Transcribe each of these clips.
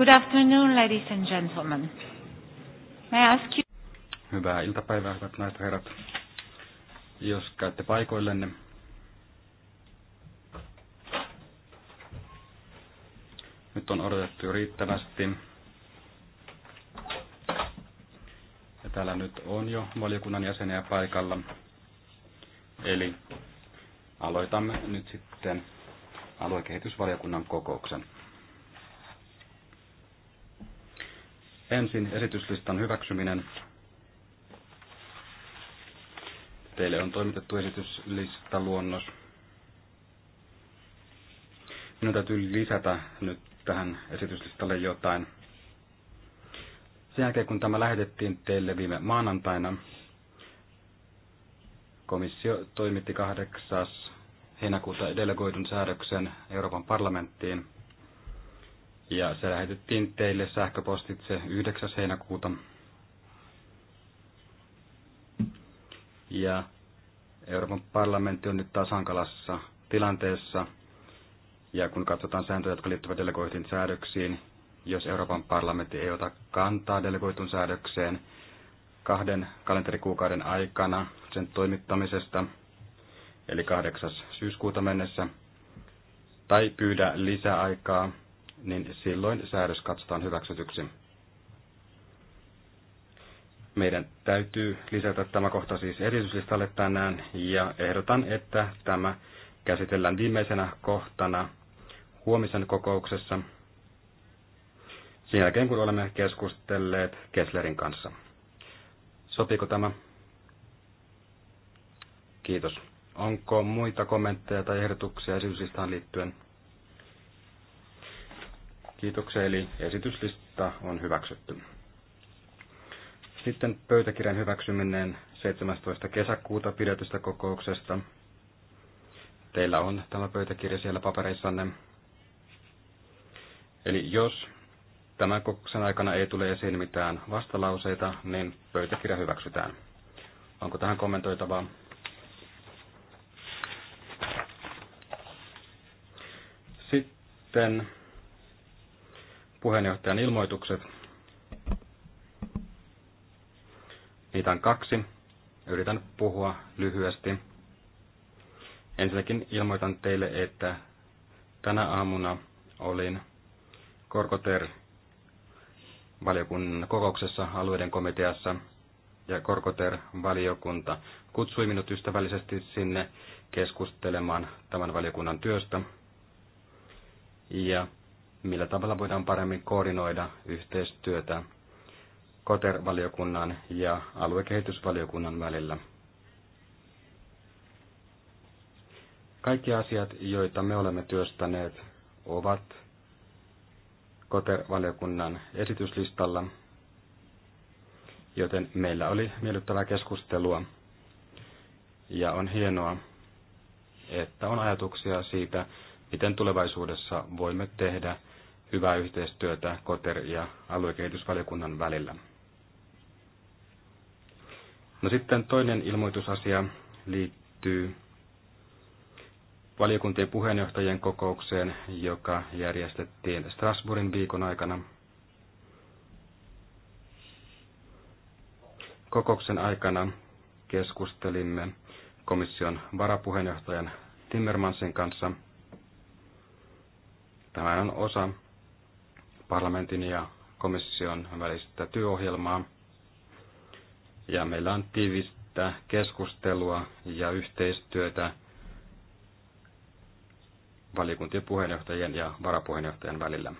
Good afternoon, ladies and gentlemen. May I ask you... Hyvää iltapäivää, hyvät naiset ja herrat. Jos käytte paikoillenne. Nyt on odotettu jo riittävästi. Ja täällä nyt on jo valiokunnan jäseniä paikalla. Eli aloitamme nyt sitten aluekehitysvaliokunnan kokouksen. Ensin esityslistan hyväksyminen. Teille on toimitettu esityslistaluonnos. Minun täytyy lisätä nyt tähän esityslistalle jotain. Sen jälkeen kun tämä lähetettiin teille viime maanantaina, komissio toimitti 8. heinäkuuta delegoidun säädöksen Euroopan parlamenttiin – ja se lähetettiin teille sähköpostitse 9. heinäkuuta. Ja Euroopan parlamentti on nyt taas hankalassa tilanteessa, ja kun katsotaan sääntöjä, jotka liittyvät delegoitin säädöksiin, jos Euroopan parlamentti ei ota kantaa delegoitun säädökseen kahden kalenterikuukauden aikana sen toimittamisesta, eli 8. syyskuuta mennessä, tai pyydä lisäaikaa niin silloin säädös katsotaan hyväksytyksi. Meidän täytyy lisätä tämä kohta siis erityislistalle tänään ja ehdotan, että tämä käsitellään viimeisenä kohtana huomisen kokouksessa sen jälkeen, kun olemme keskustelleet Kesslerin kanssa. Sopiiko tämä? Kiitos. Onko muita kommentteja tai ehdotuksia esityslistaan liittyen? Kiitoksia, eli esityslista on hyväksytty. Sitten pöytäkirjan hyväksyminen 17. kesäkuuta pidetystä kokouksesta. Teillä on tämä pöytäkirja siellä papereissanne. Eli jos tämän kokouksen aikana ei tule esiin mitään vastalauseita, niin pöytäkirja hyväksytään. Onko tähän kommentoitavaa? Sitten puheenjohtajan ilmoitukset. Niitä on kaksi. Yritän puhua lyhyesti. Ensinnäkin ilmoitan teille, että tänä aamuna olin Korkoter valiokunnan kokouksessa alueiden komiteassa ja Korkoter valiokunta kutsui minut ystävällisesti sinne keskustelemaan tämän valiokunnan työstä. Ja millä tavalla voidaan paremmin koordinoida yhteistyötä KOTER-valiokunnan ja aluekehitysvaliokunnan välillä. Kaikki asiat, joita me olemme työstäneet, ovat KOTER-valiokunnan esityslistalla, joten meillä oli miellyttävää keskustelua. Ja on hienoa, että on ajatuksia siitä, miten tulevaisuudessa voimme tehdä – hyvää yhteistyötä KOTER ja aluekehitysvaliokunnan välillä. No sitten toinen ilmoitusasia liittyy valiokuntien puheenjohtajien kokoukseen, joka järjestettiin Strasbourgin viikon aikana. Kokouksen aikana keskustelimme komission varapuheenjohtajan Timmermansin kanssa. Tämä on osa parlamentin ja komission välistä työohjelmaa. Ja meillä on tiivistä keskustelua ja yhteistyötä valiokuntien puheenjohtajien ja varapuheenjohtajan välillä.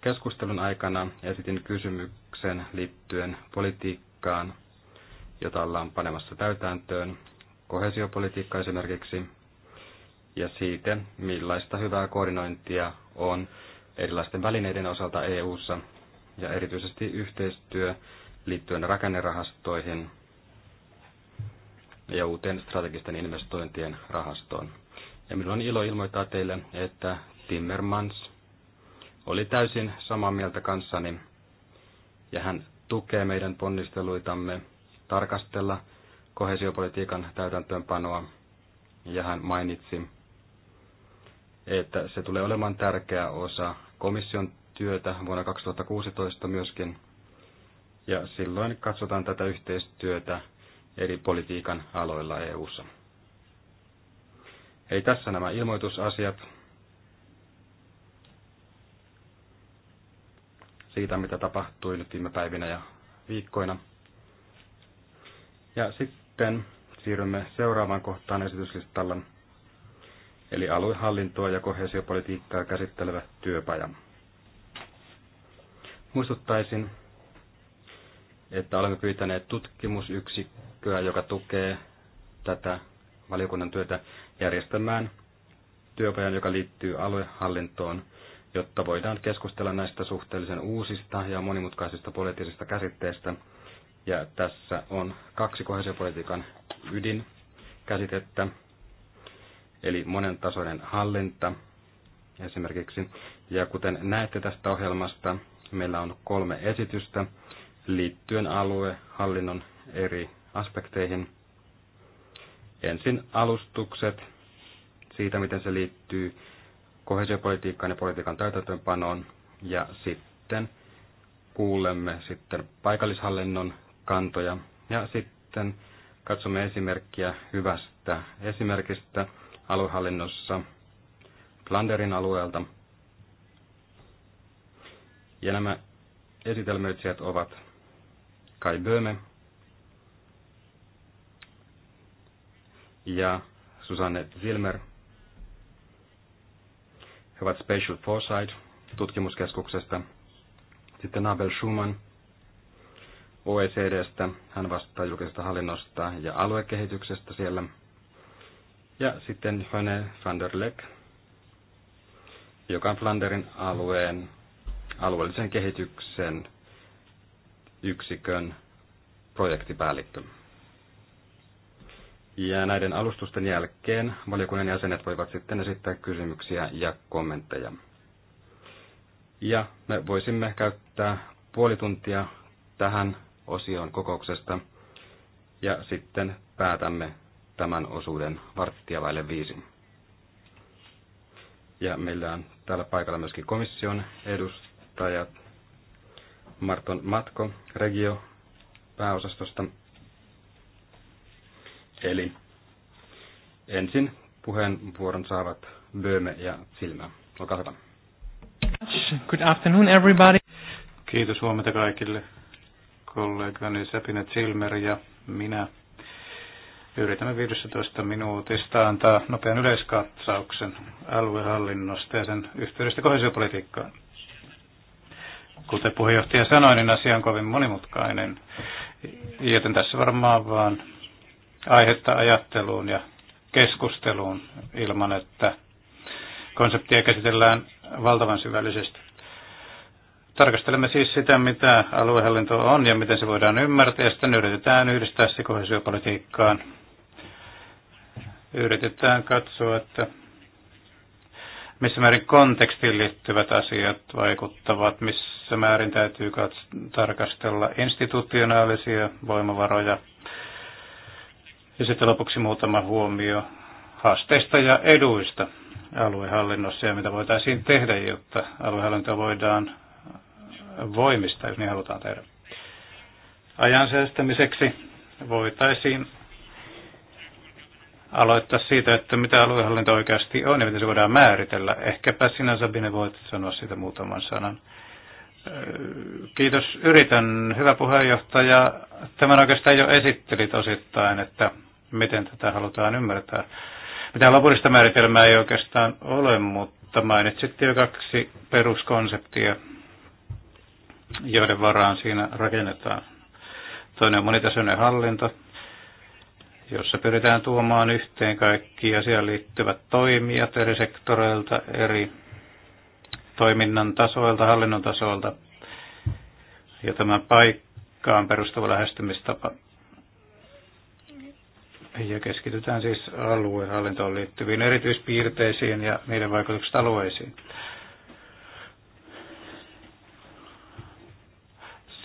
Keskustelun aikana esitin kysymyksen liittyen politiikkaan, jota ollaan panemassa täytäntöön, kohesiopolitiikka esimerkiksi, ja siitä, millaista hyvää koordinointia on erilaisten välineiden osalta EU:ssa ja erityisesti yhteistyö liittyen rakennerahastoihin ja uuteen strategisten investointien rahastoon. Ja minulla on ilo ilmoittaa teille, että Timmermans oli täysin samaa mieltä kanssani ja hän tukee meidän ponnisteluitamme tarkastella kohesiopolitiikan täytäntöönpanoa ja hän mainitsi, että se tulee olemaan tärkeä osa komission työtä vuonna 2016 myöskin. Ja silloin katsotaan tätä yhteistyötä eri politiikan aloilla EU:ssa. Ei tässä nämä ilmoitusasiat siitä, mitä tapahtui nyt viime päivinä ja viikkoina. Ja sitten siirrymme seuraavaan kohtaan esityslistalla – eli aluehallintoa ja kohesiopolitiikkaa käsittelevä työpaja. Muistuttaisin, että olemme pyytäneet tutkimusyksikköä, joka tukee tätä valiokunnan työtä järjestämään työpajan, joka liittyy aluehallintoon, jotta voidaan keskustella näistä suhteellisen uusista ja monimutkaisista poliittisista käsitteistä. Ja tässä on kaksi kohesiopolitiikan käsitettä eli monen tasoinen hallinta esimerkiksi. Ja kuten näette tästä ohjelmasta, meillä on kolme esitystä liittyen aluehallinnon eri aspekteihin. Ensin alustukset siitä, miten se liittyy kohesiopolitiikkaan ja politiikan täytäntöönpanoon, ja sitten kuulemme sitten paikallishallinnon kantoja, ja sitten katsomme esimerkkiä hyvästä esimerkistä, aluehallinnossa Flanderin alueelta. Ja nämä esitelmöitsijät ovat Kai Böme ja Susanne Zilmer. He ovat Spatial Foresight tutkimuskeskuksesta. Sitten Abel Schumann OECDstä, hän vastaa julkisesta hallinnosta ja aluekehityksestä siellä – ja sitten Höne van der Leck, joka on Flanderin alueen alueellisen kehityksen yksikön projektipäällikkö. Ja näiden alustusten jälkeen valiokunnan jäsenet voivat sitten esittää kysymyksiä ja kommentteja. Ja me voisimme käyttää puoli tuntia tähän osioon kokouksesta ja sitten päätämme tämän osuuden varttia vaille viisi. Ja meillä on täällä paikalla myöskin komission edustajat Marton Matko Regio pääosastosta. Eli ensin puheenvuoron saavat böme ja Silmä. Olkaa hyvä. Good afternoon everybody. Kiitos huomenta kaikille kollegani Sepinet Silmer ja minä Yritämme 15 minuutista antaa nopean yleiskatsauksen aluehallinnosta ja sen yhteydestä kohesiopolitiikkaan. Kuten puheenjohtaja sanoi, niin asia on kovin monimutkainen, joten tässä varmaan vaan aihetta ajatteluun ja keskusteluun ilman, että konseptia käsitellään valtavan syvällisesti. Tarkastelemme siis sitä, mitä aluehallinto on ja miten se voidaan ymmärtää, ja sitten yritetään yhdistää se kohesiopolitiikkaan yritetään katsoa, että missä määrin kontekstiin liittyvät asiat vaikuttavat, missä määrin täytyy kats- tarkastella institutionaalisia voimavaroja. Ja sitten lopuksi muutama huomio haasteista ja eduista aluehallinnossa ja mitä voitaisiin tehdä, jotta aluehallinto voidaan voimistaa, jos niin halutaan tehdä. Ajan säästämiseksi voitaisiin aloittaa siitä, että mitä aluehallinto oikeasti on ja miten se voidaan määritellä. Ehkäpä sinä Sabine voit sanoa siitä muutaman sanan. Kiitos, yritän. Hyvä puheenjohtaja. Tämän oikeastaan jo esittelit osittain, että miten tätä halutaan ymmärtää. Mitä lopullista määritelmää ei oikeastaan ole, mutta mainitsit jo kaksi peruskonseptia, joiden varaan siinä rakennetaan. Toinen on monitasoinen hallinto, jossa pyritään tuomaan yhteen kaikki asiaan liittyvät toimijat eri sektoreilta, eri toiminnan tasoilta, hallinnon tasoilta ja tämän paikkaan perustuva lähestymistapa. Ja keskitytään siis aluehallintoon liittyviin erityispiirteisiin ja niiden vaikutukset alueisiin.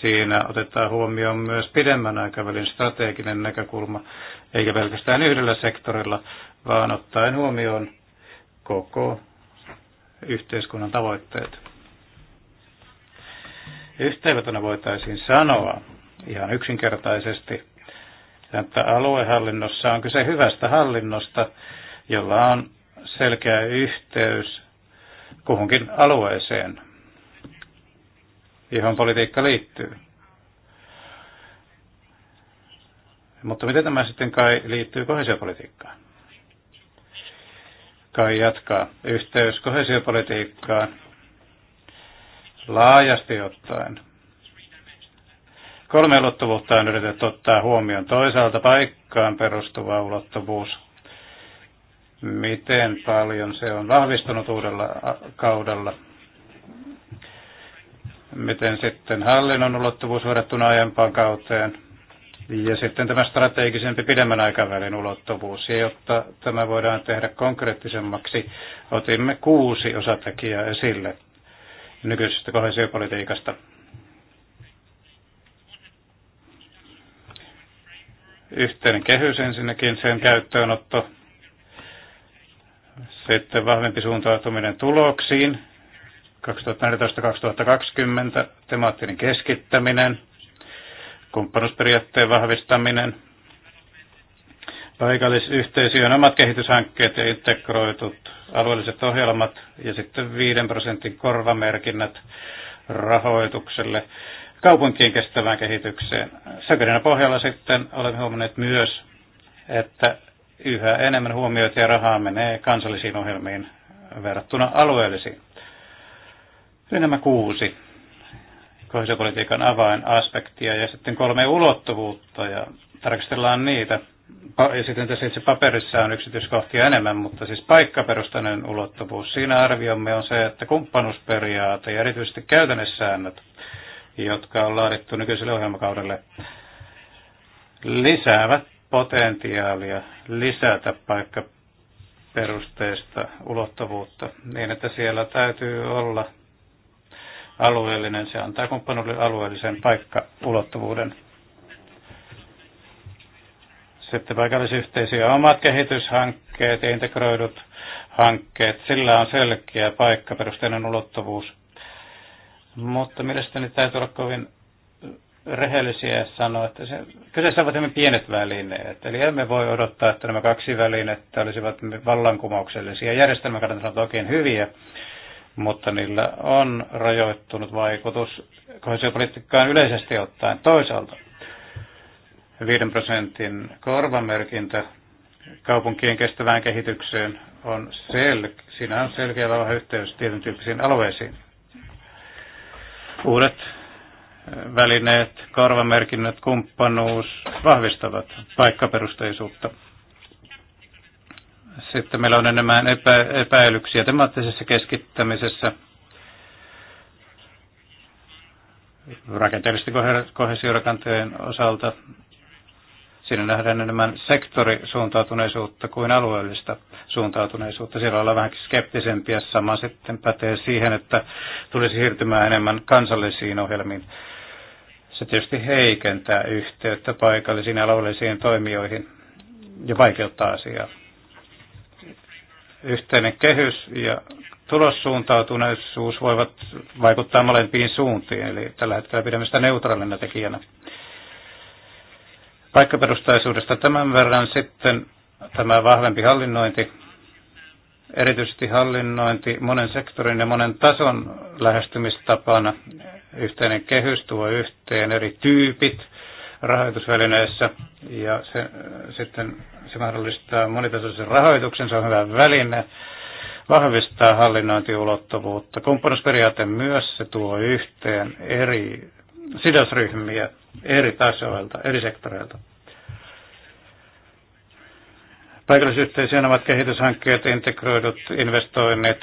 Siinä otetaan huomioon myös pidemmän aikavälin strateginen näkökulma eikä pelkästään yhdellä sektorilla, vaan ottaen huomioon koko yhteiskunnan tavoitteet. Yhteenvetona voitaisiin sanoa ihan yksinkertaisesti, että aluehallinnossa on kyse hyvästä hallinnosta, jolla on selkeä yhteys kuhunkin alueeseen, johon politiikka liittyy. Mutta miten tämä sitten kai liittyy kohesiopolitiikkaan? Kai jatkaa. Yhteys kohesiopolitiikkaan laajasti ottaen. Kolme ulottuvuutta on yritetty ottaa huomioon. Toisaalta paikkaan perustuva ulottuvuus. Miten paljon se on vahvistunut uudella kaudella. Miten sitten hallinnon ulottuvuus verrattuna aiempaan kauteen ja sitten tämä strategisempi pidemmän aikavälin ulottuvuus. Ja jotta tämä voidaan tehdä konkreettisemmaksi, otimme kuusi osatekijää esille nykyisestä kohesiopolitiikasta. Yhteinen kehys ensinnäkin, sen käyttöönotto, sitten vahvempi suuntautuminen tuloksiin, 2014-2020, temaattinen keskittäminen, kumppanuusperiaatteen vahvistaminen, paikallisyhteisöjen omat kehityshankkeet ja integroitut alueelliset ohjelmat ja sitten 5 prosentin korvamerkinnät rahoitukselle kaupunkien kestävään kehitykseen. Sökerinä pohjalla sitten olemme huomanneet myös, että yhä enemmän huomiota ja rahaa menee kansallisiin ohjelmiin verrattuna alueellisiin. Eli nämä kuusi kohesiopolitiikan avainaspektia ja sitten kolme ulottuvuutta ja tarkastellaan niitä. Ja sitten tässä itse paperissa on yksityiskohtia enemmän, mutta siis paikkaperustainen ulottuvuus. Siinä arviomme on se, että kumppanuusperiaate ja erityisesti käytännössäännöt, jotka on laadittu nykyiselle ohjelmakaudelle, lisäävät potentiaalia lisätä paikkaperusteista ulottuvuutta niin, että siellä täytyy olla alueellinen, se antaa kumppanuudelle alueellisen paikkaulottuvuuden. Sitten paikallisyhteisöjä omat kehityshankkeet ja integroidut hankkeet, sillä on selkeä paikkaperusteinen ulottuvuus. Mutta mielestäni täytyy olla kovin rehellisiä ja sanoa, että se, kyseessä ovat hyvin pienet välineet. Eli emme voi odottaa, että nämä kaksi välinettä olisivat vallankumouksellisia. Järjestelmän kannalta on toki hyviä, mutta niillä on rajoittunut vaikutus kohesiopolitiikkaan yleisesti ottaen. Toisaalta 5 prosentin korvamerkintä kaupunkien kestävään kehitykseen on sel- siinä on selkeä vahva yhteys tietyn tyyppisiin alueisiin. Uudet eh, välineet, korvamerkinnät, kumppanuus vahvistavat paikkaperusteisuutta. Sitten meillä on enemmän epä, epäilyksiä temaattisessa keskittämisessä. Rakenteellisten kohesiorakanteen osalta siinä nähdään enemmän sektorisuuntautuneisuutta kuin alueellista suuntautuneisuutta. Siellä ollaan vähän skeptisempiä. Sama sitten pätee siihen, että tulisi siirtymään enemmän kansallisiin ohjelmiin. Se tietysti heikentää yhteyttä paikallisiin ja alueellisiin toimijoihin ja vaikeuttaa asiaa yhteinen kehys ja tulossuuntautuneisuus voivat vaikuttaa molempiin suuntiin, eli tällä hetkellä pidämme sitä neutraalina tekijänä. Paikkaperustaisuudesta tämän verran sitten tämä vahvempi hallinnointi, erityisesti hallinnointi monen sektorin ja monen tason lähestymistapana, yhteinen kehys tuo yhteen eri tyypit rahoitusvälineissä ja se, sitten se mahdollistaa monitasoisen rahoituksen, se on hyvä väline vahvistaa hallinnointiulottuvuutta. Kumppanusperiaate myös, se tuo yhteen eri sidosryhmiä eri tasoilta, eri sektoreilta. Paikallisyhteisöön ovat kehityshankkeet, integroidut investoinnit.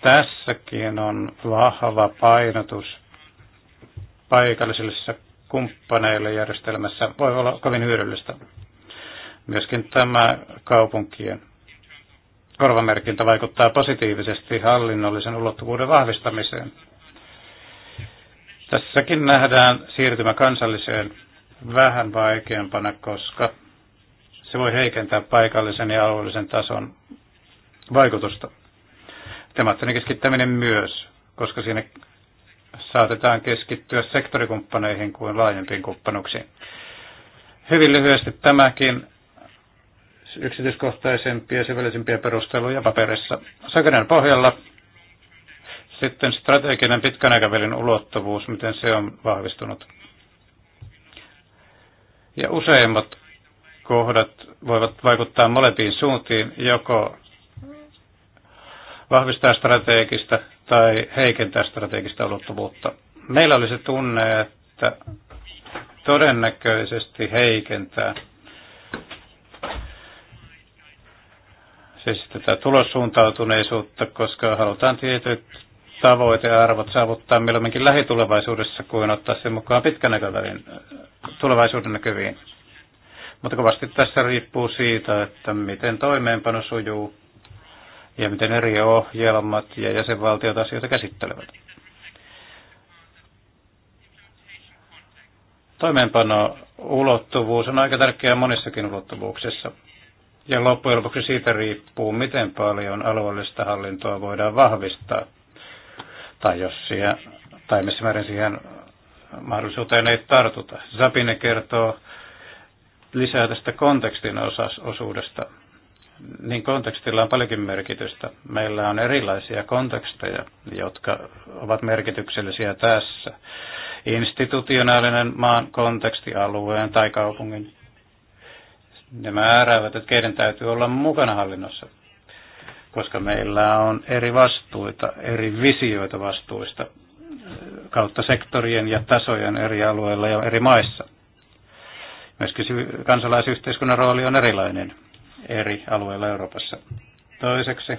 Tässäkin on vahva painotus paikallisille kumppaneille järjestelmässä. Voi olla kovin hyödyllistä Myöskin tämä kaupunkien korvamerkintä vaikuttaa positiivisesti hallinnollisen ulottuvuuden vahvistamiseen. Tässäkin nähdään siirtymä kansalliseen vähän vaikeampana, koska se voi heikentää paikallisen ja alueellisen tason vaikutusta. Temaattinen keskittäminen myös, koska siinä saatetaan keskittyä sektorikumppaneihin kuin laajempiin kumppanuksiin. Hyvin lyhyesti tämäkin yksityiskohtaisempia ja syvällisempiä perusteluja paperissa. Sakenen pohjalla sitten strateginen pitkän aikavälin ulottuvuus, miten se on vahvistunut. Ja useimmat kohdat voivat vaikuttaa molempiin suuntiin, joko vahvistaa strategista tai heikentää strategista ulottuvuutta. Meillä oli se tunne, että todennäköisesti heikentää siis tätä tulossuuntautuneisuutta, koska halutaan tietyt tavoitearvot saavuttaa milloinkin lähitulevaisuudessa kuin ottaa sen mukaan pitkän aikavälin äh, tulevaisuuden näkyviin. Mutta kovasti tässä riippuu siitä, että miten toimeenpano sujuu ja miten eri ohjelmat ja jäsenvaltiot asioita käsittelevät. Toimeenpano ulottuvuus on aika tärkeää monissakin ulottuvuuksissa. Ja loppujen lopuksi siitä riippuu, miten paljon alueellista hallintoa voidaan vahvistaa. Tai jos siihen, tai missä määrin siihen mahdollisuuteen ei tartuta. Sapine kertoo lisää tästä kontekstin osas, osuudesta. Niin kontekstilla on paljonkin merkitystä. Meillä on erilaisia konteksteja, jotka ovat merkityksellisiä tässä. Institutionaalinen maan konteksti, alueen tai kaupungin ne määräävät, että keiden täytyy olla mukana hallinnossa, koska meillä on eri vastuita, eri visioita vastuista eh, kautta sektorien ja tasojen eri alueilla ja eri maissa. Myöskin kansalaisyhteiskunnan rooli on erilainen eri alueilla Euroopassa. Toiseksi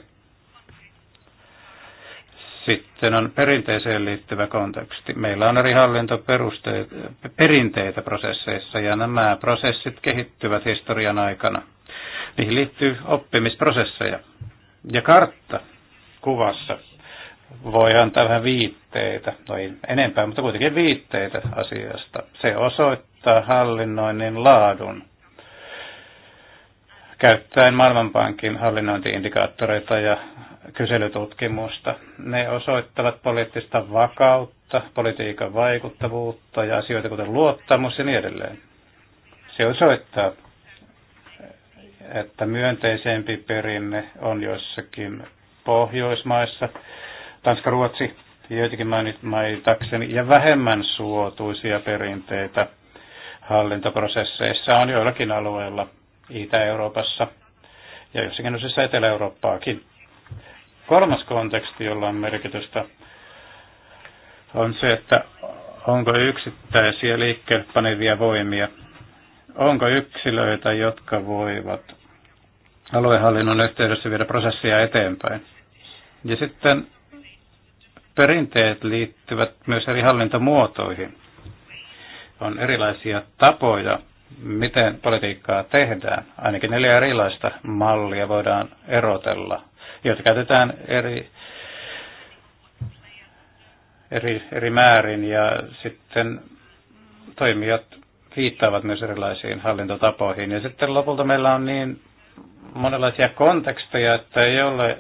sitten on perinteeseen liittyvä konteksti. Meillä on eri hallintoperinteitä prosesseissa ja nämä prosessit kehittyvät historian aikana. Niihin liittyy oppimisprosesseja. Ja kartta kuvassa voi antaa vähän viitteitä, no ei enempää, mutta kuitenkin viitteitä asiasta. Se osoittaa hallinnoinnin laadun käyttäen Maailmanpankin hallinnointiindikaattoreita ja kyselytutkimusta. Ne osoittavat poliittista vakautta, politiikan vaikuttavuutta ja asioita kuten luottamus ja niin edelleen. Se osoittaa, että myönteisempi perinne on jossakin Pohjoismaissa, Tanska, Ruotsi, joitakin mainitakseni, ja vähemmän suotuisia perinteitä hallintoprosesseissa on joillakin alueilla Itä-Euroopassa ja jossakin osissa Etelä-Eurooppaakin. Kolmas konteksti, jolla on merkitystä, on se, että onko yksittäisiä liikkeelle panevia voimia, onko yksilöitä, jotka voivat aluehallinnon yhteydessä viedä prosessia eteenpäin. Ja sitten perinteet liittyvät myös eri hallintomuotoihin. On erilaisia tapoja, miten politiikkaa tehdään. Ainakin neljä erilaista mallia voidaan erotella joita käytetään eri, eri, eri määrin ja sitten toimijat viittaavat myös erilaisiin hallintotapoihin. Ja sitten lopulta meillä on niin monenlaisia konteksteja, että ei ole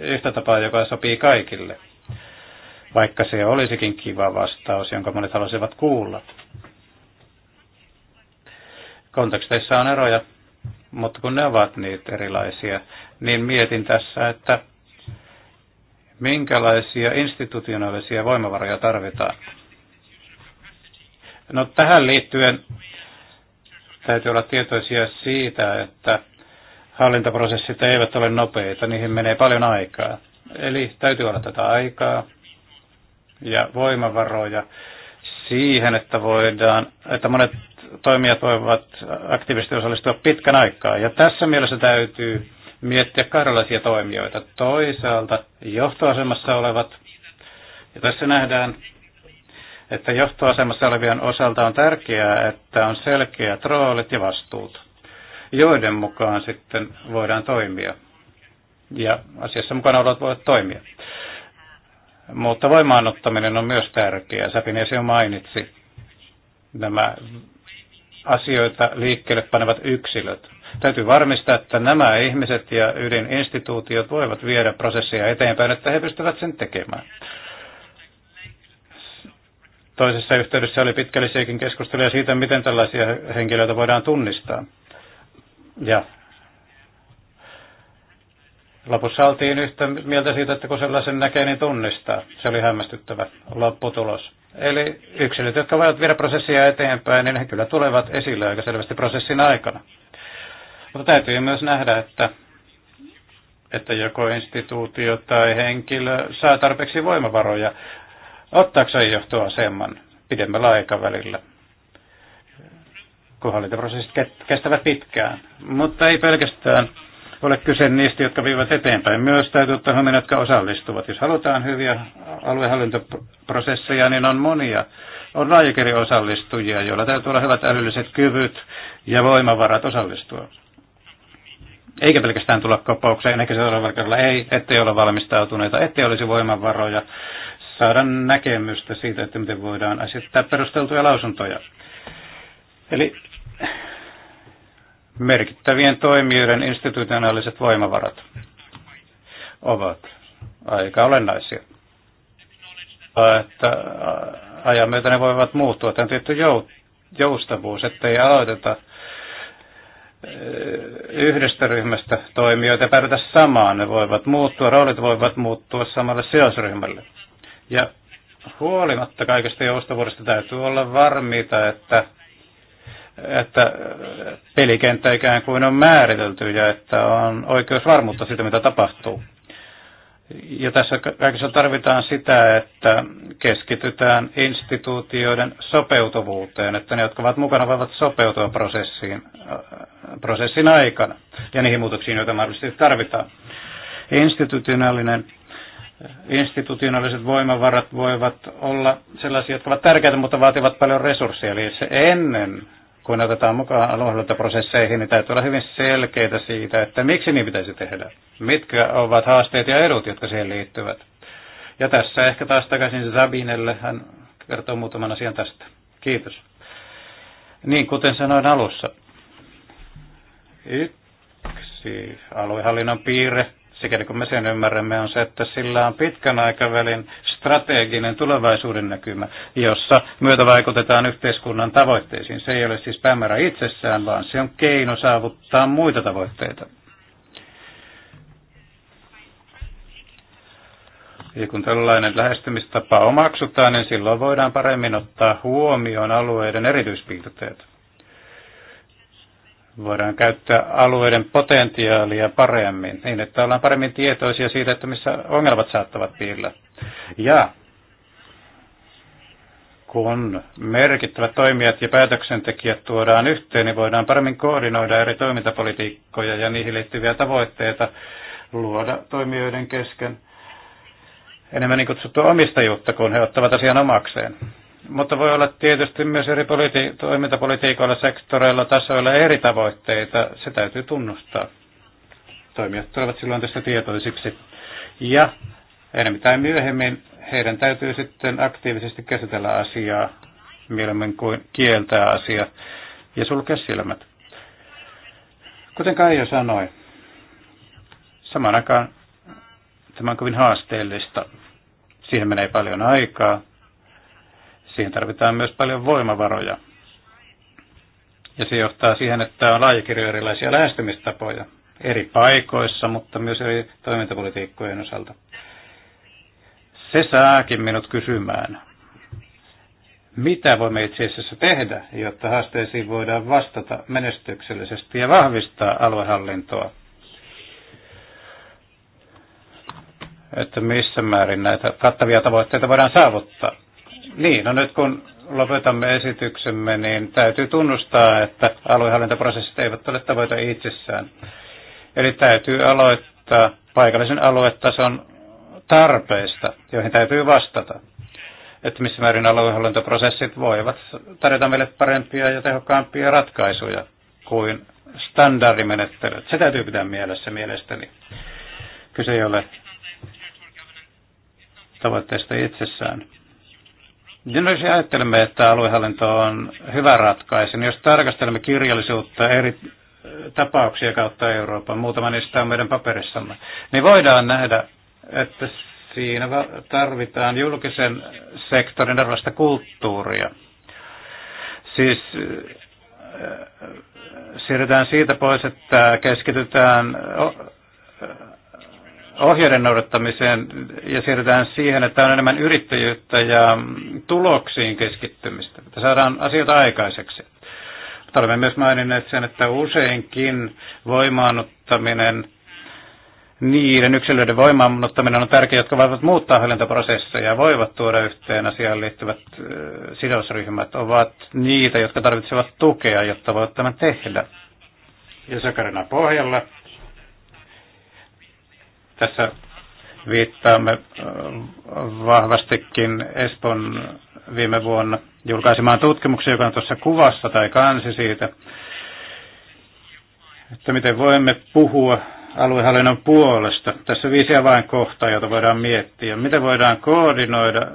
yhtä tapaa, joka sopii kaikille, vaikka se olisikin kiva vastaus, jonka monet haluaisivat kuulla. Konteksteissa on eroja, mutta kun ne ovat niitä erilaisia, niin mietin tässä, että minkälaisia institutionaalisia voimavaroja tarvitaan. No tähän liittyen täytyy olla tietoisia siitä, että hallintaprosessit eivät ole nopeita, niihin menee paljon aikaa. Eli täytyy olla tätä aikaa ja voimavaroja siihen, että voidaan, että monet toimijat voivat aktiivisesti osallistua pitkän aikaa. Ja tässä mielessä täytyy miettiä kahdenlaisia toimijoita. Toisaalta johtoasemassa olevat, ja tässä nähdään, että johtoasemassa olevien osalta on tärkeää, että on selkeät roolit ja vastuut, joiden mukaan sitten voidaan toimia. Ja asiassa mukana olevat voivat toimia. Mutta voimaanottaminen on myös tärkeää. Säpiniesi jo mainitsi nämä asioita liikkeelle panevat yksilöt. Täytyy varmistaa, että nämä ihmiset ja ydininstituutiot voivat viedä prosessia eteenpäin, että he pystyvät sen tekemään. Toisessa yhteydessä oli pitkällisiäkin keskusteluja siitä, miten tällaisia henkilöitä voidaan tunnistaa. Ja lopussa oltiin yhtä mieltä siitä, että kun sellaisen näkee, niin tunnistaa. Se oli hämmästyttävä lopputulos. Eli yksilöt, jotka voivat viedä prosessia eteenpäin, niin he kyllä tulevat esille aika selvästi prosessin aikana. Mutta täytyy myös nähdä, että, että joko instituutio tai henkilö saa tarpeeksi voimavaroja ottaakseen johtoaseman pidemmällä aikavälillä kun hallintoprosessit kestävät pitkään. Mutta ei pelkästään ole kyse niistä, jotka viivät eteenpäin. Myös täytyy ottaa huomioon, jotka osallistuvat. Jos halutaan hyviä aluehallintoprosesseja, niin on monia. On laajakirjo osallistujia, joilla täytyy olla hyvät älylliset kyvyt ja voimavarat osallistua eikä pelkästään tulla kopaukseen, eikä seuraavalla kerralla ei, ettei ole valmistautuneita, ettei olisi voimavaroja saada näkemystä siitä, että miten voidaan esittää perusteltuja lausuntoja. Eli merkittävien toimijoiden institutionaaliset voimavarat ovat aika olennaisia. Että ajan myötä ne voivat muuttua. Tämä on tietty joustavuus, ettei aloiteta yhdestä ryhmästä toimijoita päädytä samaan. Ne voivat muuttua, roolit voivat muuttua samalle sidosryhmälle. Ja huolimatta kaikesta joustavuudesta täytyy olla varmiita, että, että pelikenttä ikään kuin on määritelty ja että on oikeusvarmuutta siitä, mitä tapahtuu. Ja tässä kaikessa tarvitaan sitä, että keskitytään instituutioiden sopeutuvuuteen, että ne, jotka ovat mukana, voivat sopeutua prosessiin, äh, prosessin aikana ja niihin muutoksiin, joita mahdollisesti tarvitaan. Institutionaalinen institutionaaliset voimavarat voivat olla sellaisia, jotka ovat tärkeitä, mutta vaativat paljon resursseja. Eli se ennen kun otetaan mukaan aluehallintoprosesseihin, niin täytyy olla hyvin selkeitä siitä, että miksi niin pitäisi tehdä. Mitkä ovat haasteet ja edut, jotka siihen liittyvät. Ja tässä ehkä taas takaisin Zabinelle. Hän kertoo muutaman asian tästä. Kiitos. Niin, kuten sanoin alussa, yksi aluehallinnon piirre sikäli kun me sen ymmärrämme, on se, että sillä on pitkän aikavälin strateginen tulevaisuuden näkymä, jossa vaikutetaan yhteiskunnan tavoitteisiin. Se ei ole siis päämäärä itsessään, vaan se on keino saavuttaa muita tavoitteita. Ja kun tällainen lähestymistapa omaksutaan, niin silloin voidaan paremmin ottaa huomioon alueiden erityispiirteet voidaan käyttää alueiden potentiaalia paremmin, niin että ollaan paremmin tietoisia siitä, että missä ongelmat saattavat piillä. Ja kun merkittävät toimijat ja päätöksentekijät tuodaan yhteen, niin voidaan paremmin koordinoida eri toimintapolitiikkoja ja niihin liittyviä tavoitteita luoda toimijoiden kesken enemmän niin kutsuttua omistajuutta, kun he ottavat asian omakseen. Mutta voi olla tietysti myös eri politi- toimintapolitiikoilla, sektoreilla, tasoilla eri tavoitteita. Se täytyy tunnustaa. Toimijat tulevat silloin tästä tietoisiksi. Ja enemmän tai myöhemmin heidän täytyy sitten aktiivisesti käsitellä asiaa mieluummin kuin kieltää asia ja sulkea silmät. Kuten Kaijo sanoi, samaan aikaan tämä on kovin haasteellista. Siihen menee paljon aikaa, Siihen tarvitaan myös paljon voimavaroja. Ja se johtaa siihen, että on laajakirjo erilaisia lähestymistapoja eri paikoissa, mutta myös eri toimintapolitiikkojen osalta. Se saakin minut kysymään, mitä voimme itse asiassa tehdä, jotta haasteisiin voidaan vastata menestyksellisesti ja vahvistaa aluehallintoa. Että missä määrin näitä kattavia tavoitteita voidaan saavuttaa. Niin, no nyt kun lopetamme esityksemme, niin täytyy tunnustaa, että aluehallintoprosessit eivät ole tavoita itsessään. Eli täytyy aloittaa paikallisen aluetason tarpeista, joihin täytyy vastata. Että missä määrin aluehallintoprosessit voivat tarjota meille parempia ja tehokkaampia ratkaisuja kuin standardimenettelyt. Se täytyy pitää mielessä mielestäni. Kyse ei ole tavoitteesta itsessään jos ajattelemme, että aluehallinto on hyvä ratkaisu, niin jos tarkastelemme kirjallisuutta eri äh, tapauksia kautta Euroopan, muutama niistä on meidän paperissamme, niin voidaan nähdä, että siinä tarvitaan julkisen sektorin erilaista kulttuuria. Siis äh, äh, siirrytään siitä pois, että keskitytään ohjeiden noudattamiseen ja siirrytään siihen, että on enemmän yrittäjyyttä ja tuloksiin keskittymistä, että saadaan asioita aikaiseksi. Mutta olemme myös maininneet sen, että useinkin voimaanottaminen, niiden yksilöiden voimaanottaminen on tärkeää, jotka voivat muuttaa hallintoprosesseja ja voivat tuoda yhteen asiaan liittyvät sidosryhmät, ovat niitä, jotka tarvitsevat tukea, jotta voivat tämän tehdä. Ja sakarina pohjalla tässä viittaamme äh, vahvastikin Espon viime vuonna julkaisemaan tutkimuksen, joka on tuossa kuvassa tai kansi siitä, että miten voimme puhua aluehallinnon puolesta. Tässä viisi avainkohtaa, joita voidaan miettiä. Miten voidaan koordinoida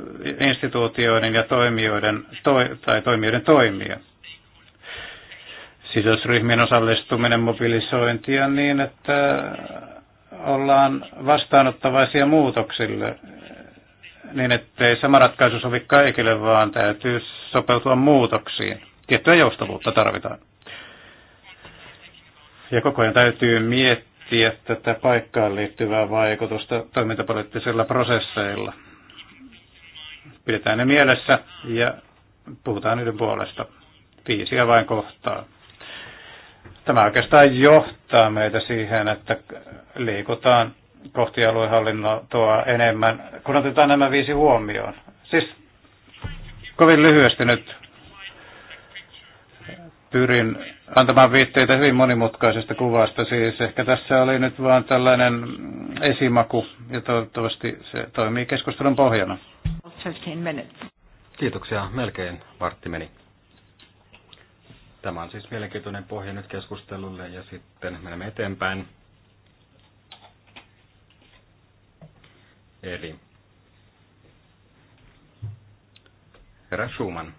instituutioiden ja toimijoiden, toi, tai toimijoiden toimia? Sidosryhmien osallistuminen, mobilisointia niin, että ollaan vastaanottavaisia muutoksille, niin ettei sama ratkaisu sovi kaikille, vaan täytyy sopeutua muutoksiin. Tiettyä joustavuutta tarvitaan. Ja koko ajan täytyy miettiä tätä paikkaan liittyvää vaikutusta toimintapoliittisilla prosesseilla. Pidetään ne mielessä ja puhutaan niiden puolesta. Viisiä vain kohtaa. Tämä oikeastaan johtaa meitä siihen, että liikutaan kohti aluehallintoa enemmän, kun otetaan nämä viisi huomioon. Siis kovin lyhyesti nyt pyrin antamaan viitteitä hyvin monimutkaisesta kuvasta. Siis ehkä tässä oli nyt vain tällainen esimaku ja toivottavasti se toimii keskustelun pohjana. Kiitoksia. Melkein vartti meni. Tämä on siis mielenkiintoinen pohja nyt keskustelulle ja sitten menemme eteenpäin. Eli herra Schumann.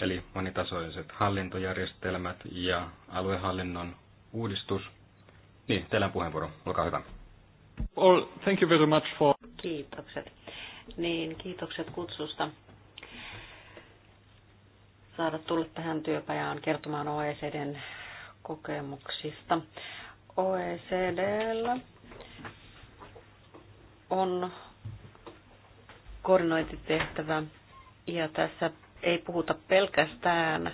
Eli monitasoiset hallintojärjestelmät ja aluehallinnon uudistus. Niin, teillä on puheenvuoro. Olkaa hyvä. All, thank you very much for... Kiitokset. Niin, kiitokset kutsusta saada tulla tähän työpajaan kertomaan OECDn kokemuksista. OECDllä on koordinointitehtävä ja tässä ei puhuta pelkästään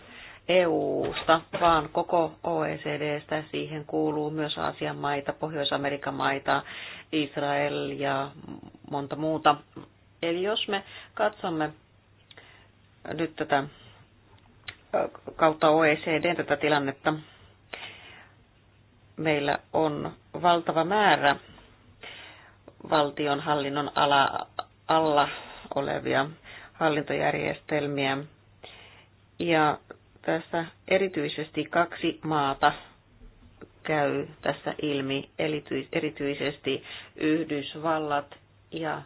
EU-sta, vaan koko OECDstä. Siihen kuuluu myös Aasian maita, Pohjois-Amerikan maita, Israel ja monta muuta. Eli jos me katsomme nyt tätä kautta OECD tätä tilannetta. Meillä on valtava määrä valtionhallinnon ala, alla olevia hallintojärjestelmiä. Ja tässä erityisesti kaksi maata käy tässä ilmi, erityisesti Yhdysvallat ja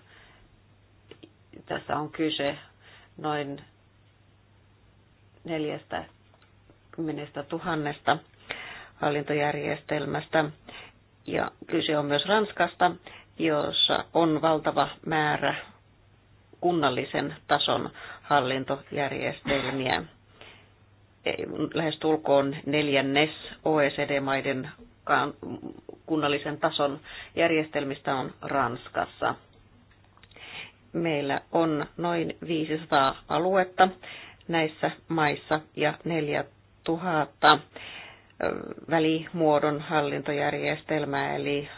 tässä on kyse noin 40 000 hallintojärjestelmästä. Ja kyse on myös Ranskasta, jossa on valtava määrä kunnallisen tason hallintojärjestelmiä. Lähes tulkoon neljännes OECD-maiden kunnallisen tason järjestelmistä on Ranskassa. Meillä on noin 500 aluetta näissä maissa ja 4000 välimuodon hallintojärjestelmää, eli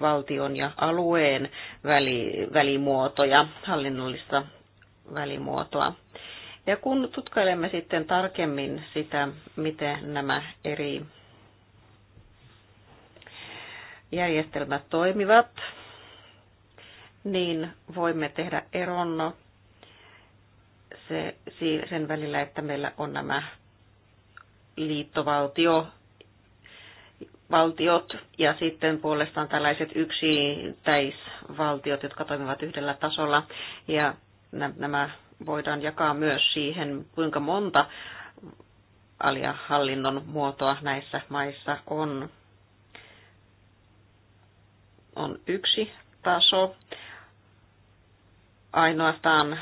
valtion ja alueen väli, välimuotoja, hallinnollista välimuotoa. Ja kun tutkailemme sitten tarkemmin sitä, miten nämä eri järjestelmät toimivat, niin voimme tehdä eronnot se, sen välillä, että meillä on nämä liittovaltio valtiot ja sitten puolestaan tällaiset yksittäisvaltiot, jotka toimivat yhdellä tasolla. Ja nämä voidaan jakaa myös siihen, kuinka monta aliahallinnon muotoa näissä maissa on. On yksi taso. Ainoastaan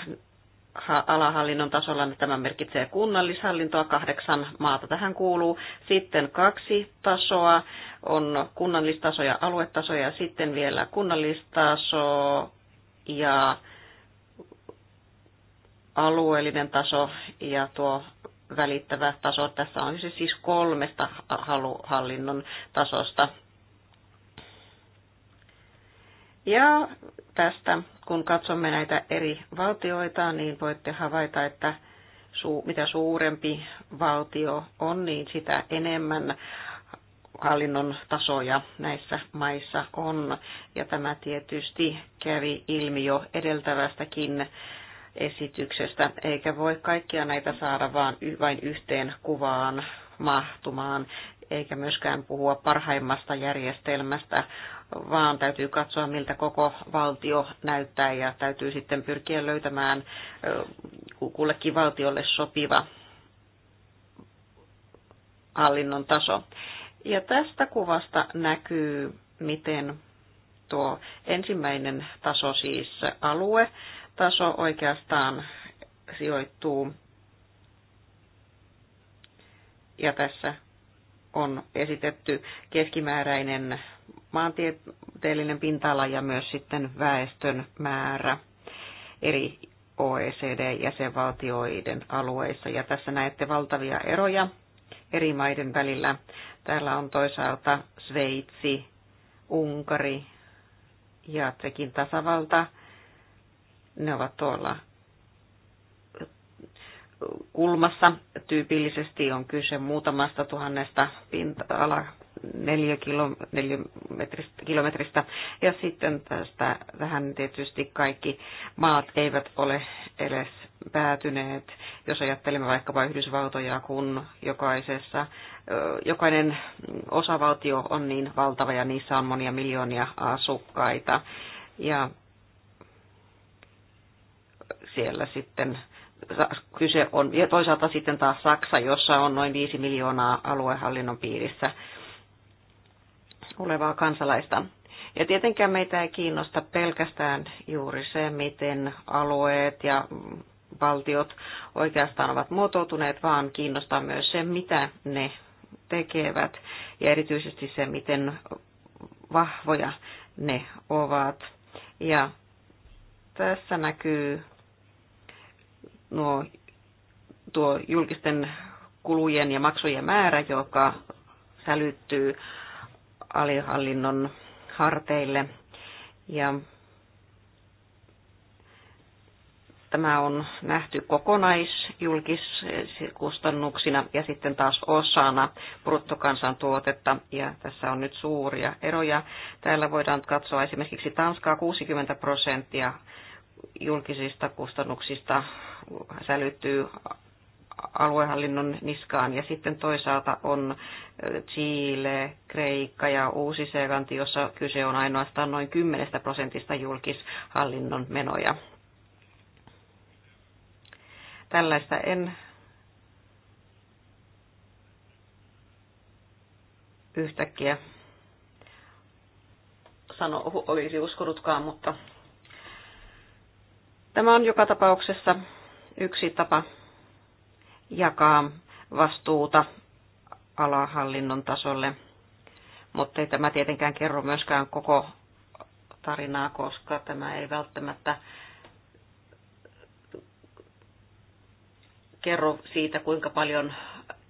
alahallinnon tasolla niin tämä merkitsee kunnallishallintoa, kahdeksan maata tähän kuuluu. Sitten kaksi tasoa on kunnallistaso ja aluetaso ja sitten vielä kunnallistaso ja alueellinen taso ja tuo välittävä taso. Tässä on siis kolmesta hallinnon tasosta ja tästä, kun katsomme näitä eri valtioita, niin voitte havaita, että su- mitä suurempi valtio on, niin sitä enemmän hallinnon tasoja näissä maissa on. Ja tämä tietysti kävi ilmi jo edeltävästäkin esityksestä, eikä voi kaikkia näitä saada vaan vain yhteen kuvaan mahtumaan, eikä myöskään puhua parhaimmasta järjestelmästä, vaan täytyy katsoa, miltä koko valtio näyttää ja täytyy sitten pyrkiä löytämään kullekin valtiolle sopiva hallinnon taso. Ja tästä kuvasta näkyy, miten tuo ensimmäinen taso, siis taso oikeastaan sijoittuu. Ja tässä on esitetty keskimääräinen maantieteellinen pinta-ala ja myös sitten väestön määrä eri OECD-jäsenvaltioiden alueissa. Ja tässä näette valtavia eroja eri maiden välillä. Täällä on toisaalta Sveitsi, Unkari ja Tsekin tasavalta. Ne ovat tuolla kulmassa. Tyypillisesti on kyse muutamasta tuhannesta pinta-ala neljä kilo, metristä, kilometristä. Ja sitten tästä tähän tietysti kaikki maat eivät ole edes päätyneet. Jos ajattelemme vaikkapa Yhdysvaltoja, kun jokaisessa, jokainen osavaltio on niin valtava ja niissä on monia miljoonia asukkaita. Ja siellä sitten kyse on, ja toisaalta sitten taas Saksa, jossa on noin 5 miljoonaa aluehallinnon piirissä olevaa kansalaista. Ja tietenkään meitä ei kiinnosta pelkästään juuri se, miten alueet ja valtiot oikeastaan ovat muotoutuneet, vaan kiinnostaa myös se, mitä ne tekevät ja erityisesti se, miten vahvoja ne ovat. Ja tässä näkyy nuo, tuo julkisten kulujen ja maksujen määrä, joka sälyttyy alihallinnon harteille. Ja tämä on nähty kokonaisjulkiskustannuksina ja sitten taas osana bruttokansantuotetta ja tässä on nyt suuria eroja. Täällä voidaan katsoa esimerkiksi Tanskaa 60 prosenttia julkisista kustannuksista sälyttyy aluehallinnon niskaan. Ja sitten toisaalta on Chile, Kreikka ja Uusi-Seelanti, jossa kyse on ainoastaan noin 10 prosentista julkishallinnon menoja. Tällaista en yhtäkkiä sano, olisi uskonutkaan, mutta tämä on joka tapauksessa yksi tapa jakaa vastuuta alahallinnon tasolle. Mutta ei tämä tietenkään kerro myöskään koko tarinaa, koska tämä ei välttämättä kerro siitä, kuinka paljon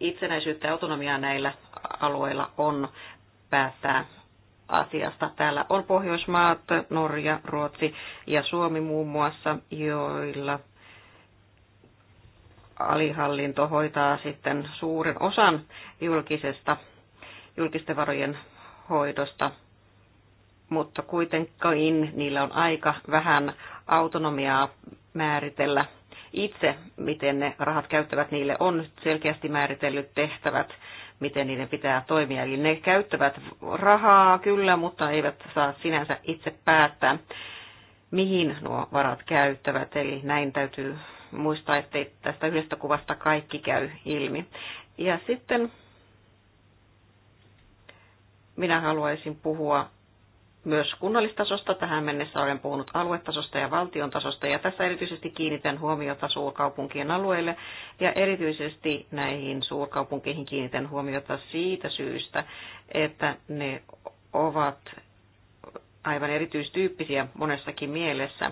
itsenäisyyttä ja autonomiaa näillä alueilla on päättää asiasta. Täällä on Pohjoismaat, Norja, Ruotsi ja Suomi muun muassa, joilla alihallinto hoitaa sitten suuren osan julkisesta, julkisten varojen hoidosta, mutta kuitenkin niillä on aika vähän autonomiaa määritellä itse, miten ne rahat käyttävät. Niille on selkeästi määritellyt tehtävät, miten niiden pitää toimia. Eli ne käyttävät rahaa kyllä, mutta eivät saa sinänsä itse päättää, mihin nuo varat käyttävät. Eli näin täytyy muistaa, että tästä yhdestä kuvasta kaikki käy ilmi. Ja sitten minä haluaisin puhua myös kunnallistasosta. Tähän mennessä olen puhunut aluetasosta ja valtion tasosta, ja tässä erityisesti kiinnitän huomiota suurkaupunkien alueille, ja erityisesti näihin suurkaupunkeihin kiinnitän huomiota siitä syystä, että ne ovat aivan erityistyyppisiä monessakin mielessä.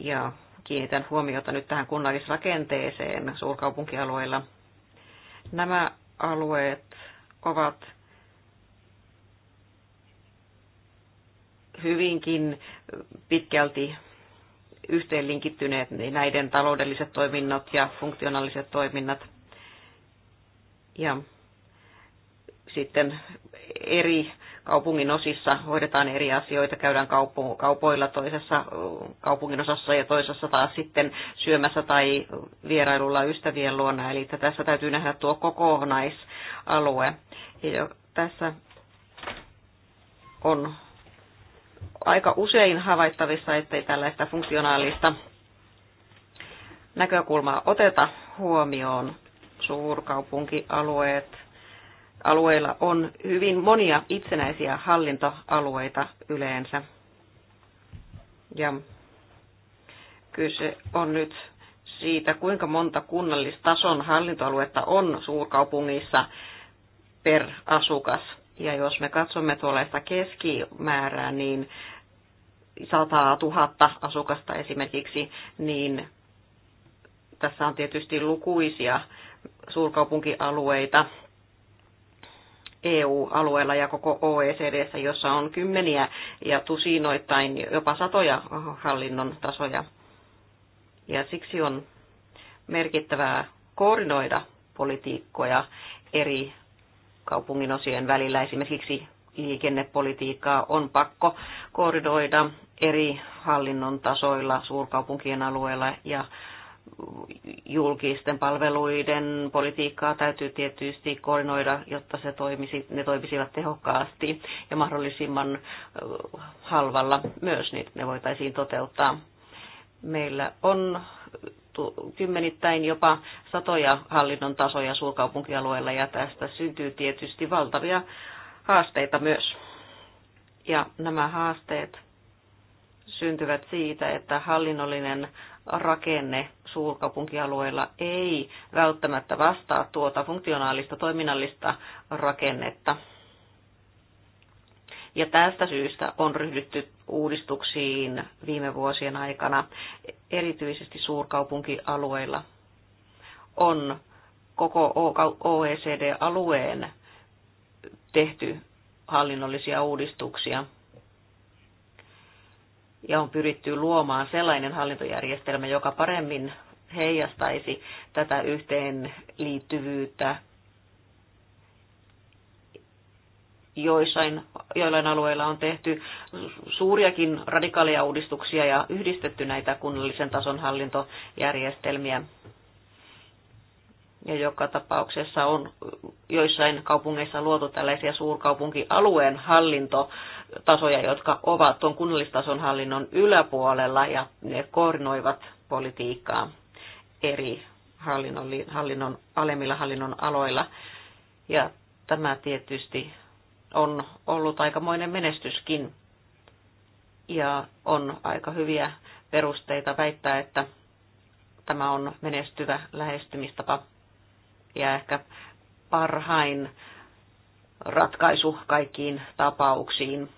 Ja kiinnitän huomiota nyt tähän kunnallisrakenteeseen suurkaupunkialueilla. Nämä alueet ovat hyvinkin pitkälti yhteenlinkittyneet niin näiden taloudelliset toiminnot ja funktionaaliset toiminnat. Ja sitten eri kaupungin osissa hoidetaan eri asioita, käydään kaupo- kaupoilla toisessa kaupungin osassa ja toisessa taas sitten syömässä tai vierailulla ystävien luona. Eli tässä täytyy nähdä tuo kokonaisalue. Ja tässä on aika usein havaittavissa, ettei tällaista funktionaalista näkökulmaa oteta huomioon. Suurkaupunkialueet alueilla on hyvin monia itsenäisiä hallintoalueita yleensä. Ja kyse on nyt siitä, kuinka monta kunnallistason hallintoaluetta on suurkaupungissa per asukas. Ja jos me katsomme tuollaista keskimäärää, niin 100 000 asukasta esimerkiksi, niin tässä on tietysti lukuisia suurkaupunkialueita EU-alueella ja koko OECDssä, jossa on kymmeniä ja tusinoittain jopa satoja hallinnon tasoja. Ja siksi on merkittävää koordinoida politiikkoja eri kaupunginosien välillä. Esimerkiksi liikennepolitiikkaa on pakko koordinoida eri hallinnon tasoilla, suurkaupunkien alueella ja julkisten palveluiden politiikkaa täytyy tietysti koordinoida, jotta se toimisi, ne toimisivat tehokkaasti ja mahdollisimman halvalla myös niin ne voitaisiin toteuttaa. Meillä on kymmenittäin jopa satoja hallinnon tasoja suurkaupunkialueella ja tästä syntyy tietysti valtavia haasteita myös. Ja nämä haasteet syntyvät siitä, että hallinnollinen rakenne suurkaupunkialueilla ei välttämättä vastaa tuota funktionaalista toiminnallista rakennetta. Ja tästä syystä on ryhdytty uudistuksiin viime vuosien aikana, erityisesti suurkaupunkialueilla. On koko OECD-alueen tehty hallinnollisia uudistuksia – ja on pyritty luomaan sellainen hallintojärjestelmä, joka paremmin heijastaisi tätä yhteenliittyvyyttä joissain, joillain alueilla on tehty suuriakin radikaaleja uudistuksia ja yhdistetty näitä kunnallisen tason hallintojärjestelmiä. Ja joka tapauksessa on joissain kaupungeissa luotu tällaisia suurkaupunkialueen hallinto tasoja, jotka ovat tuon kunnallistason hallinnon yläpuolella ja ne koordinoivat politiikkaa eri hallinnon, hallinnon alemmilla hallinnon aloilla. Ja tämä tietysti on ollut aikamoinen menestyskin ja on aika hyviä perusteita väittää, että tämä on menestyvä lähestymistapa ja ehkä parhain ratkaisu kaikkiin tapauksiin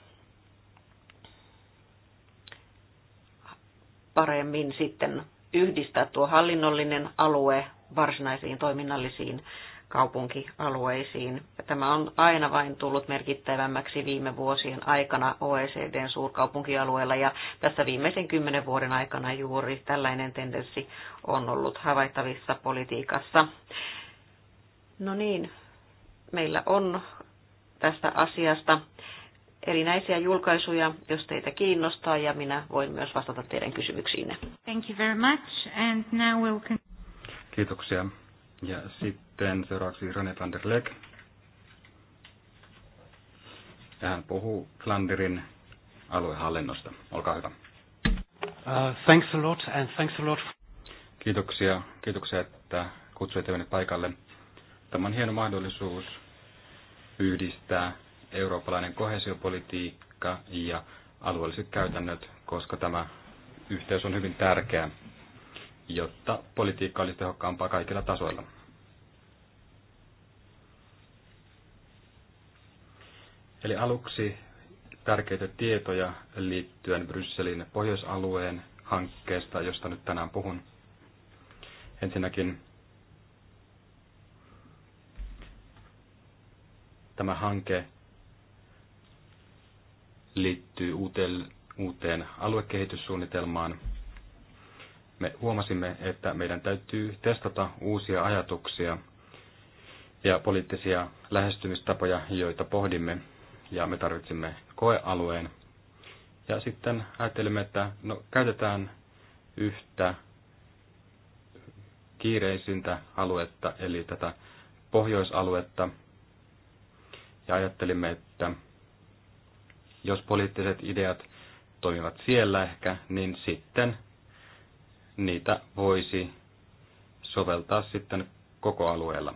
paremmin sitten yhdistää tuo hallinnollinen alue varsinaisiin toiminnallisiin kaupunkialueisiin. Tämä on aina vain tullut merkittävämmäksi viime vuosien aikana OECDn suurkaupunkialueella ja tässä viimeisen kymmenen vuoden aikana juuri tällainen tendenssi on ollut havaittavissa politiikassa. No niin, meillä on tästä asiasta erinäisiä julkaisuja, jos teitä kiinnostaa, ja minä voin myös vastata teidän kysymyksiinne. Thank you very much, and now we'll... Kiitoksia. Ja sitten seuraavaksi René van der Leck. Ja hän puhuu Flanderin aluehallinnosta. Olkaa hyvä. Uh, thanks a lot and thanks a lot. Kiitoksia, kiitoksia, että kutsuitte meidät paikalle. Tämä on hieno mahdollisuus yhdistää eurooppalainen kohesiopolitiikka ja alueelliset käytännöt, koska tämä yhteys on hyvin tärkeä, jotta politiikka olisi tehokkaampaa kaikilla tasoilla. Eli aluksi tärkeitä tietoja liittyen Brysselin pohjoisalueen hankkeesta, josta nyt tänään puhun. Ensinnäkin tämä hanke liittyy uuteen, uuteen aluekehityssuunnitelmaan. Me huomasimme, että meidän täytyy testata uusia ajatuksia ja poliittisia lähestymistapoja, joita pohdimme, ja me tarvitsimme koealueen. Ja sitten ajattelimme, että no, käytetään yhtä kiireisintä aluetta, eli tätä pohjoisaluetta, ja ajattelimme, että jos poliittiset ideat toimivat siellä ehkä, niin sitten niitä voisi soveltaa sitten koko alueella.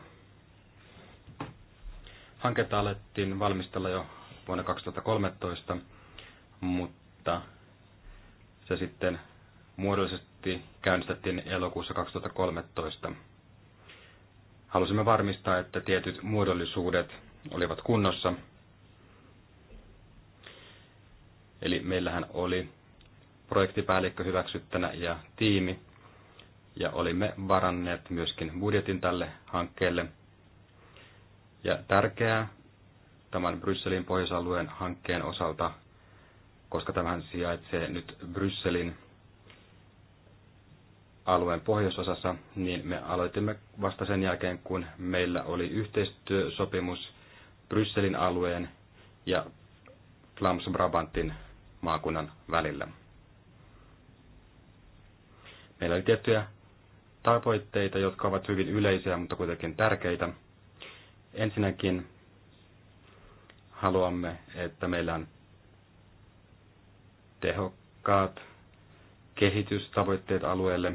Hanketta alettiin valmistella jo vuonna 2013, mutta se sitten muodollisesti käynnistettiin elokuussa 2013. Halusimme varmistaa, että tietyt muodollisuudet olivat kunnossa Eli meillähän oli projektipäällikkö hyväksyttänä ja tiimi, ja olimme varanneet myöskin budjetin tälle hankkeelle. Ja tärkeää tämän Brysselin pohjoisalueen hankkeen osalta, koska tämähän sijaitsee nyt Brysselin alueen pohjoisosassa, niin me aloitimme vasta sen jälkeen, kun meillä oli yhteistyösopimus Brysselin alueen ja Flams Brabantin maakunnan välillä. Meillä oli tiettyjä tavoitteita, jotka ovat hyvin yleisiä, mutta kuitenkin tärkeitä. Ensinnäkin haluamme, että meillä on tehokkaat kehitystavoitteet alueelle,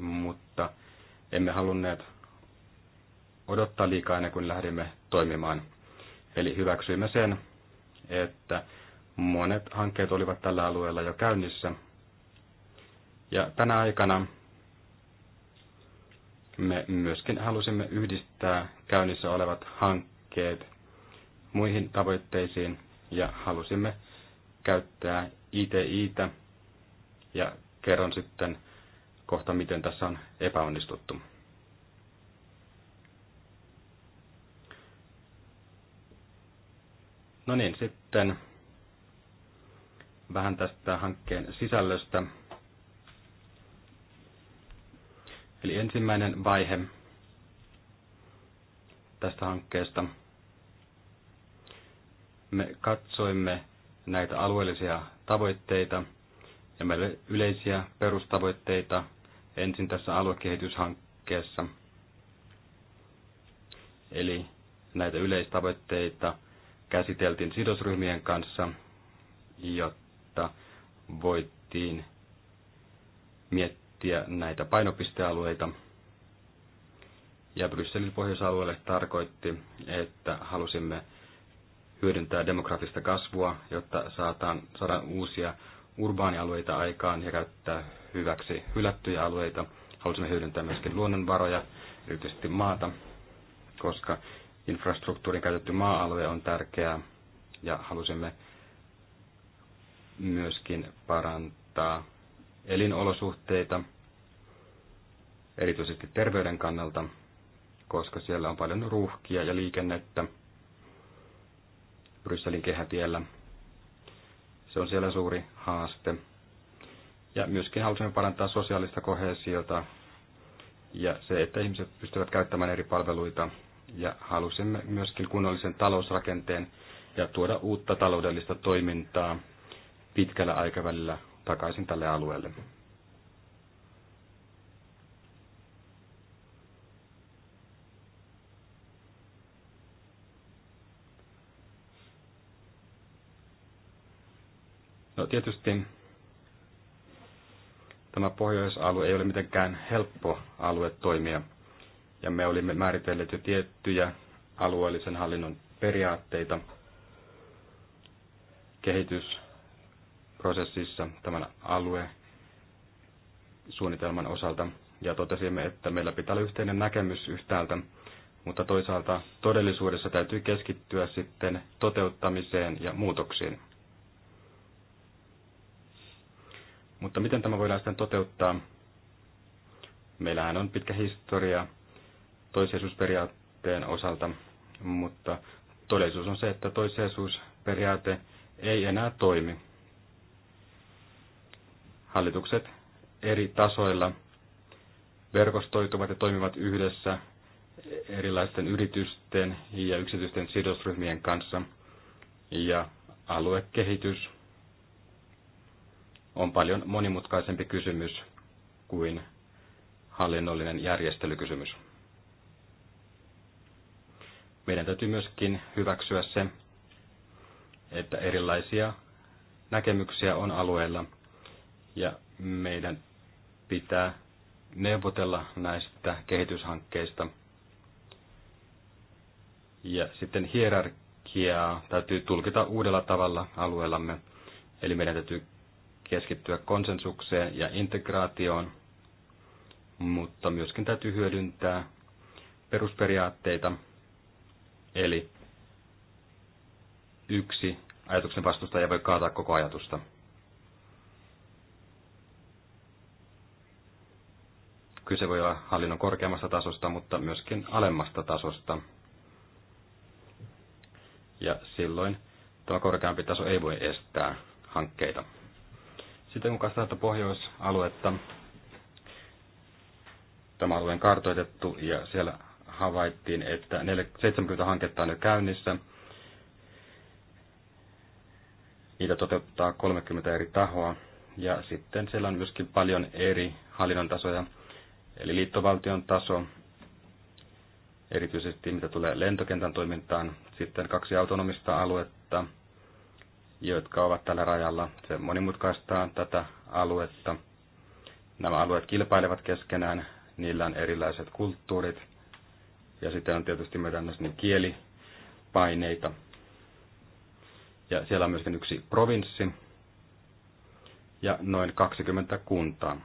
mutta emme halunneet odottaa liikaa ennen kuin lähdimme toimimaan. Eli hyväksyimme sen, että Monet hankkeet olivat tällä alueella jo käynnissä. Ja tänä aikana me myöskin halusimme yhdistää käynnissä olevat hankkeet muihin tavoitteisiin ja halusimme käyttää ITItä ja kerron sitten kohta, miten tässä on epäonnistuttu. No niin, sitten vähän tästä hankkeen sisällöstä. Eli ensimmäinen vaihe tästä hankkeesta. Me katsoimme näitä alueellisia tavoitteita ja meille yleisiä perustavoitteita ensin tässä aluekehityshankkeessa. Eli näitä yleistavoitteita käsiteltiin sidosryhmien kanssa, jotta mutta voitiin miettiä näitä painopistealueita. Ja Brysselin pohjoisalueelle tarkoitti, että halusimme hyödyntää demografista kasvua, jotta saataan, saadaan uusia urbaanialueita aikaan ja käyttää hyväksi hylättyjä alueita. Halusimme hyödyntää myöskin luonnonvaroja, erityisesti maata, koska infrastruktuurin käytetty maa-alue on tärkeää ja halusimme myöskin parantaa elinolosuhteita, erityisesti terveyden kannalta, koska siellä on paljon ruuhkia ja liikennettä Brysselin kehätiellä. Se on siellä suuri haaste. Ja myöskin halusimme parantaa sosiaalista kohesiota ja se, että ihmiset pystyvät käyttämään eri palveluita. Ja halusimme myöskin kunnollisen talousrakenteen ja tuoda uutta taloudellista toimintaa pitkällä aikavälillä takaisin tälle alueelle. No tietysti tämä pohjoisalue ei ole mitenkään helppo alue toimia, ja me olimme määritelleet jo tiettyjä alueellisen hallinnon periaatteita, kehitys, prosessissa tämän alue suunnitelman osalta ja totesimme, että meillä pitää olla yhteinen näkemys yhtäältä, mutta toisaalta todellisuudessa täytyy keskittyä sitten toteuttamiseen ja muutoksiin. Mutta miten tämä voidaan sitten toteuttaa? Meillähän on pitkä historia toiseisuusperiaatteen osalta, mutta todellisuus on se, että toiseisuusperiaate ei enää toimi. Hallitukset eri tasoilla verkostoituvat ja toimivat yhdessä erilaisten yritysten ja yksityisten sidosryhmien kanssa. Ja aluekehitys on paljon monimutkaisempi kysymys kuin hallinnollinen järjestelykysymys. Meidän täytyy myöskin hyväksyä se, että erilaisia näkemyksiä on alueella – ja meidän pitää neuvotella näistä kehityshankkeista. Ja sitten hierarkiaa täytyy tulkita uudella tavalla alueellamme. Eli meidän täytyy keskittyä konsensukseen ja integraatioon, mutta myöskin täytyy hyödyntää perusperiaatteita, eli yksi ajatuksen vastustaja voi kaataa koko ajatusta. Kyse voi olla hallinnon korkeammasta tasosta, mutta myöskin alemmasta tasosta. Ja silloin tämä korkeampi taso ei voi estää hankkeita. Sitten kun katsotaan pohjoisaluetta, tämä alue on kartoitettu ja siellä havaittiin, että 70 hanketta on jo käynnissä. Niitä toteuttaa 30 eri tahoa ja sitten siellä on myöskin paljon eri hallinnon tasoja. Eli liittovaltion taso, erityisesti mitä tulee lentokentän toimintaan, sitten kaksi autonomista aluetta, jotka ovat tällä rajalla. Se monimutkaistaa tätä aluetta. Nämä alueet kilpailevat keskenään, niillä on erilaiset kulttuurit ja sitten on tietysti meidän niin kielipaineita. Ja siellä on myöskin yksi provinssi ja noin 20 kuntaa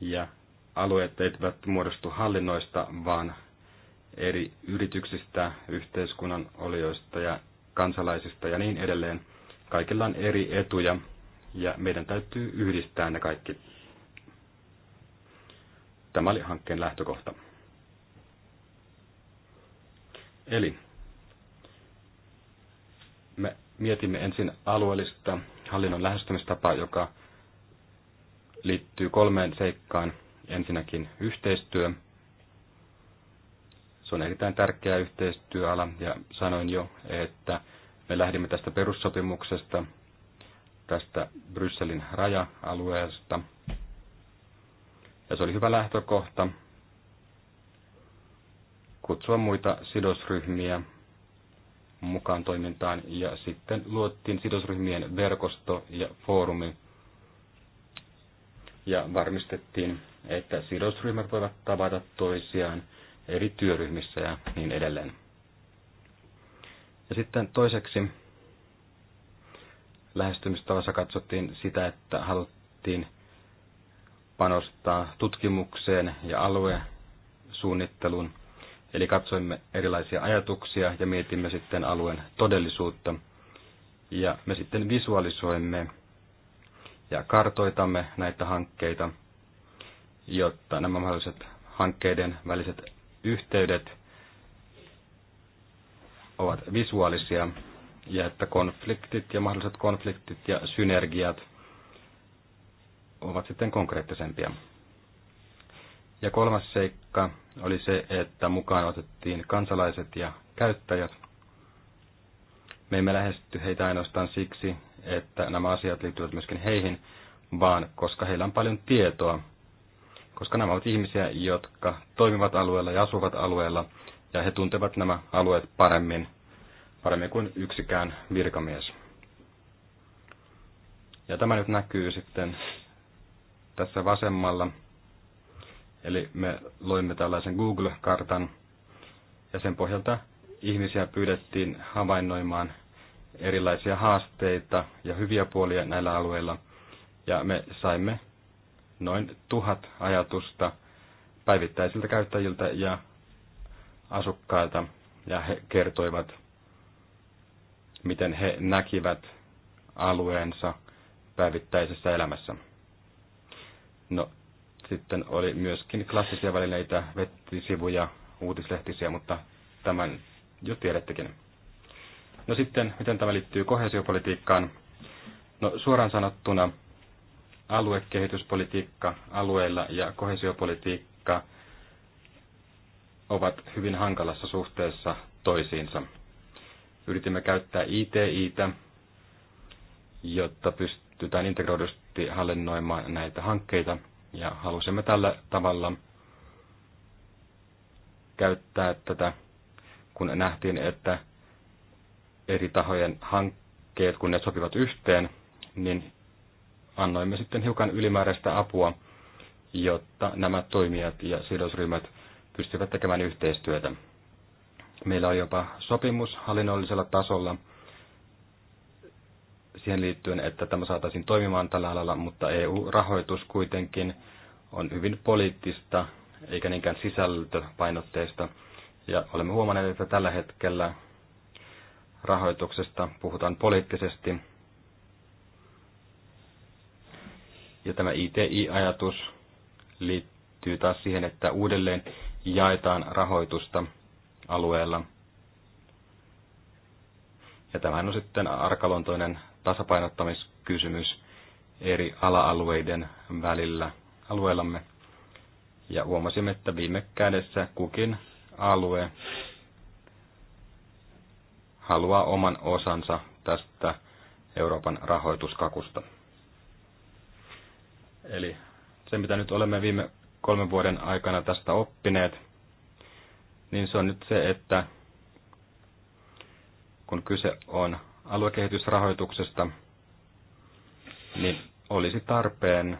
ja alueet eivät muodostu hallinnoista, vaan eri yrityksistä, yhteiskunnan olijoista ja kansalaisista ja niin edelleen. Kaikilla on eri etuja ja meidän täytyy yhdistää ne kaikki. Tämä oli hankkeen lähtökohta. Eli me mietimme ensin alueellista hallinnon lähestymistapaa, joka liittyy kolmeen seikkaan. Ensinnäkin yhteistyö. Se on erittäin tärkeä yhteistyöala ja sanoin jo, että me lähdimme tästä perussopimuksesta, tästä Brysselin raja-alueesta. Ja se oli hyvä lähtökohta kutsua muita sidosryhmiä mukaan toimintaan ja sitten luottiin sidosryhmien verkosto ja foorumi, ja varmistettiin, että sidosryhmät voivat tavata toisiaan eri työryhmissä ja niin edelleen. Ja sitten toiseksi lähestymistavassa katsottiin sitä, että haluttiin panostaa tutkimukseen ja aluesuunnitteluun. Eli katsoimme erilaisia ajatuksia ja mietimme sitten alueen todellisuutta. Ja me sitten visualisoimme ja kartoitamme näitä hankkeita, jotta nämä mahdolliset hankkeiden väliset yhteydet ovat visuaalisia ja että konfliktit ja mahdolliset konfliktit ja synergiat ovat sitten konkreettisempia. Ja kolmas seikka oli se, että mukaan otettiin kansalaiset ja käyttäjät. Me emme lähesty heitä ainoastaan siksi, että nämä asiat liittyvät myöskin heihin, vaan koska heillä on paljon tietoa, koska nämä ovat ihmisiä, jotka toimivat alueella ja asuvat alueella, ja he tuntevat nämä alueet paremmin, paremmin kuin yksikään virkamies. Ja tämä nyt näkyy sitten tässä vasemmalla. Eli me loimme tällaisen Google-kartan, ja sen pohjalta ihmisiä pyydettiin havainnoimaan erilaisia haasteita ja hyviä puolia näillä alueilla. Ja me saimme noin tuhat ajatusta päivittäisiltä käyttäjiltä ja asukkailta, ja he kertoivat, miten he näkivät alueensa päivittäisessä elämässä. No, sitten oli myöskin klassisia välineitä, vettisivuja, uutislehtisiä, mutta tämän jo tiedättekin. No sitten, miten tämä liittyy kohesiopolitiikkaan? No suoraan sanottuna aluekehityspolitiikka alueilla ja kohesiopolitiikka ovat hyvin hankalassa suhteessa toisiinsa. Yritimme käyttää ITItä, jotta pystytään integroidusti hallinnoimaan näitä hankkeita, ja halusimme tällä tavalla käyttää tätä, kun nähtiin, että eri tahojen hankkeet, kun ne sopivat yhteen, niin annoimme sitten hiukan ylimääräistä apua, jotta nämä toimijat ja sidosryhmät pystyvät tekemään yhteistyötä. Meillä on jopa sopimus hallinnollisella tasolla siihen liittyen, että tämä saataisiin toimimaan tällä alalla, mutta EU-rahoitus kuitenkin on hyvin poliittista eikä niinkään sisältöpainotteista. Ja olemme huomanneet, että tällä hetkellä rahoituksesta puhutaan poliittisesti. Ja tämä ITI-ajatus liittyy taas siihen, että uudelleen jaetaan rahoitusta alueella. Ja tämä on sitten arkaluontoinen tasapainottamiskysymys eri ala-alueiden välillä alueellamme. Ja huomasimme, että viime kädessä kukin alue haluaa oman osansa tästä Euroopan rahoituskakusta. Eli se, mitä nyt olemme viime kolmen vuoden aikana tästä oppineet, niin se on nyt se, että kun kyse on aluekehitysrahoituksesta, niin olisi tarpeen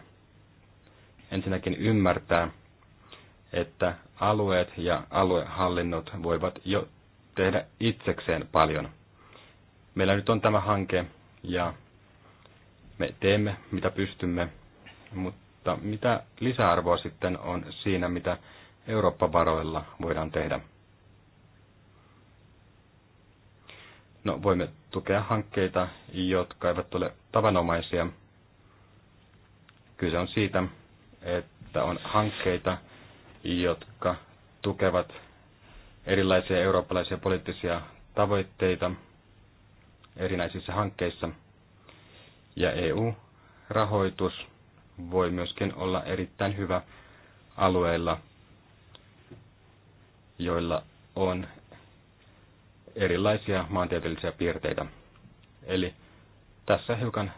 ensinnäkin ymmärtää, että alueet ja aluehallinnot voivat jo tehdä itsekseen paljon. Meillä nyt on tämä hanke ja me teemme mitä pystymme, mutta mitä lisäarvoa sitten on siinä, mitä Eurooppa-varoilla voidaan tehdä? No, voimme tukea hankkeita, jotka eivät ole tavanomaisia. Kyse on siitä, että on hankkeita, jotka tukevat erilaisia eurooppalaisia poliittisia tavoitteita erinäisissä hankkeissa. Ja EU-rahoitus voi myöskin olla erittäin hyvä alueilla, joilla on erilaisia maantieteellisiä piirteitä. Eli tässä hiukan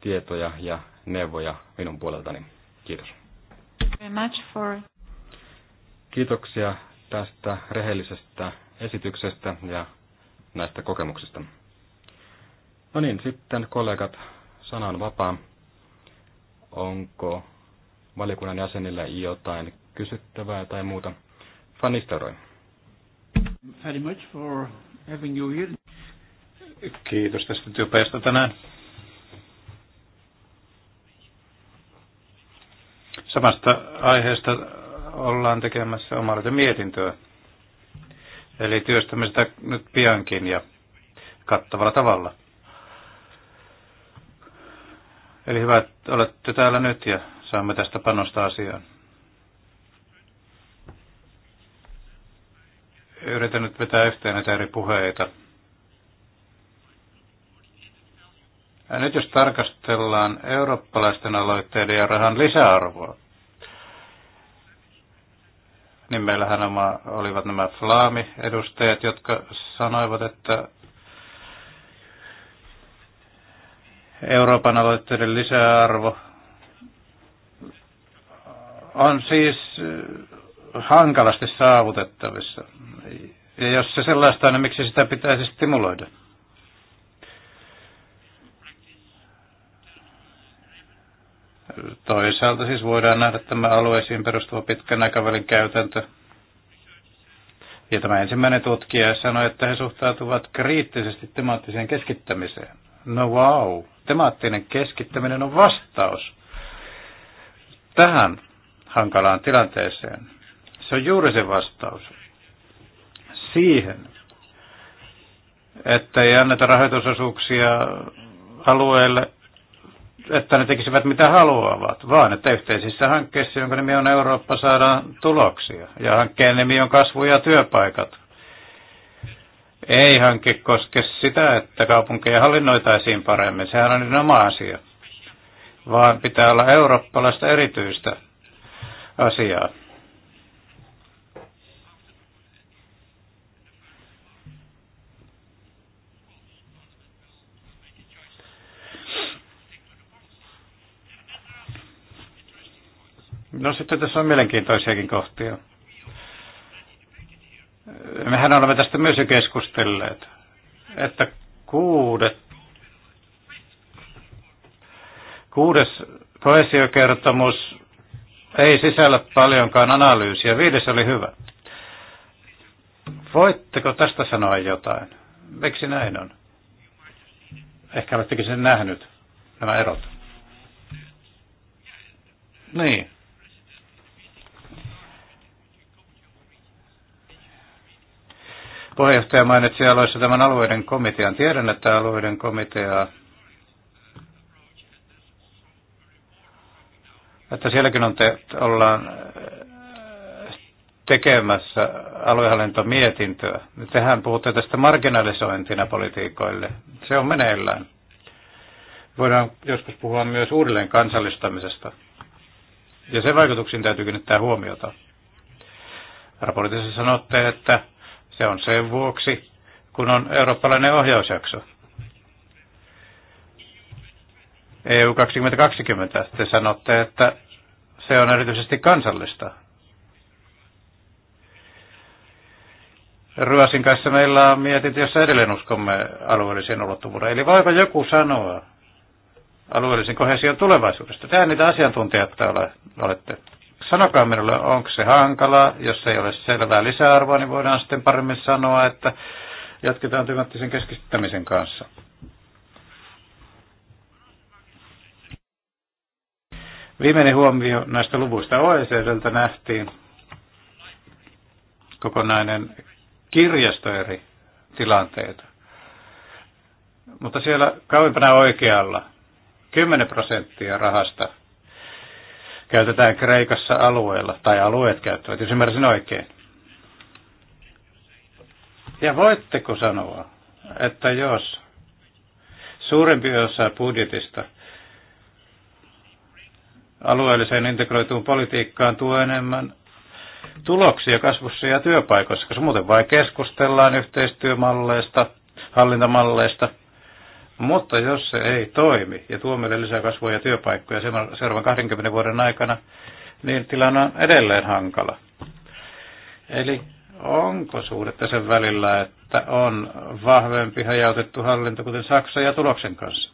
tietoja ja neuvoja minun puoleltani. Kiitos. Kiitoksia tästä rehellisestä esityksestä ja näistä kokemuksista. No niin, sitten kollegat, sana on vapaa. Onko valiokunnan jäsenillä jotain kysyttävää tai muuta? Fanny Steroi. Very much for having you here. Kiitos tästä työpäivästä tänään. Samasta aiheesta ollaan tekemässä omalta mietintöä. Eli työstämme sitä nyt piankin ja kattavalla tavalla. Eli hyvä, että olette täällä nyt ja saamme tästä panosta asiaan. Yritän nyt vetää yhteen näitä eri puheita. Ja nyt jos tarkastellaan eurooppalaisten aloitteiden ja rahan lisäarvoa, niin meillähän nämä, olivat nämä Flaami-edustajat, jotka sanoivat, että Euroopan aloitteiden lisäarvo on siis äh, hankalasti saavutettavissa. Ja jos se sellaista on, niin miksi sitä pitäisi stimuloida? toisaalta siis voidaan nähdä tämä alueisiin perustuva pitkän aikavälin käytäntö. Ja tämä ensimmäinen tutkija sanoi, että he suhtautuvat kriittisesti temaattiseen keskittämiseen. No wow, temaattinen keskittäminen on vastaus tähän hankalaan tilanteeseen. Se on juuri se vastaus siihen, että ei anneta rahoitusosuuksia alueelle, että ne tekisivät mitä haluavat, vaan että yhteisissä hankkeissa, jonka nimi on Eurooppa, saadaan tuloksia. Ja hankkeen nimi on kasvu ja työpaikat. Ei hanke koske sitä, että kaupunkeja hallinnoitaisiin paremmin. Sehän on niin oma asia. Vaan pitää olla eurooppalaista erityistä asiaa. No sitten tässä on mielenkiintoisiakin kohtia. Mehän olemme tästä myös jo keskustelleet, että kuudet, kuudes koesiokertomus ei sisällä paljonkaan analyysiä. Viides oli hyvä. Voitteko tästä sanoa jotain? Miksi näin on? Ehkä olettekin sen nähnyt, nämä erot. Niin. Puheenjohtaja mainitsi aloissa tämän alueiden komitean. Tiedän, että alueiden komitea, että sielläkin on te, ollaan tekemässä aluehallintomietintöä. Tehän puhutte tästä marginalisointina politiikoille. Se on meneillään. Voidaan joskus puhua myös uudelleen kansallistamisesta. Ja sen vaikutuksiin täytyy kiinnittää huomiota. Raportissa sanotte, että se on sen vuoksi, kun on eurooppalainen ohjausjakso. EU 2020, te sanotte, että se on erityisesti kansallista. Ruosin kanssa meillä on mietintä, jossa edelleen uskomme alueellisen ulottuvuuden. Eli voiko joku sanoa alueellisen kohesion tulevaisuudesta? Tämä niitä asiantuntijat täällä olette. Sanokaa minulle, onko se hankala, jos ei ole selvää lisäarvoa, niin voidaan sitten paremmin sanoa, että jatketaan temaattisen keskittämisen kanssa. Viimeinen huomio näistä luvuista OECDltä nähtiin kokonainen kirjasto eri tilanteita. Mutta siellä kauempana oikealla 10 prosenttia rahasta käytetään Kreikassa alueella, tai alueet käyttävät, jos ymmärsin oikein. Ja voitteko sanoa, että jos suurempi osa budjetista alueelliseen integroituun politiikkaan tuo enemmän tuloksia kasvussa ja työpaikoissa, koska muuten vain keskustellaan yhteistyömalleista, hallintamalleista – mutta jos se ei toimi ja tuo meille lisää kasvua ja työpaikkoja seuraavan 20 vuoden aikana, niin tilanne on edelleen hankala. Eli onko suhdetta sen välillä, että on vahvempi hajautettu hallinto, kuten Saksa ja tuloksen kanssa?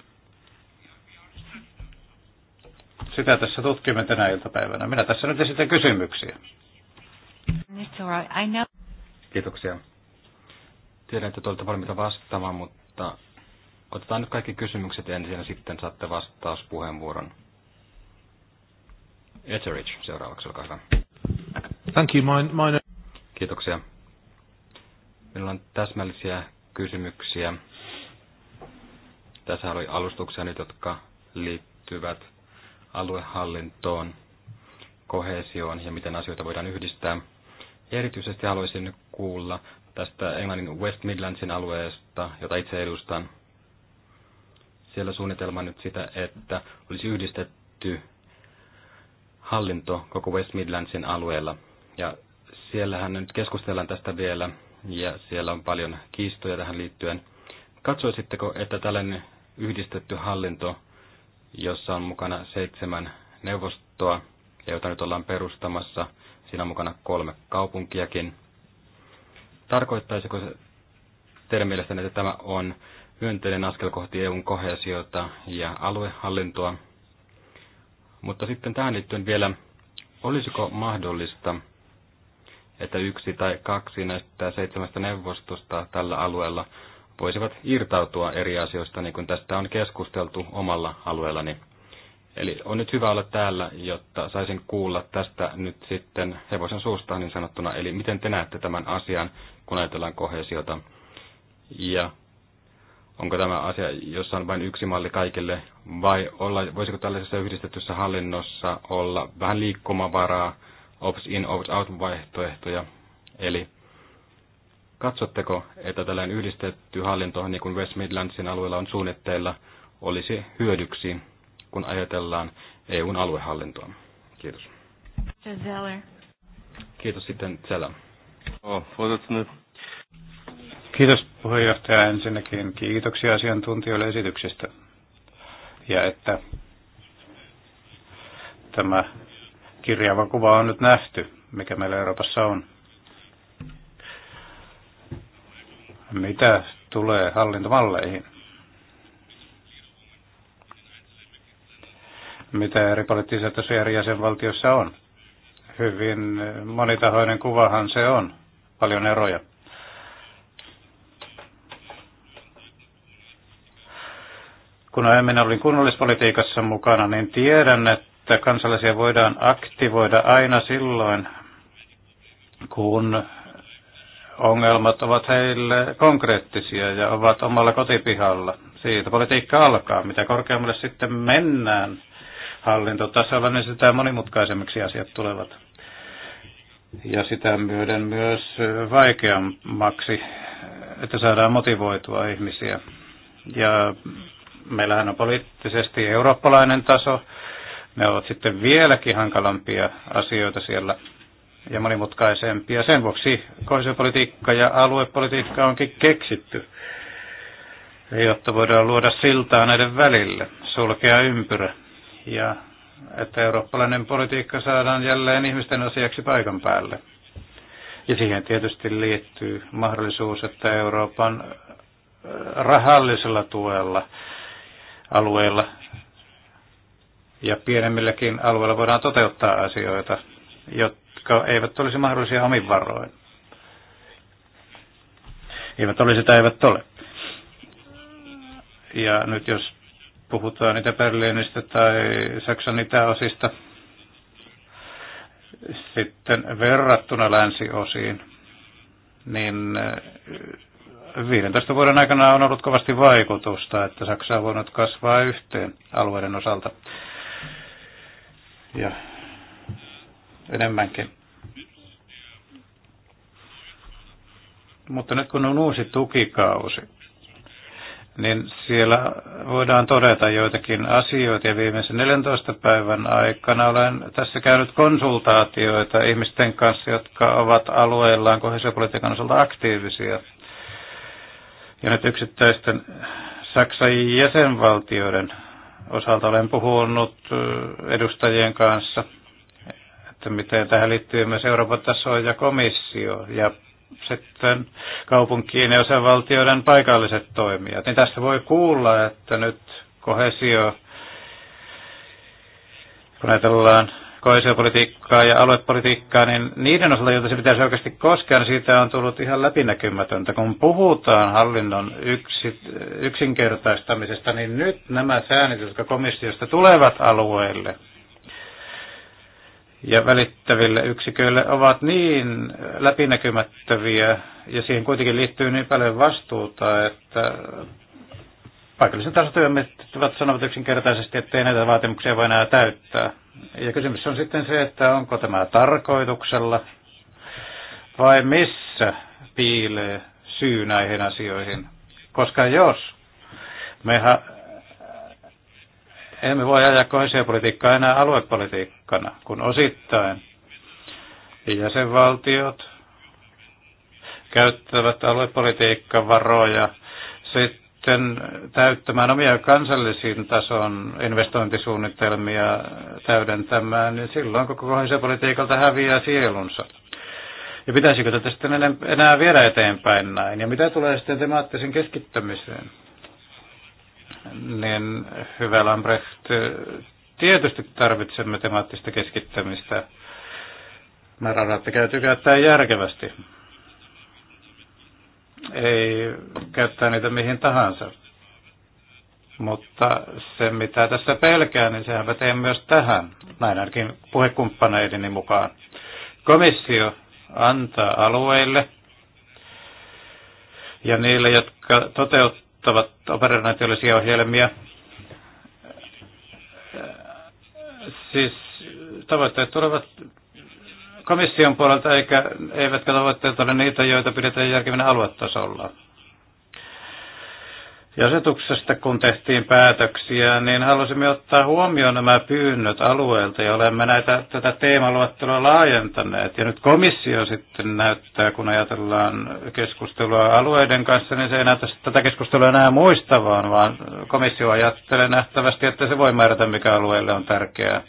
Sitä tässä tutkimme tänä iltapäivänä. Minä tässä nyt esitän kysymyksiä. Kiitoksia. Tiedän, että olette valmiita vastaamaan, mutta Otetaan nyt kaikki kysymykset ensin ja sitten saatte vastauspuheenvuoron. Etheridge seuraavaksi, olkaa hyvä. Thank you, mine, mine... Kiitoksia. Meillä on täsmällisiä kysymyksiä. Tässä oli alustuksia nyt, jotka liittyvät aluehallintoon, kohesioon ja miten asioita voidaan yhdistää. Erityisesti haluaisin kuulla tästä Englannin West Midlandsin alueesta, jota itse edustan – siellä suunnitelma nyt sitä, että olisi yhdistetty hallinto koko West Midlandsin alueella. Ja siellähän nyt keskustellaan tästä vielä, ja siellä on paljon kiistoja tähän liittyen. Katsoisitteko, että tällainen yhdistetty hallinto, jossa on mukana seitsemän neuvostoa, ja jota nyt ollaan perustamassa, siinä on mukana kolme kaupunkiakin. Tarkoittaisiko se teidän mielestänne, että tämä on myönteinen askel kohti EUn kohesiota ja aluehallintoa. Mutta sitten tähän liittyen vielä, olisiko mahdollista, että yksi tai kaksi näistä seitsemästä neuvostosta tällä alueella voisivat irtautua eri asioista, niin kuin tästä on keskusteltu omalla alueellani. Eli on nyt hyvä olla täällä, jotta saisin kuulla tästä nyt sitten hevosen suusta niin sanottuna. Eli miten te näette tämän asian, kun ajatellaan kohesiota? Ja Onko tämä asia, jossa on vain yksi malli kaikille, vai olla, voisiko tällaisessa yhdistetyssä hallinnossa olla vähän liikkumavaraa, ops in ops out vaihtoehtoja? Eli katsotteko, että tällainen yhdistetty hallinto, niin kuin West Midlandsin alueella on suunnitteilla, olisi hyödyksi, kun ajatellaan EUn aluehallintoa? Kiitos. Kiitos sitten Zeller. Oh, Kiitos puheenjohtaja ensinnäkin. Kiitoksia asiantuntijoille esityksestä. Ja että tämä kirjava kuva on nyt nähty, mikä meillä Euroopassa on. Mitä tulee hallintomalleihin? Mitä eri poliittisia tasoja eri jäsenvaltioissa on? Hyvin monitahoinen kuvahan se on. Paljon eroja. kun aiemmin olin kunnallispolitiikassa mukana, niin tiedän, että kansalaisia voidaan aktivoida aina silloin, kun ongelmat ovat heille konkreettisia ja ovat omalla kotipihalla. Siitä politiikka alkaa. Mitä korkeammalle sitten mennään hallintotasolla, niin sitä monimutkaisemmiksi asiat tulevat. Ja sitä myöden myös vaikeammaksi, että saadaan motivoitua ihmisiä. Ja Meillähän on poliittisesti eurooppalainen taso. Ne ovat sitten vieläkin hankalampia asioita siellä ja monimutkaisempia. Sen vuoksi kohdallisuuspolitiikka ja aluepolitiikka onkin keksitty, jotta voidaan luoda siltaa näiden välille, sulkea ympyrä ja että eurooppalainen politiikka saadaan jälleen ihmisten asiaksi paikan päälle. Ja siihen tietysti liittyy mahdollisuus, että Euroopan rahallisella tuella alueilla ja pienemmilläkin alueilla voidaan toteuttaa asioita, jotka eivät olisi mahdollisia omin varoin. Eivät olisi tai eivät ole. Ja nyt jos puhutaan niitä berliinistä tai Saksan itäosista, sitten verrattuna länsiosiin, niin 15 vuoden aikana on ollut kovasti vaikutusta, että Saksa on voinut kasvaa yhteen alueiden osalta. Ja enemmänkin. Mutta nyt kun on uusi tukikausi, niin siellä voidaan todeta joitakin asioita ja viimeisen 14 päivän aikana olen tässä käynyt konsultaatioita ihmisten kanssa, jotka ovat alueellaan kohesiopolitiikan osalta aktiivisia. Ja nyt yksittäisten Saksan jäsenvaltioiden osalta olen puhunut edustajien kanssa, että miten tähän liittyy myös Euroopan taso ja komissio ja sitten kaupunkien ja osavaltioiden paikalliset toimijat. Niin tästä voi kuulla, että nyt kohesio, kun ajatellaan koesiopolitiikkaa ja aluepolitiikkaa, niin niiden osalta, joita se pitäisi oikeasti koskea, niin siitä on tullut ihan läpinäkymätöntä. Kun puhutaan hallinnon yksi, yksinkertaistamisesta, niin nyt nämä säännöt, jotka komissiosta tulevat alueille, ja välittäville yksiköille ovat niin läpinäkymättäviä ja siihen kuitenkin liittyy niin paljon vastuuta, että paikallisen tasotyömiehet sanovat yksinkertaisesti, että ei näitä vaatimuksia voi enää täyttää. Ja kysymys on sitten se, että onko tämä tarkoituksella vai missä piilee syy näihin asioihin. Koska jos me emme voi ajaa kohesiopolitiikkaa enää aluepolitiikkana, kun osittain jäsenvaltiot käyttävät aluepolitiikkavaroja sit sitten täyttämään omia kansallisiin tason investointisuunnitelmia täydentämään, niin silloin koko politiikalta häviää sielunsa. Ja pitäisikö tätä sitten enää viedä eteenpäin näin? Ja mitä tulee sitten temaattisen keskittämiseen? Niin hyvä Lambrecht, tietysti tarvitsemme temaattista keskittämistä. että käytyy käyttää järkevästi ei käyttää niitä mihin tahansa. Mutta se, mitä tässä pelkään, niin sehän teen myös tähän, näin ainakin puhekumppaneideni mukaan. Komissio antaa alueille ja niille, jotka toteuttavat operaatiollisia ohjelmia, siis tavoitteet tulevat komission puolelta, eikä, eivätkä tavoitteet ole niitä, joita pidetään järkevinä aluetasolla. Ja asetuksesta, kun tehtiin päätöksiä, niin halusimme ottaa huomioon nämä pyynnöt alueelta ja olemme näitä, tätä teemaluettelua laajentaneet. Ja nyt komissio sitten näyttää, kun ajatellaan keskustelua alueiden kanssa, niin se ei näytä tätä keskustelua enää muistavaan, vaan komissio ajattelee nähtävästi, että se voi määrätä, mikä alueelle on tärkeää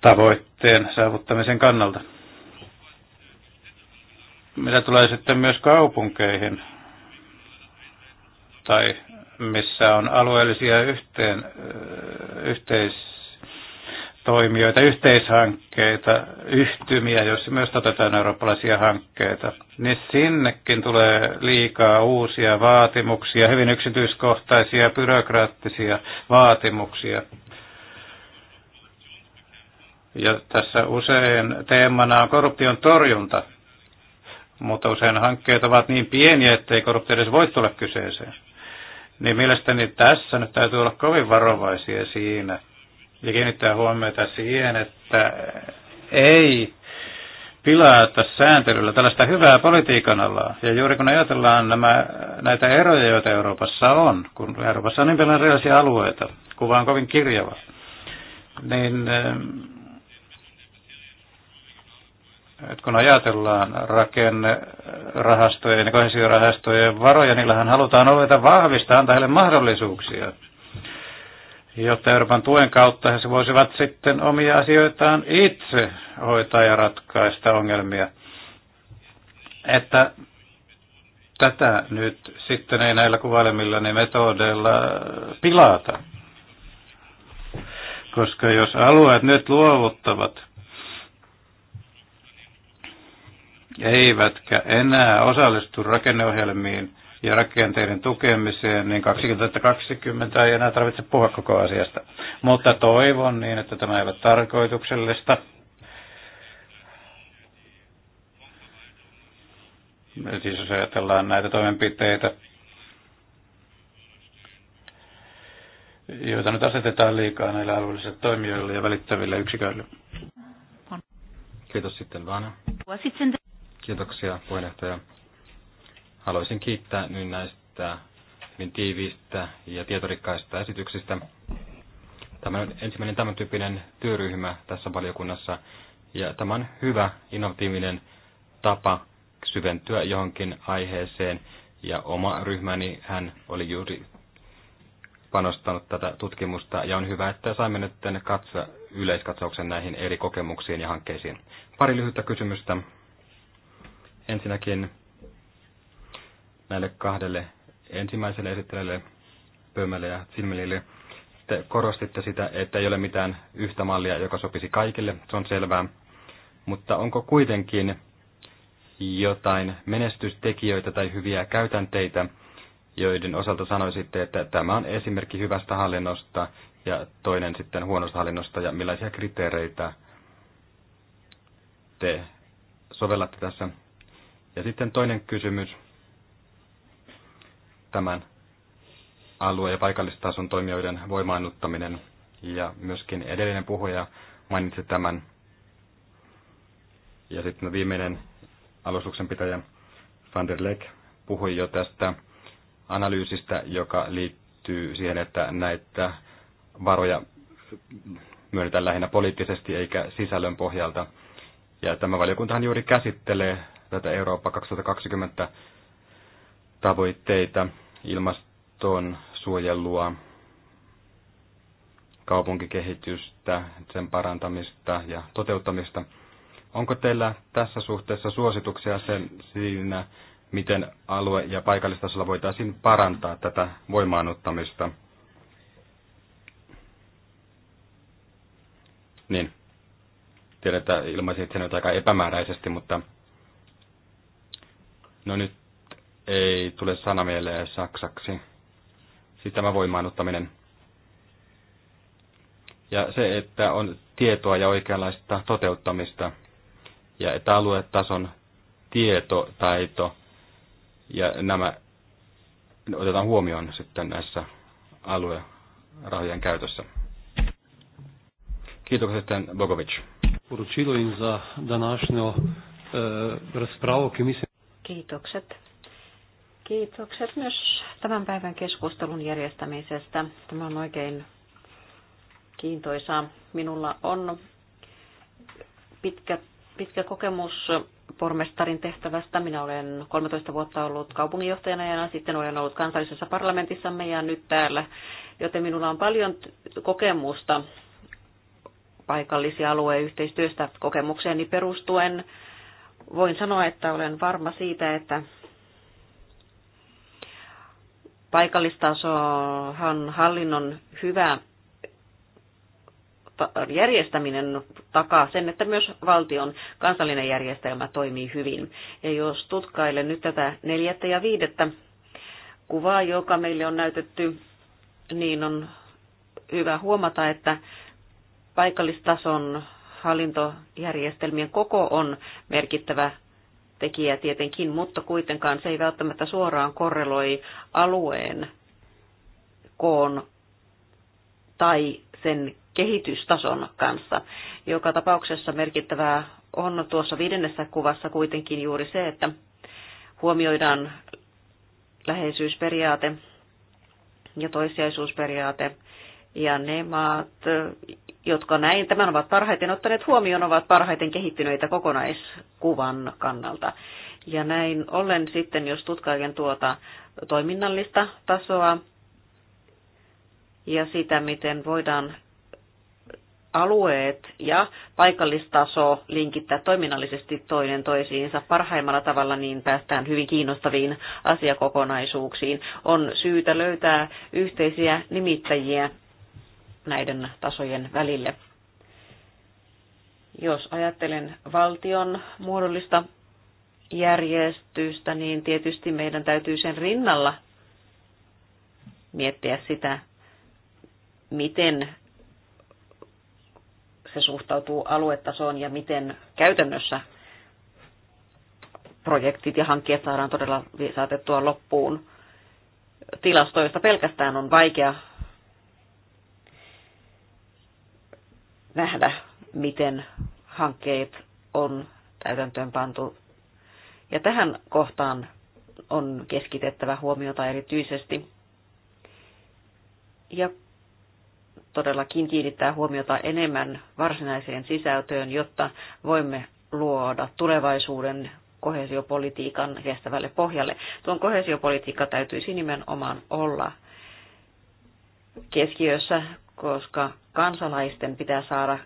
tavoitteen saavuttamisen kannalta. Mitä tulee sitten myös kaupunkeihin tai missä on alueellisia yhteen, yhteistoimijoita, yhteishankkeita, yhtymiä, joissa myös otetaan eurooppalaisia hankkeita, niin sinnekin tulee liikaa uusia vaatimuksia, hyvin yksityiskohtaisia, byrokraattisia vaatimuksia ja tässä usein teemana on korruption torjunta, mutta usein hankkeet ovat niin pieniä, ettei korruptio edes voi tulla kyseeseen. Niin mielestäni tässä nyt täytyy olla kovin varovaisia siinä ja kiinnittää huomiota siihen, että ei pilata sääntelyllä tällaista hyvää politiikan alaa. Ja juuri kun ajatellaan nämä, näitä eroja, joita Euroopassa on, kun Euroopassa on niin paljon erilaisia alueita, kuva on kovin kirjava, niin että kun ajatellaan rakennerahastojen ja kohesiorahastojen varoja, niillähän halutaan olla vahvistaa, antaa heille mahdollisuuksia, jotta Euroopan tuen kautta he voisivat sitten omia asioitaan itse hoitaa ja ratkaista ongelmia. Että tätä nyt sitten ei näillä niin metodeilla pilata. Koska jos alueet nyt luovuttavat eivätkä enää osallistu rakenneohjelmiin ja rakenteiden tukemiseen, niin 2020 ei enää tarvitse puhua koko asiasta. Mutta toivon niin, että tämä ei ole tarkoituksellista. Siis jos ajatellaan näitä toimenpiteitä, joita nyt asetetaan liikaa näille alueellisille toimijoille ja välittäville yksiköille. Kiitos sitten Vana. Kiitoksia puheenjohtaja. Haluaisin kiittää nyt näistä hyvin tiiviistä ja tietorikkaista esityksistä. Tämä on ensimmäinen tämän tyyppinen työryhmä tässä valiokunnassa ja tämä on hyvä innovatiivinen tapa syventyä johonkin aiheeseen ja oma ryhmäni hän oli juuri panostanut tätä tutkimusta ja on hyvä, että saimme nyt katsoa yleiskatsauksen näihin eri kokemuksiin ja hankkeisiin. Pari lyhyttä kysymystä Ensinnäkin näille kahdelle ensimmäiselle esittelijälle, Pömmälle ja Silmelille, te korostitte sitä, että ei ole mitään yhtä mallia, joka sopisi kaikille, se on selvää. Mutta onko kuitenkin jotain menestystekijöitä tai hyviä käytänteitä, joiden osalta sanoisitte, että tämä on esimerkki hyvästä hallinnosta ja toinen sitten huonosta hallinnosta ja millaisia kriteereitä te sovellatte tässä. Ja sitten toinen kysymys tämän alue- ja paikallistason toimijoiden voimaannuttaminen. Ja myöskin edellinen puhuja mainitsi tämän. Ja sitten viimeinen alustuksen pitäjä Van der Leck puhui jo tästä analyysistä, joka liittyy siihen, että näitä varoja myönnetään lähinnä poliittisesti eikä sisällön pohjalta. Ja tämä valiokuntahan juuri käsittelee tätä Eurooppa 2020 tavoitteita, ilmaston suojelua, kaupunkikehitystä, sen parantamista ja toteuttamista. Onko teillä tässä suhteessa suosituksia sen, siinä, miten alue- ja paikallistasolla voitaisiin parantaa tätä voimaanottamista? Niin, tiedän, että ilmaisin itseni aika epämääräisesti, mutta No nyt ei tule sana mieleen saksaksi. Siis tämä voimaannuttaminen. Ja se, että on tietoa ja oikeanlaista toteuttamista. Ja että aluetason tietotaito ja nämä otetaan huomioon sitten näissä aluerahojen käytössä. Kiitokset Bogovic. Poročilo za današnjo eh, ki mislim, Kiitokset. Kiitokset myös tämän päivän keskustelun järjestämisestä. Tämä on oikein kiintoisaa. Minulla on pitkä, pitkä kokemus pormestarin tehtävästä. Minä olen 13 vuotta ollut kaupunginjohtajana ja sitten olen ollut kansallisessa parlamentissamme ja nyt täällä, joten minulla on paljon kokemusta paikallisia alueyhteistyöstä kokemukseeni perustuen voin sanoa, että olen varma siitä, että paikallistasohan hallinnon hyvä järjestäminen takaa sen, että myös valtion kansallinen järjestelmä toimii hyvin. Ja jos tutkailen nyt tätä neljättä ja viidettä kuvaa, joka meille on näytetty, niin on hyvä huomata, että paikallistason hallintojärjestelmien koko on merkittävä tekijä tietenkin, mutta kuitenkaan se ei välttämättä suoraan korreloi alueen koon tai sen kehitystason kanssa. Joka tapauksessa merkittävää on tuossa viidennessä kuvassa kuitenkin juuri se, että huomioidaan läheisyysperiaate ja toissijaisuusperiaate ja ne maat, jotka näin tämän ovat parhaiten ottaneet huomioon, ovat parhaiten kehittyneitä kokonaiskuvan kannalta. Ja näin ollen sitten, jos tutkailen tuota toiminnallista tasoa ja sitä, miten voidaan alueet ja paikallistaso linkittää toiminnallisesti toinen toisiinsa parhaimmalla tavalla, niin päästään hyvin kiinnostaviin asiakokonaisuuksiin. On syytä löytää yhteisiä nimittäjiä näiden tasojen välille. Jos ajattelen valtion muodollista järjestystä, niin tietysti meidän täytyy sen rinnalla miettiä sitä, miten se suhtautuu aluetasoon ja miten käytännössä projektit ja hankkeet saadaan todella saatettua loppuun. Tilastoista pelkästään on vaikea nähdä, miten hankkeet on täytäntöön pantu. Ja tähän kohtaan on keskitettävä huomiota erityisesti. Ja todellakin kiinnittää huomiota enemmän varsinaiseen sisältöön, jotta voimme luoda tulevaisuuden kohesiopolitiikan kestävälle pohjalle. Tuon kohesiopolitiikka täytyisi nimenomaan olla keskiössä, koska kansalaisten pitää saada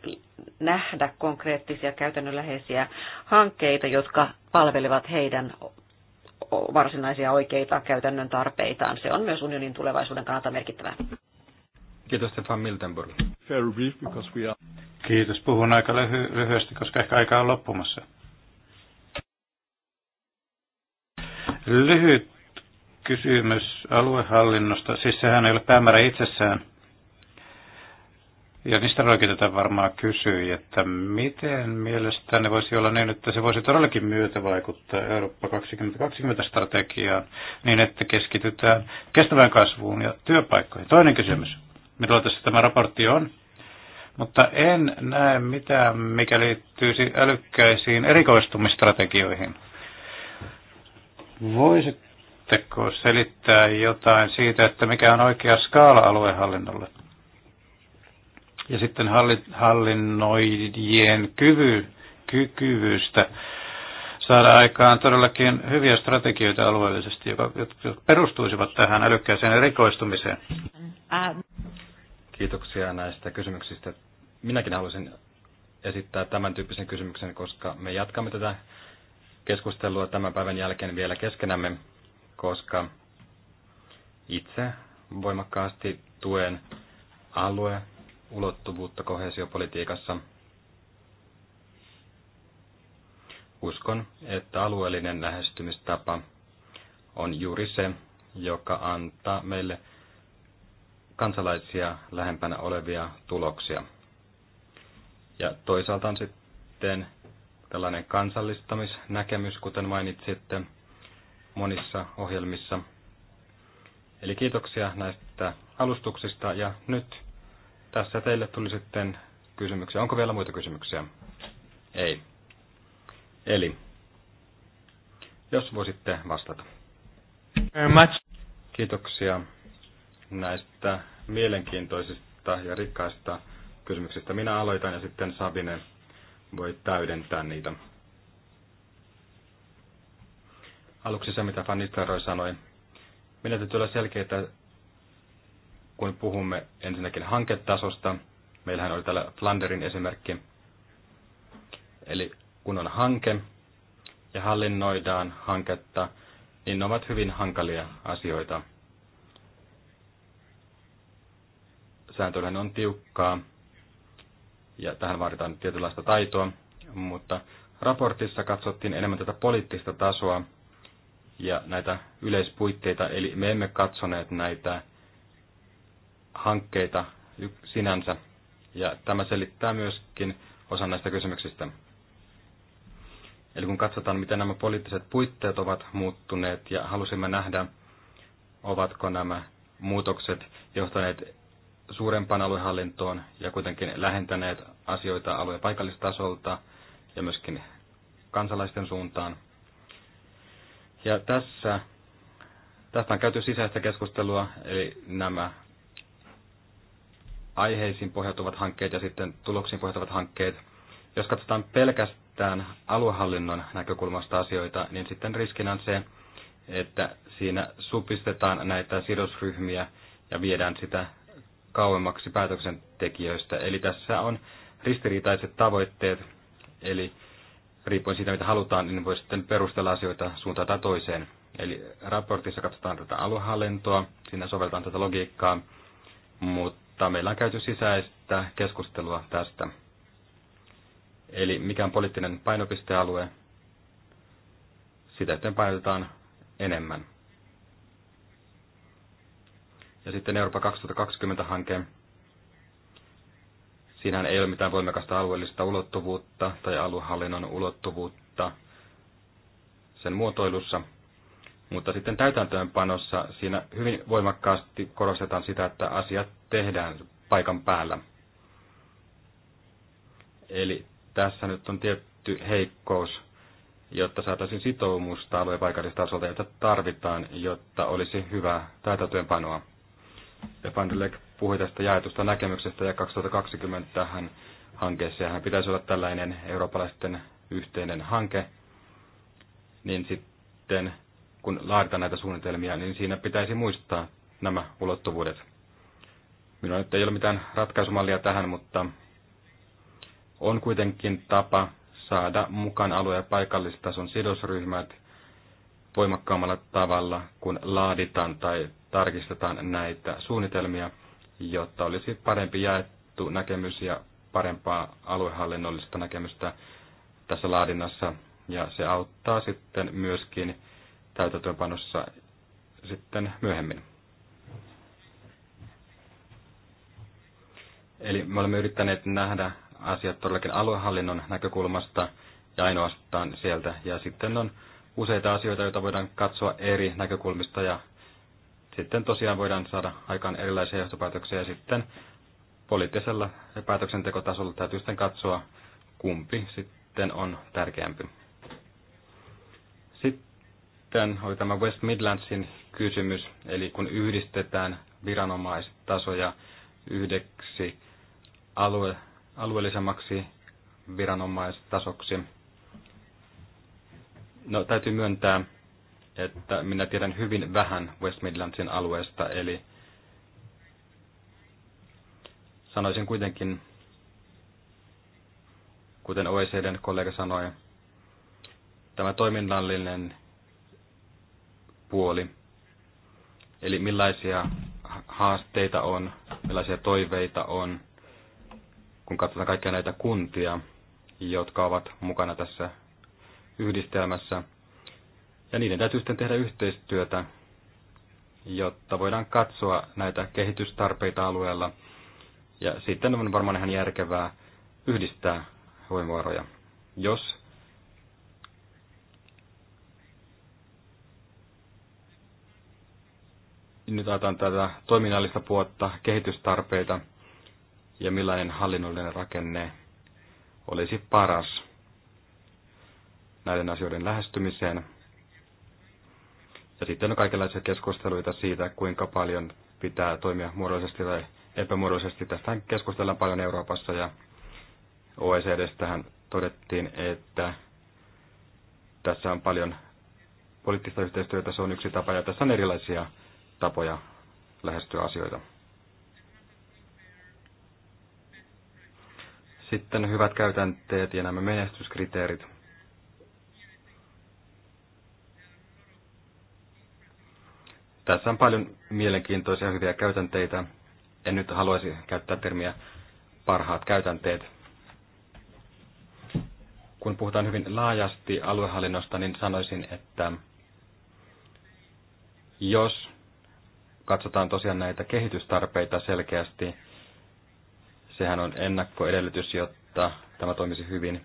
nähdä konkreettisia käytännönläheisiä hankkeita, jotka palvelevat heidän varsinaisia oikeita käytännön tarpeitaan. Se on myös unionin tulevaisuuden kannalta merkittävää. Kiitos Stefan Miltenburg. Very brief because we are... Kiitos. Puhun aika lyhy- lyhyesti, koska ehkä aika on loppumassa. Lyhyt kysymys aluehallinnosta. Siis sehän ei ole päämäärä itsessään, ja niistä tätä varmaan kysyi, että miten mielestäni voisi olla niin, että se voisi todellakin myötä vaikuttaa Eurooppa 2020-strategiaan niin, että keskitytään kestävään kasvuun ja työpaikkoihin. Toinen kysymys, mitä tässä tämä raportti on, mutta en näe mitään, mikä liittyisi älykkäisiin erikoistumistrategioihin. Voisitteko selittää jotain siitä, että mikä on oikea skaala aluehallinnolle? ja sitten hallinnoijien kyvy, ky, kyvystä saada aikaan todellakin hyviä strategioita alueellisesti, jotka perustuisivat tähän älykkääseen erikoistumiseen. Ähm. Kiitoksia näistä kysymyksistä. Minäkin haluaisin esittää tämän tyyppisen kysymyksen, koska me jatkamme tätä keskustelua tämän päivän jälkeen vielä keskenämme, koska itse voimakkaasti tuen alue- ulottuvuutta kohesiopolitiikassa. Uskon, että alueellinen lähestymistapa on juuri se, joka antaa meille kansalaisia lähempänä olevia tuloksia. Ja toisaalta on sitten tällainen kansallistamisnäkemys, kuten mainitsitte monissa ohjelmissa. Eli kiitoksia näistä alustuksista ja nyt tässä teille tuli sitten kysymyksiä. Onko vielä muita kysymyksiä? Ei. Eli, jos voisitte vastata. Kiitoksia näistä mielenkiintoisista ja rikkaista kysymyksistä. Minä aloitan ja sitten Sabine voi täydentää niitä. Aluksi se, mitä Fanny sanoi. Minä täytyy olla selkeitä kun puhumme ensinnäkin hanketasosta, meillähän oli täällä Flanderin esimerkki, eli kun on hanke ja hallinnoidaan hanketta, niin ne ovat hyvin hankalia asioita. Sääntöllähän on tiukkaa ja tähän vaaditaan tietynlaista taitoa, mutta raportissa katsottiin enemmän tätä poliittista tasoa ja näitä yleispuitteita, eli me emme katsoneet näitä hankkeita sinänsä, ja tämä selittää myöskin osan näistä kysymyksistä. Eli kun katsotaan, miten nämä poliittiset puitteet ovat muuttuneet, ja halusimme nähdä, ovatko nämä muutokset johtaneet suurempaan aluehallintoon ja kuitenkin lähentäneet asioita alueen paikallistasolta ja myöskin kansalaisten suuntaan. Ja tässä, tästä on käyty sisäistä keskustelua, eli nämä aiheisiin pohjautuvat hankkeet ja sitten tuloksiin pohjautuvat hankkeet. Jos katsotaan pelkästään aluehallinnon näkökulmasta asioita, niin sitten riskinä on se, että siinä supistetaan näitä sidosryhmiä ja viedään sitä kauemmaksi päätöksentekijöistä. Eli tässä on ristiriitaiset tavoitteet, eli riippuen siitä, mitä halutaan, niin voi sitten perustella asioita suuntaan tai toiseen. Eli raportissa katsotaan tätä aluehallintoa, siinä sovelletaan tätä logiikkaa, mutta mutta meillä on käyty sisäistä keskustelua tästä. Eli mikä on poliittinen painopistealue, sitä sitten painotetaan enemmän. Ja sitten Eurooppa 2020-hanke. Siinähän ei ole mitään voimakasta alueellista ulottuvuutta tai aluehallinnon ulottuvuutta sen muotoilussa, mutta sitten täytäntöönpanossa siinä hyvin voimakkaasti korostetaan sitä, että asiat tehdään paikan päällä. Eli tässä nyt on tietty heikkous, jotta saataisiin sitoumusta alueen paikallistasolta, jota tarvitaan, jotta olisi hyvä täytäntöönpanoa. Ja Van puhui tästä jaetusta näkemyksestä ja 2020 tähän hankkeessa, hän pitäisi olla tällainen eurooppalaisten yhteinen hanke, niin sitten kun laaditaan näitä suunnitelmia, niin siinä pitäisi muistaa nämä ulottuvuudet. Minulla nyt ei ole mitään ratkaisumallia tähän, mutta on kuitenkin tapa saada mukaan alue- ja paikallistason sidosryhmät voimakkaammalla tavalla, kun laaditaan tai tarkistetaan näitä suunnitelmia, jotta olisi parempi jaettu näkemys ja parempaa aluehallinnollista näkemystä tässä laadinnassa. Ja se auttaa sitten myöskin täytäntöönpanossa sitten myöhemmin. Eli me olemme yrittäneet nähdä asiat todellakin aluehallinnon näkökulmasta ja ainoastaan sieltä. Ja sitten on useita asioita, joita voidaan katsoa eri näkökulmista ja sitten tosiaan voidaan saada aikaan erilaisia johtopäätöksiä ja sitten poliittisella päätöksentekotasolla täytyy sitten katsoa, kumpi sitten on tärkeämpi. Sitten oli tämä West Midlandsin kysymys, eli kun yhdistetään viranomaistasoja yhdeksi alue, alueellisemmaksi viranomaistasoksi. No, täytyy myöntää, että minä tiedän hyvin vähän West Midlandsin alueesta, eli sanoisin kuitenkin, kuten OECDn kollega sanoi, tämä toiminnallinen puoli. Eli millaisia haasteita on, millaisia toiveita on, kun katsotaan kaikkia näitä kuntia, jotka ovat mukana tässä yhdistelmässä. Ja niiden täytyy sitten tehdä yhteistyötä, jotta voidaan katsoa näitä kehitystarpeita alueella. Ja sitten on varmaan ihan järkevää yhdistää voimavaroja. Jos nyt ajatellaan tätä toiminnallista puolta, kehitystarpeita ja millainen hallinnollinen rakenne olisi paras näiden asioiden lähestymiseen. Ja sitten on kaikenlaisia keskusteluita siitä, kuinka paljon pitää toimia muodollisesti tai epämuodollisesti. Tästä keskustellaan paljon Euroopassa ja OECDstähän todettiin, että tässä on paljon poliittista yhteistyötä, se on yksi tapa ja tässä on erilaisia tapoja lähestyä asioita. Sitten hyvät käytänteet ja nämä menestyskriteerit. Tässä on paljon mielenkiintoisia hyviä käytänteitä. En nyt haluaisi käyttää termiä parhaat käytänteet. Kun puhutaan hyvin laajasti aluehallinnosta, niin sanoisin, että jos katsotaan tosiaan näitä kehitystarpeita selkeästi. Sehän on ennakkoedellytys, jotta tämä toimisi hyvin.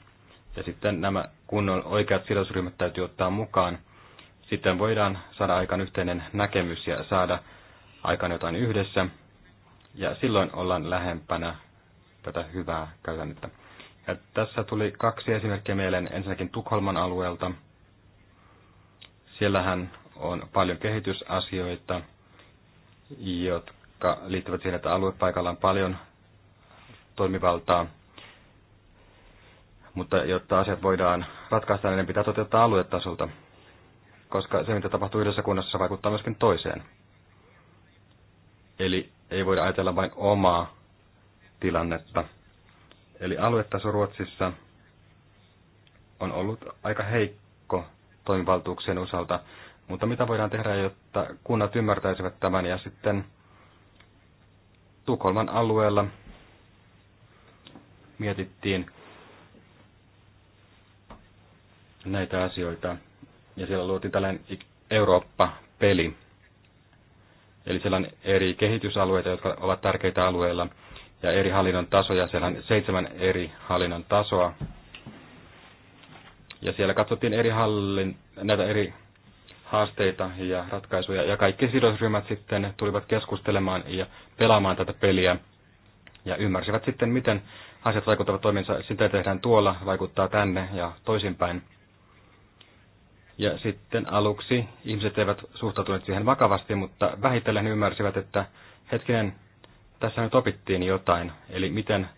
Ja sitten nämä kunnon oikeat sidosryhmät täytyy ottaa mukaan. Sitten voidaan saada aikaan yhteinen näkemys ja saada aikaan jotain yhdessä. Ja silloin ollaan lähempänä tätä hyvää käytännettä. Ja tässä tuli kaksi esimerkkiä mieleen. Ensinnäkin Tukholman alueelta. Siellähän on paljon kehitysasioita jotka liittyvät siihen, että aluepaikalla on paljon toimivaltaa. Mutta jotta asiat voidaan ratkaista, niin ne pitää toteuttaa aluetasolta, koska se, mitä tapahtuu yhdessä kunnassa, vaikuttaa myöskin toiseen. Eli ei voida ajatella vain omaa tilannetta. Eli aluetaso Ruotsissa on ollut aika heikko toimivaltuuksien osalta, mutta mitä voidaan tehdä, jotta kunnat ymmärtäisivät tämän ja sitten Tukholman alueella mietittiin näitä asioita ja siellä luotiin tällainen Eurooppa-peli. Eli siellä on eri kehitysalueita, jotka ovat tärkeitä alueilla ja eri hallinnon tasoja. Siellä on seitsemän eri hallinnon tasoa. Ja siellä katsottiin eri hallin, näitä eri haasteita ja ratkaisuja. Ja kaikki sidosryhmät sitten tulivat keskustelemaan ja pelaamaan tätä peliä ja ymmärsivät sitten, miten asiat vaikuttavat toiminsa. Sitä tehdään tuolla, vaikuttaa tänne ja toisinpäin. Ja sitten aluksi ihmiset eivät suhtautuneet siihen vakavasti, mutta vähitellen ymmärsivät, että hetkinen, tässä nyt opittiin jotain, eli miten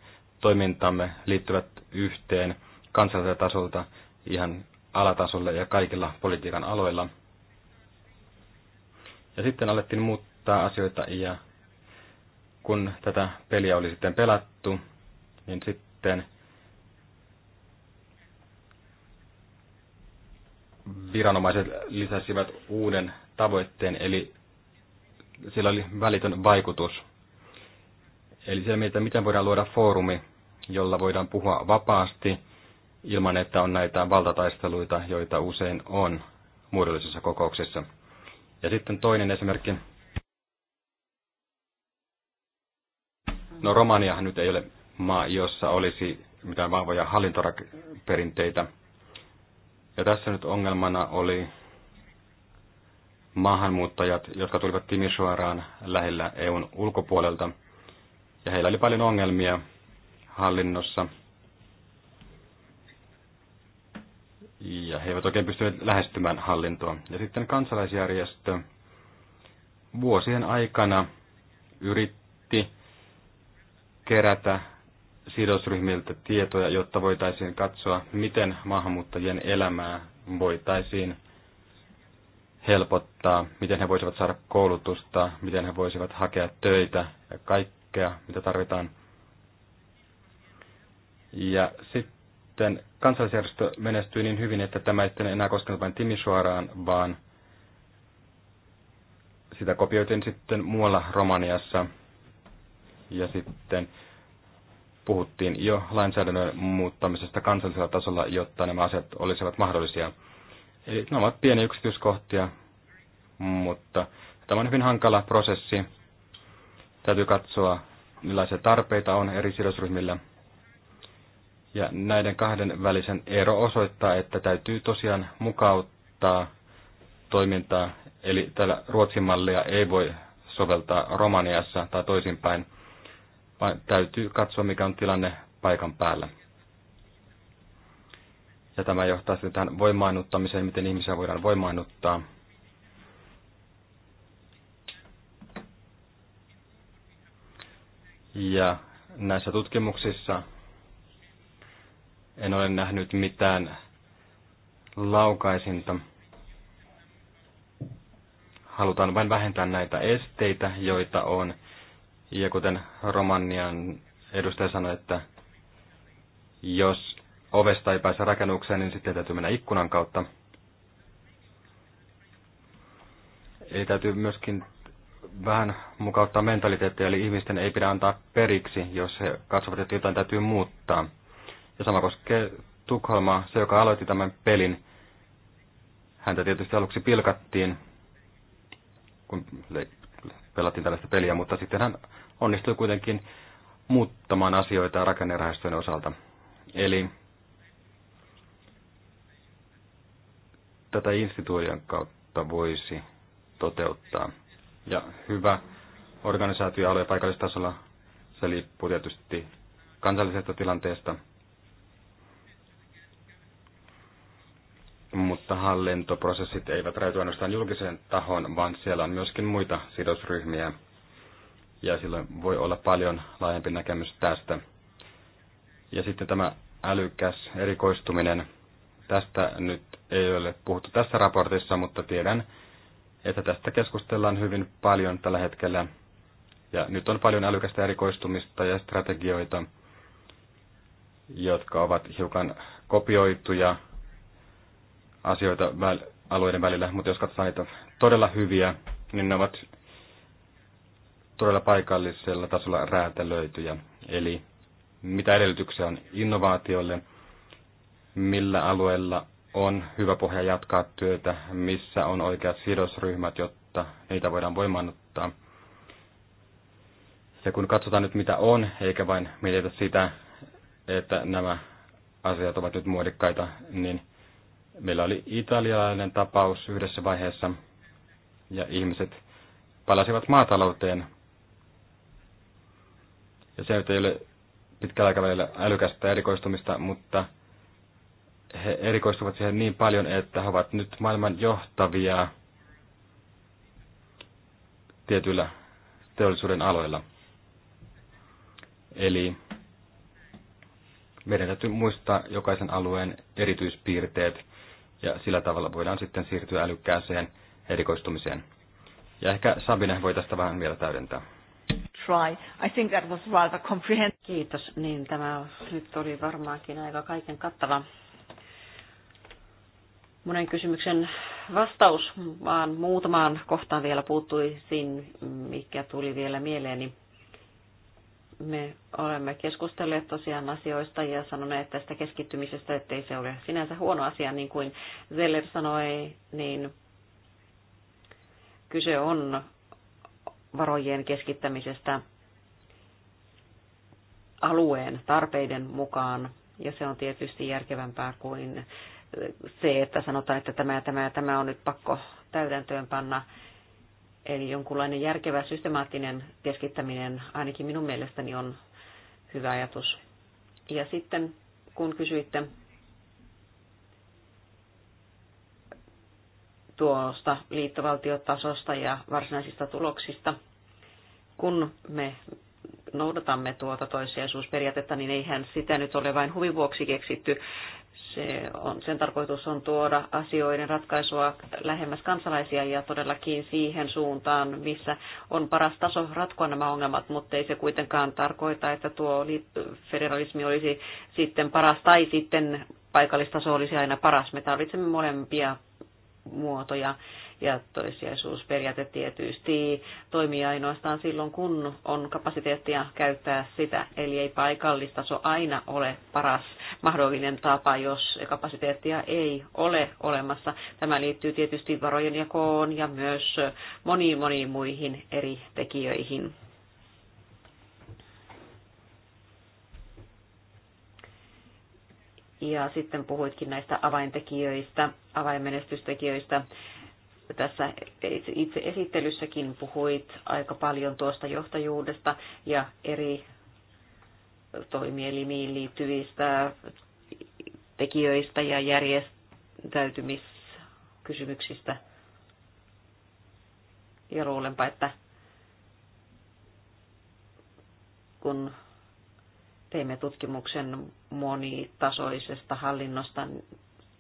toimintamme liittyvät yhteen kansalliselta tasolta ihan alatasolle ja kaikilla politiikan aloilla. Ja sitten alettiin muuttaa asioita ja kun tätä peliä oli sitten pelattu, niin sitten viranomaiset lisäsivät uuden tavoitteen, eli sillä oli välitön vaikutus. Eli se, että miten voidaan luoda foorumi, jolla voidaan puhua vapaasti ilman, että on näitä valtataisteluita, joita usein on muodollisissa kokouksissa. Ja sitten toinen esimerkki. No Romaniahan nyt ei ole maa, jossa olisi mitään vahvoja hallintoperinteitä. Ja tässä nyt ongelmana oli maahanmuuttajat, jotka tulivat Timisoaraan lähellä EUn ulkopuolelta. Ja heillä oli paljon ongelmia hallinnossa ja he eivät oikein pystyneet lähestymään hallintoa. Ja sitten kansalaisjärjestö vuosien aikana yritti kerätä sidosryhmiltä tietoja, jotta voitaisiin katsoa, miten maahanmuuttajien elämää voitaisiin helpottaa, miten he voisivat saada koulutusta, miten he voisivat hakea töitä ja kaikkea, mitä tarvitaan. Ja sitten sitten kansallisjärjestö menestyi niin hyvin, että tämä ei enää koskenut vain Timisoaraan, vaan sitä kopioitiin sitten muualla Romaniassa. Ja sitten puhuttiin jo lainsäädännön muuttamisesta kansallisella tasolla, jotta nämä asiat olisivat mahdollisia. Eli nämä ovat pieniä yksityiskohtia, mutta tämä on hyvin hankala prosessi. Täytyy katsoa, millaisia tarpeita on eri sidosryhmillä – ja näiden kahden välisen ero osoittaa, että täytyy tosiaan mukauttaa toimintaa. Eli tällä Ruotsin mallia ei voi soveltaa Romaniassa tai toisinpäin, vaan täytyy katsoa, mikä on tilanne paikan päällä. Ja tämä johtaa sitten tähän voimaannuttamiseen, miten ihmisiä voidaan voimaannuttaa. Ja näissä tutkimuksissa en ole nähnyt mitään laukaisinta. Halutaan vain vähentää näitä esteitä, joita on. Ja kuten Romanian edustaja sanoi, että jos ovesta ei pääse rakennukseen, niin sitten täytyy mennä ikkunan kautta. Eli täytyy myöskin vähän mukauttaa mentaliteettia, eli ihmisten ei pidä antaa periksi, jos he katsovat, että jotain täytyy muuttaa. Ja sama koskee Tukholmaa, se joka aloitti tämän pelin. Häntä tietysti aluksi pilkattiin, kun pelattiin tällaista peliä, mutta sitten hän onnistui kuitenkin muuttamaan asioita rakennerahastojen osalta. Eli tätä instituution kautta voisi toteuttaa. Ja hyvä organisaatioalue paikallistasolla, se liippuu tietysti kansallisesta tilanteesta – mutta hallintoprosessit eivät rajoitu ainoastaan julkiseen tahoon, vaan siellä on myöskin muita sidosryhmiä. Ja silloin voi olla paljon laajempi näkemys tästä. Ja sitten tämä älykäs erikoistuminen. Tästä nyt ei ole puhuttu tässä raportissa, mutta tiedän, että tästä keskustellaan hyvin paljon tällä hetkellä. Ja nyt on paljon älykästä erikoistumista ja strategioita, jotka ovat hiukan kopioituja asioita alueiden välillä, mutta jos katsotaan niitä todella hyviä, niin ne ovat todella paikallisella tasolla räätälöityjä. Eli mitä edellytyksiä on innovaatiolle, millä alueella on hyvä pohja jatkaa työtä, missä on oikeat sidosryhmät, jotta niitä voidaan voimaannuttaa. Ja kun katsotaan nyt mitä on, eikä vain mietitä sitä, että nämä asiat ovat nyt muodikkaita, niin Meillä oli italialainen tapaus yhdessä vaiheessa ja ihmiset palasivat maatalouteen. Ja se ei ole pitkällä aikavälillä älykästä erikoistumista, mutta he erikoistuvat siihen niin paljon, että he ovat nyt maailman johtavia tietyillä teollisuuden aloilla. Eli meidän täytyy muistaa jokaisen alueen erityispiirteet ja sillä tavalla voidaan sitten siirtyä älykkääseen erikoistumiseen. Ja ehkä Sabine voi tästä vähän vielä täydentää. Try. I think that was rather comprehensive. Kiitos. Niin, tämä nyt oli varmaankin aika kaiken kattava monen kysymyksen vastaus, vaan muutamaan kohtaan vielä puuttuisin, mikä tuli vielä mieleeni me olemme keskustelleet tosiaan asioista ja sanoneet tästä keskittymisestä, ettei se ole sinänsä huono asia, niin kuin Zeller sanoi, niin kyse on varojen keskittämisestä alueen tarpeiden mukaan, ja se on tietysti järkevämpää kuin se, että sanotaan, että tämä ja tämä ja tämä on nyt pakko täytäntöön panna Eli jonkunlainen järkevä systemaattinen keskittäminen ainakin minun mielestäni on hyvä ajatus. Ja sitten kun kysyitte tuosta liittovaltiotasosta ja varsinaisista tuloksista, kun me noudatamme tuota toissijaisuusperiaatetta, niin eihän sitä nyt ole vain huvin vuoksi keksitty se on, sen tarkoitus on tuoda asioiden ratkaisua lähemmäs kansalaisia ja todellakin siihen suuntaan, missä on paras taso ratkoa nämä ongelmat, mutta ei se kuitenkaan tarkoita, että tuo federalismi olisi sitten paras tai sitten paikallistaso olisi aina paras. Me tarvitsemme molempia muotoja ja toissijaisuusperiaate tietysti toimii ainoastaan silloin, kun on kapasiteettia käyttää sitä, eli ei paikallistaso aina ole paras mahdollinen tapa, jos kapasiteettia ei ole olemassa. Tämä liittyy tietysti varojen jakoon ja myös moniin moniin muihin eri tekijöihin. Ja sitten puhuitkin näistä avaintekijöistä, avainmenestystekijöistä tässä itse esittelyssäkin puhuit aika paljon tuosta johtajuudesta ja eri toimielimiin liittyvistä tekijöistä ja järjestäytymiskysymyksistä. Ja luulenpa, että kun teimme tutkimuksen monitasoisesta hallinnosta,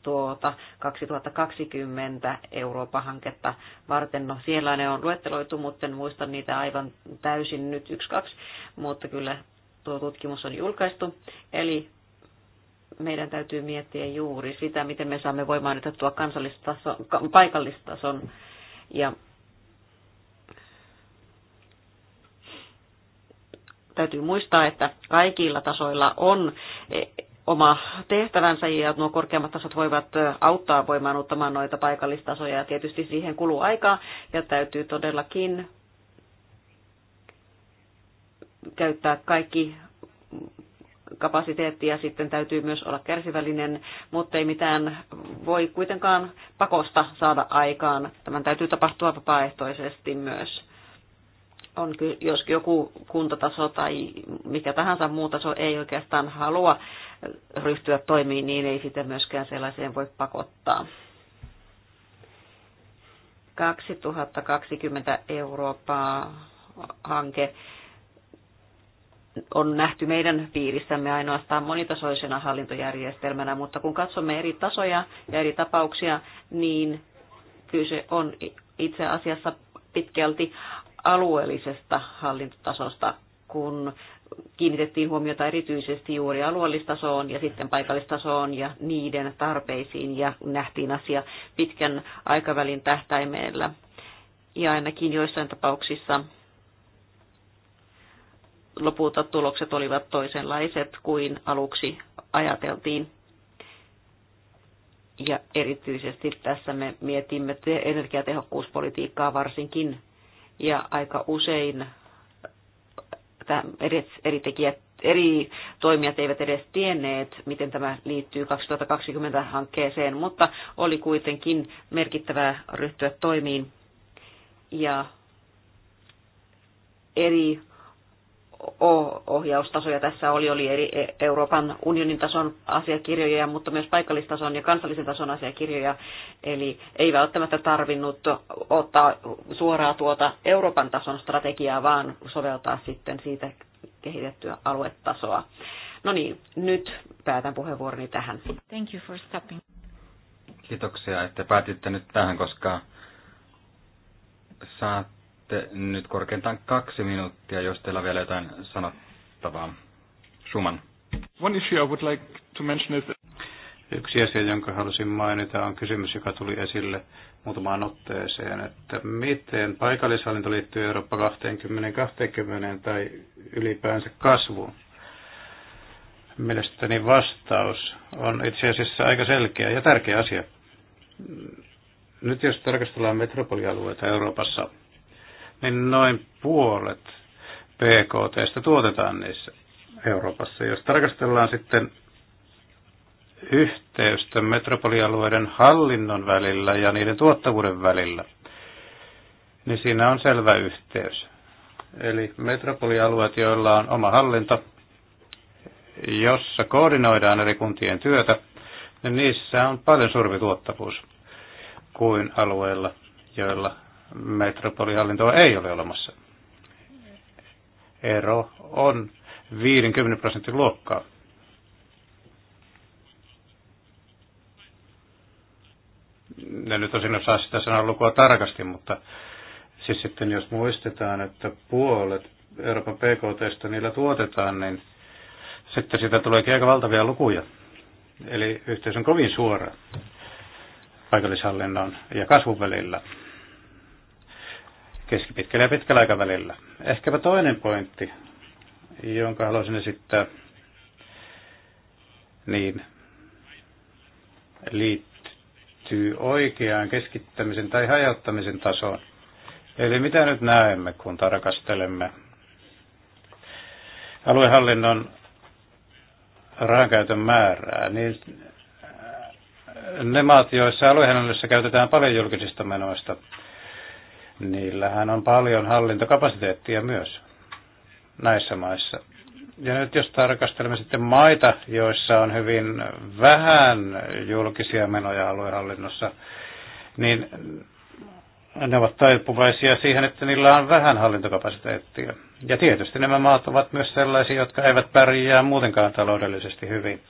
tuota 2020 Euroopan hanketta varten. No siellä ne on luetteloitu, mutta en muista niitä aivan täysin nyt yksi kaksi, mutta kyllä tuo tutkimus on julkaistu. Eli meidän täytyy miettiä juuri sitä, miten me saamme voimaannutettua kansallistason, paikallistason ja täytyy muistaa, että kaikilla tasoilla on oma tehtävänsä ja nuo korkeammat tasot voivat auttaa voimaannuttamaan noita paikallistasoja ja tietysti siihen kuluu aikaa ja täytyy todellakin käyttää kaikki kapasiteetti ja sitten täytyy myös olla kärsivällinen, mutta ei mitään voi kuitenkaan pakosta saada aikaan. Tämän täytyy tapahtua vapaaehtoisesti myös on, jos joku kuntataso tai mikä tahansa muu taso ei oikeastaan halua ryhtyä toimiin, niin ei sitä myöskään sellaiseen voi pakottaa. 2020 Eurooppaa-hanke on nähty meidän piirissämme ainoastaan monitasoisena hallintojärjestelmänä, mutta kun katsomme eri tasoja ja eri tapauksia, niin kyse on itse asiassa pitkälti alueellisesta hallintotasosta, kun kiinnitettiin huomiota erityisesti juuri alueellistasoon ja sitten paikallistasoon ja niiden tarpeisiin ja nähtiin asia pitkän aikavälin tähtäimellä. Ja ainakin joissain tapauksissa lopulta tulokset olivat toisenlaiset kuin aluksi ajateltiin. Ja erityisesti tässä me mietimme energiatehokkuuspolitiikkaa varsinkin ja aika usein eri, eri tekijät eri toimijat eivät edes tienneet, miten tämä liittyy 2020-hankkeeseen, mutta oli kuitenkin merkittävää ryhtyä toimiin. Ja eri ohjaustasoja tässä oli, oli eri e- Euroopan unionin tason asiakirjoja, mutta myös paikallistason ja kansallisen tason asiakirjoja, eli ei välttämättä tarvinnut ottaa suoraa tuota Euroopan tason strategiaa, vaan soveltaa sitten siitä kehitettyä aluetasoa. No niin, nyt päätän puheenvuoroni tähän. Thank you for stopping. Kiitoksia, että päätitte nyt tähän, koska saat saatte nyt korkeintaan kaksi minuuttia, jos teillä on vielä jotain sanottavaa. Suman. One issue I would like to mention is Yksi asia, jonka halusin mainita, on kysymys, joka tuli esille muutamaan otteeseen, että miten paikallishallinto liittyy Eurooppa 2020 tai ylipäänsä kasvuun. Mielestäni vastaus on itse asiassa aika selkeä ja tärkeä asia. Nyt jos tarkastellaan metropolialueita Euroopassa, niin noin puolet PKT tuotetaan niissä Euroopassa. Jos tarkastellaan sitten yhteystä metropolialueiden hallinnon välillä ja niiden tuottavuuden välillä, niin siinä on selvä yhteys. Eli metropolialueet, joilla on oma hallinto, jossa koordinoidaan eri kuntien työtä, niin niissä on paljon suurempi tuottavuus kuin alueilla, joilla metropolihallintoa ei ole olemassa. Ero on 50 prosentin luokkaa. Ne nyt tosin osaa sitä sanan lukua tarkasti, mutta siis sitten jos muistetaan, että puolet Euroopan pkt niillä tuotetaan, niin sitten siitä tulee aika valtavia lukuja. Eli yhteys on kovin suora paikallishallinnon ja kasvun välillä keskipitkällä ja pitkällä aikavälillä. Ehkäpä toinen pointti, jonka haluaisin esittää, niin liittyy oikeaan keskittämisen tai hajauttamisen tasoon. Eli mitä nyt näemme, kun tarkastelemme aluehallinnon rahankäytön määrää, niin ne maat, joissa aluehallinnossa käytetään paljon julkisista menoista, Niillähän on paljon hallintokapasiteettia myös näissä maissa. Ja nyt jos tarkastelemme sitten maita, joissa on hyvin vähän julkisia menoja aluehallinnossa, niin ne ovat taipuvaisia siihen, että niillä on vähän hallintokapasiteettia. Ja tietysti nämä maat ovat myös sellaisia, jotka eivät pärjää muutenkaan taloudellisesti hyvin.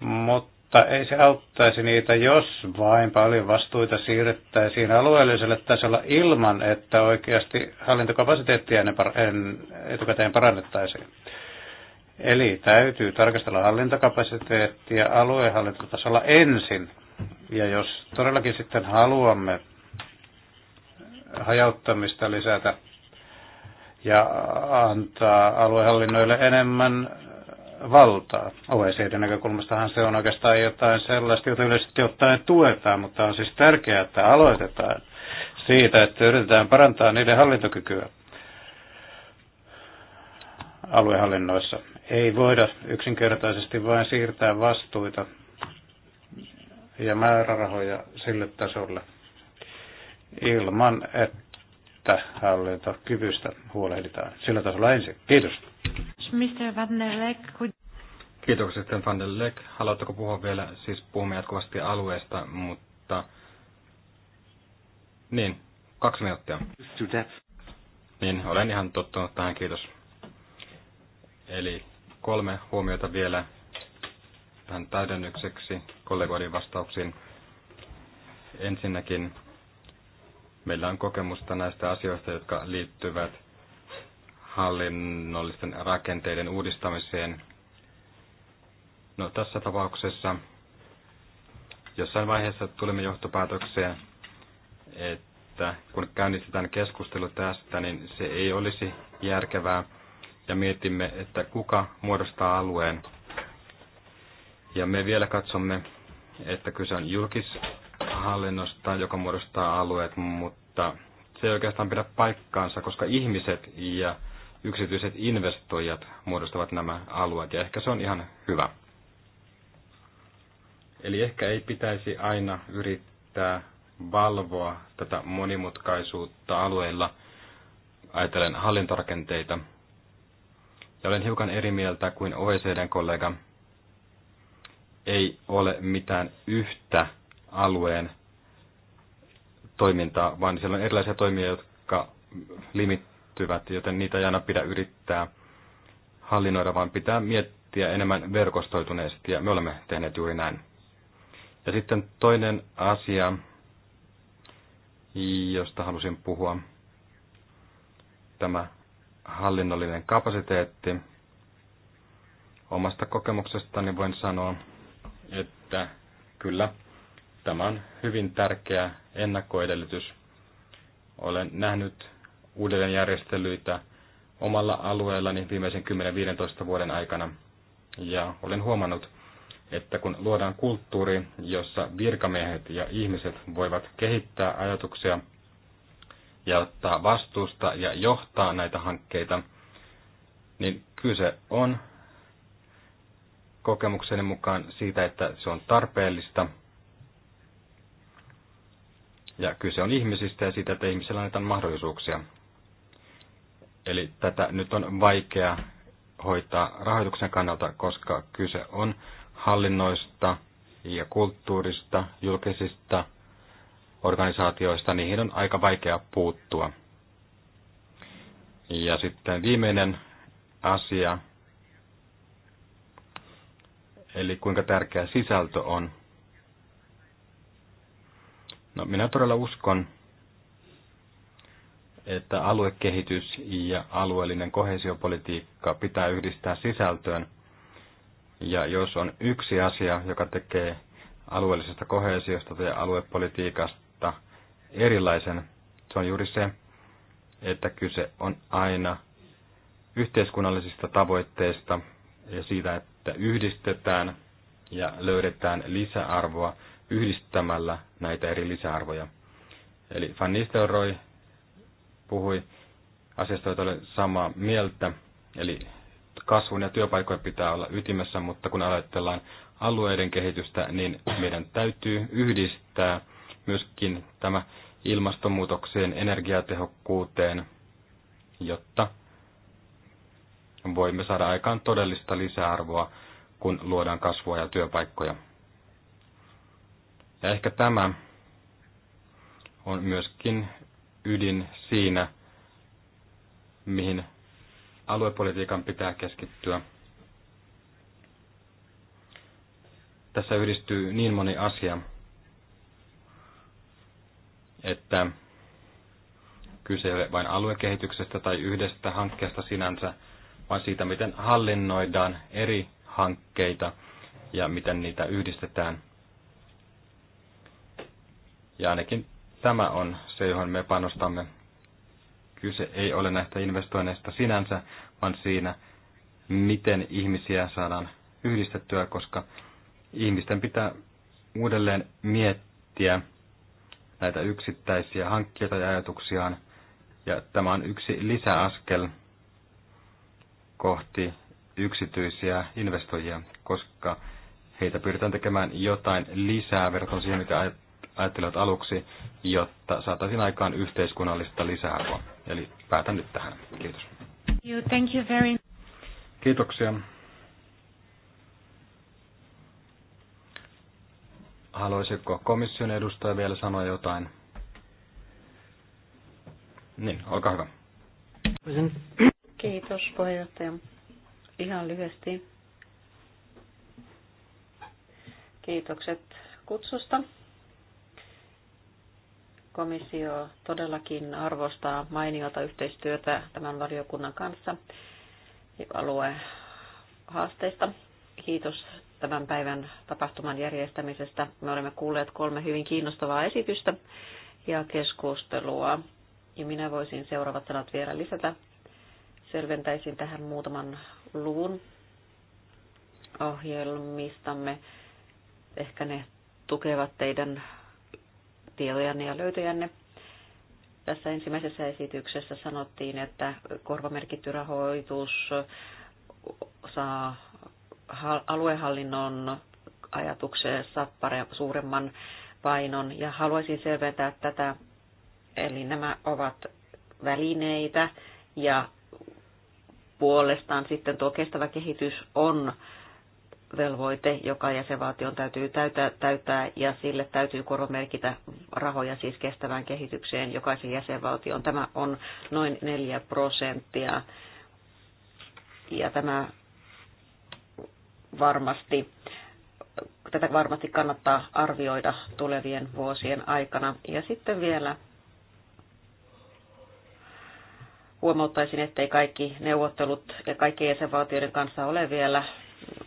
Mutta mutta ei se auttaisi niitä, jos vain paljon vastuita siirrettäisiin alueelliselle tasolla ilman, että oikeasti hallintokapasiteettia etukäteen parannettaisiin. Eli täytyy tarkastella hallintokapasiteettia aluehallintotasolla ensin. Ja jos todellakin sitten haluamme hajauttamista lisätä ja antaa aluehallinnoille enemmän valtaa. oecd näkökulmastahan se on oikeastaan jotain sellaista, jota yleisesti ottaen tuetaan, mutta on siis tärkeää, että aloitetaan siitä, että yritetään parantaa niiden hallintokykyä aluehallinnoissa. Ei voida yksinkertaisesti vain siirtää vastuita ja määrärahoja sille tasolle ilman, että että hallintokyvystä huolehditaan sillä tasolla ensin. Kiitos. Mr. Van der Leck, Kiitoksia sitten Van der Leck. Haluatteko puhua vielä, siis puhumme jatkuvasti alueesta, mutta niin, kaksi minuuttia. Niin, olen ihan tottunut tähän, kiitos. Eli kolme huomiota vielä tähän täydennykseksi kollegoiden vastauksiin. Ensinnäkin Meillä on kokemusta näistä asioista, jotka liittyvät hallinnollisten rakenteiden uudistamiseen. No, tässä tapauksessa jossain vaiheessa tulimme johtopäätökseen, että kun käynnistetään keskustelu tästä, niin se ei olisi järkevää. Ja mietimme, että kuka muodostaa alueen. Ja me vielä katsomme, että kyse on julkis hallinnosta, joka muodostaa alueet, mutta se ei oikeastaan pidä paikkaansa, koska ihmiset ja yksityiset investoijat muodostavat nämä alueet, ja ehkä se on ihan hyvä. Eli ehkä ei pitäisi aina yrittää valvoa tätä monimutkaisuutta alueilla, ajatellen hallintorakenteita. Ja olen hiukan eri mieltä kuin OECDn kollega. Ei ole mitään yhtä alueen toimintaa, vaan siellä on erilaisia toimia, jotka limittyvät, joten niitä ei aina pidä yrittää hallinnoida, vaan pitää miettiä enemmän verkostoituneesti, ja me olemme tehneet juuri näin. Ja sitten toinen asia, josta halusin puhua, tämä hallinnollinen kapasiteetti. Omasta kokemuksestani voin sanoa, että kyllä Tämä on hyvin tärkeä ennakkoedellytys. Olen nähnyt uudelleenjärjestelyitä omalla alueellani viimeisen 10-15 vuoden aikana. Ja olen huomannut, että kun luodaan kulttuuri, jossa virkamiehet ja ihmiset voivat kehittää ajatuksia ja ottaa vastuusta ja johtaa näitä hankkeita, niin kyse on kokemukseni mukaan siitä, että se on tarpeellista – ja kyse on ihmisistä ja siitä, että ihmisillä jotain mahdollisuuksia. Eli tätä nyt on vaikea hoitaa rahoituksen kannalta, koska kyse on hallinnoista ja kulttuurista, julkisista organisaatioista, niihin on aika vaikea puuttua. Ja sitten viimeinen asia, eli kuinka tärkeä sisältö on. No, minä todella uskon, että aluekehitys ja alueellinen kohesiopolitiikka pitää yhdistää sisältöön. Ja jos on yksi asia, joka tekee alueellisesta kohesiosta tai aluepolitiikasta erilaisen, se on juuri se, että kyse on aina yhteiskunnallisista tavoitteista ja siitä, että yhdistetään ja löydetään lisäarvoa yhdistämällä näitä eri lisäarvoja. Eli Van Nistelrooy puhui asiasta, jota olen samaa mieltä. Eli kasvun ja työpaikoja pitää olla ytimessä, mutta kun ajatellaan alueiden kehitystä, niin meidän täytyy yhdistää myöskin tämä ilmastonmuutokseen, energiatehokkuuteen, jotta voimme saada aikaan todellista lisäarvoa, kun luodaan kasvua ja työpaikkoja. Ja ehkä tämä on myöskin ydin siinä, mihin aluepolitiikan pitää keskittyä. Tässä yhdistyy niin moni asia, että kyse ei ole vain aluekehityksestä tai yhdestä hankkeesta sinänsä, vaan siitä, miten hallinnoidaan eri hankkeita ja miten niitä yhdistetään – ja ainakin tämä on se, johon me panostamme. Kyse ei ole näistä investoinneista sinänsä, vaan siinä, miten ihmisiä saadaan yhdistettyä, koska ihmisten pitää uudelleen miettiä näitä yksittäisiä hankkeita ja ajatuksiaan. Ja tämä on yksi lisäaskel kohti yksityisiä investoijia, koska heitä pyritään tekemään jotain lisää verrattuna siihen, mitä ajattelivat aluksi, jotta saataisiin aikaan yhteiskunnallista lisäarvoa. Eli päätän nyt tähän. Kiitos. Thank you very... Kiitoksia. Haluaisiko komission edustaja vielä sanoa jotain? Niin, olkaa hyvä. Kiitos puheenjohtaja. Ihan lyhyesti. Kiitokset kutsusta. Komissio todellakin arvostaa mainiota yhteistyötä tämän valiokunnan kanssa haasteista. Kiitos tämän päivän tapahtuman järjestämisestä. Me olemme kuulleet kolme hyvin kiinnostavaa esitystä ja keskustelua. Ja minä voisin seuraavat sanat vielä lisätä. Selventäisin tähän muutaman luvun ohjelmistamme. Ehkä ne tukevat teidän tietojanne ja löytöjänne. Tässä ensimmäisessä esityksessä sanottiin, että korvamerkitty rahoitus saa aluehallinnon ajatuksessa suuremman painon ja haluaisin selventää tätä. Eli nämä ovat välineitä ja puolestaan sitten tuo kestävä kehitys on velvoite, joka jäsenvaltion täytyy täytää, täyttää ja sille täytyy koromerkitä rahoja siis kestävään kehitykseen jokaisen jäsenvaltion. Tämä on noin 4 prosenttia ja tämä varmasti tätä varmasti kannattaa arvioida tulevien vuosien aikana. Ja sitten vielä huomauttaisin, ettei kaikki neuvottelut ja kaikkien jäsenvaltioiden kanssa ole vielä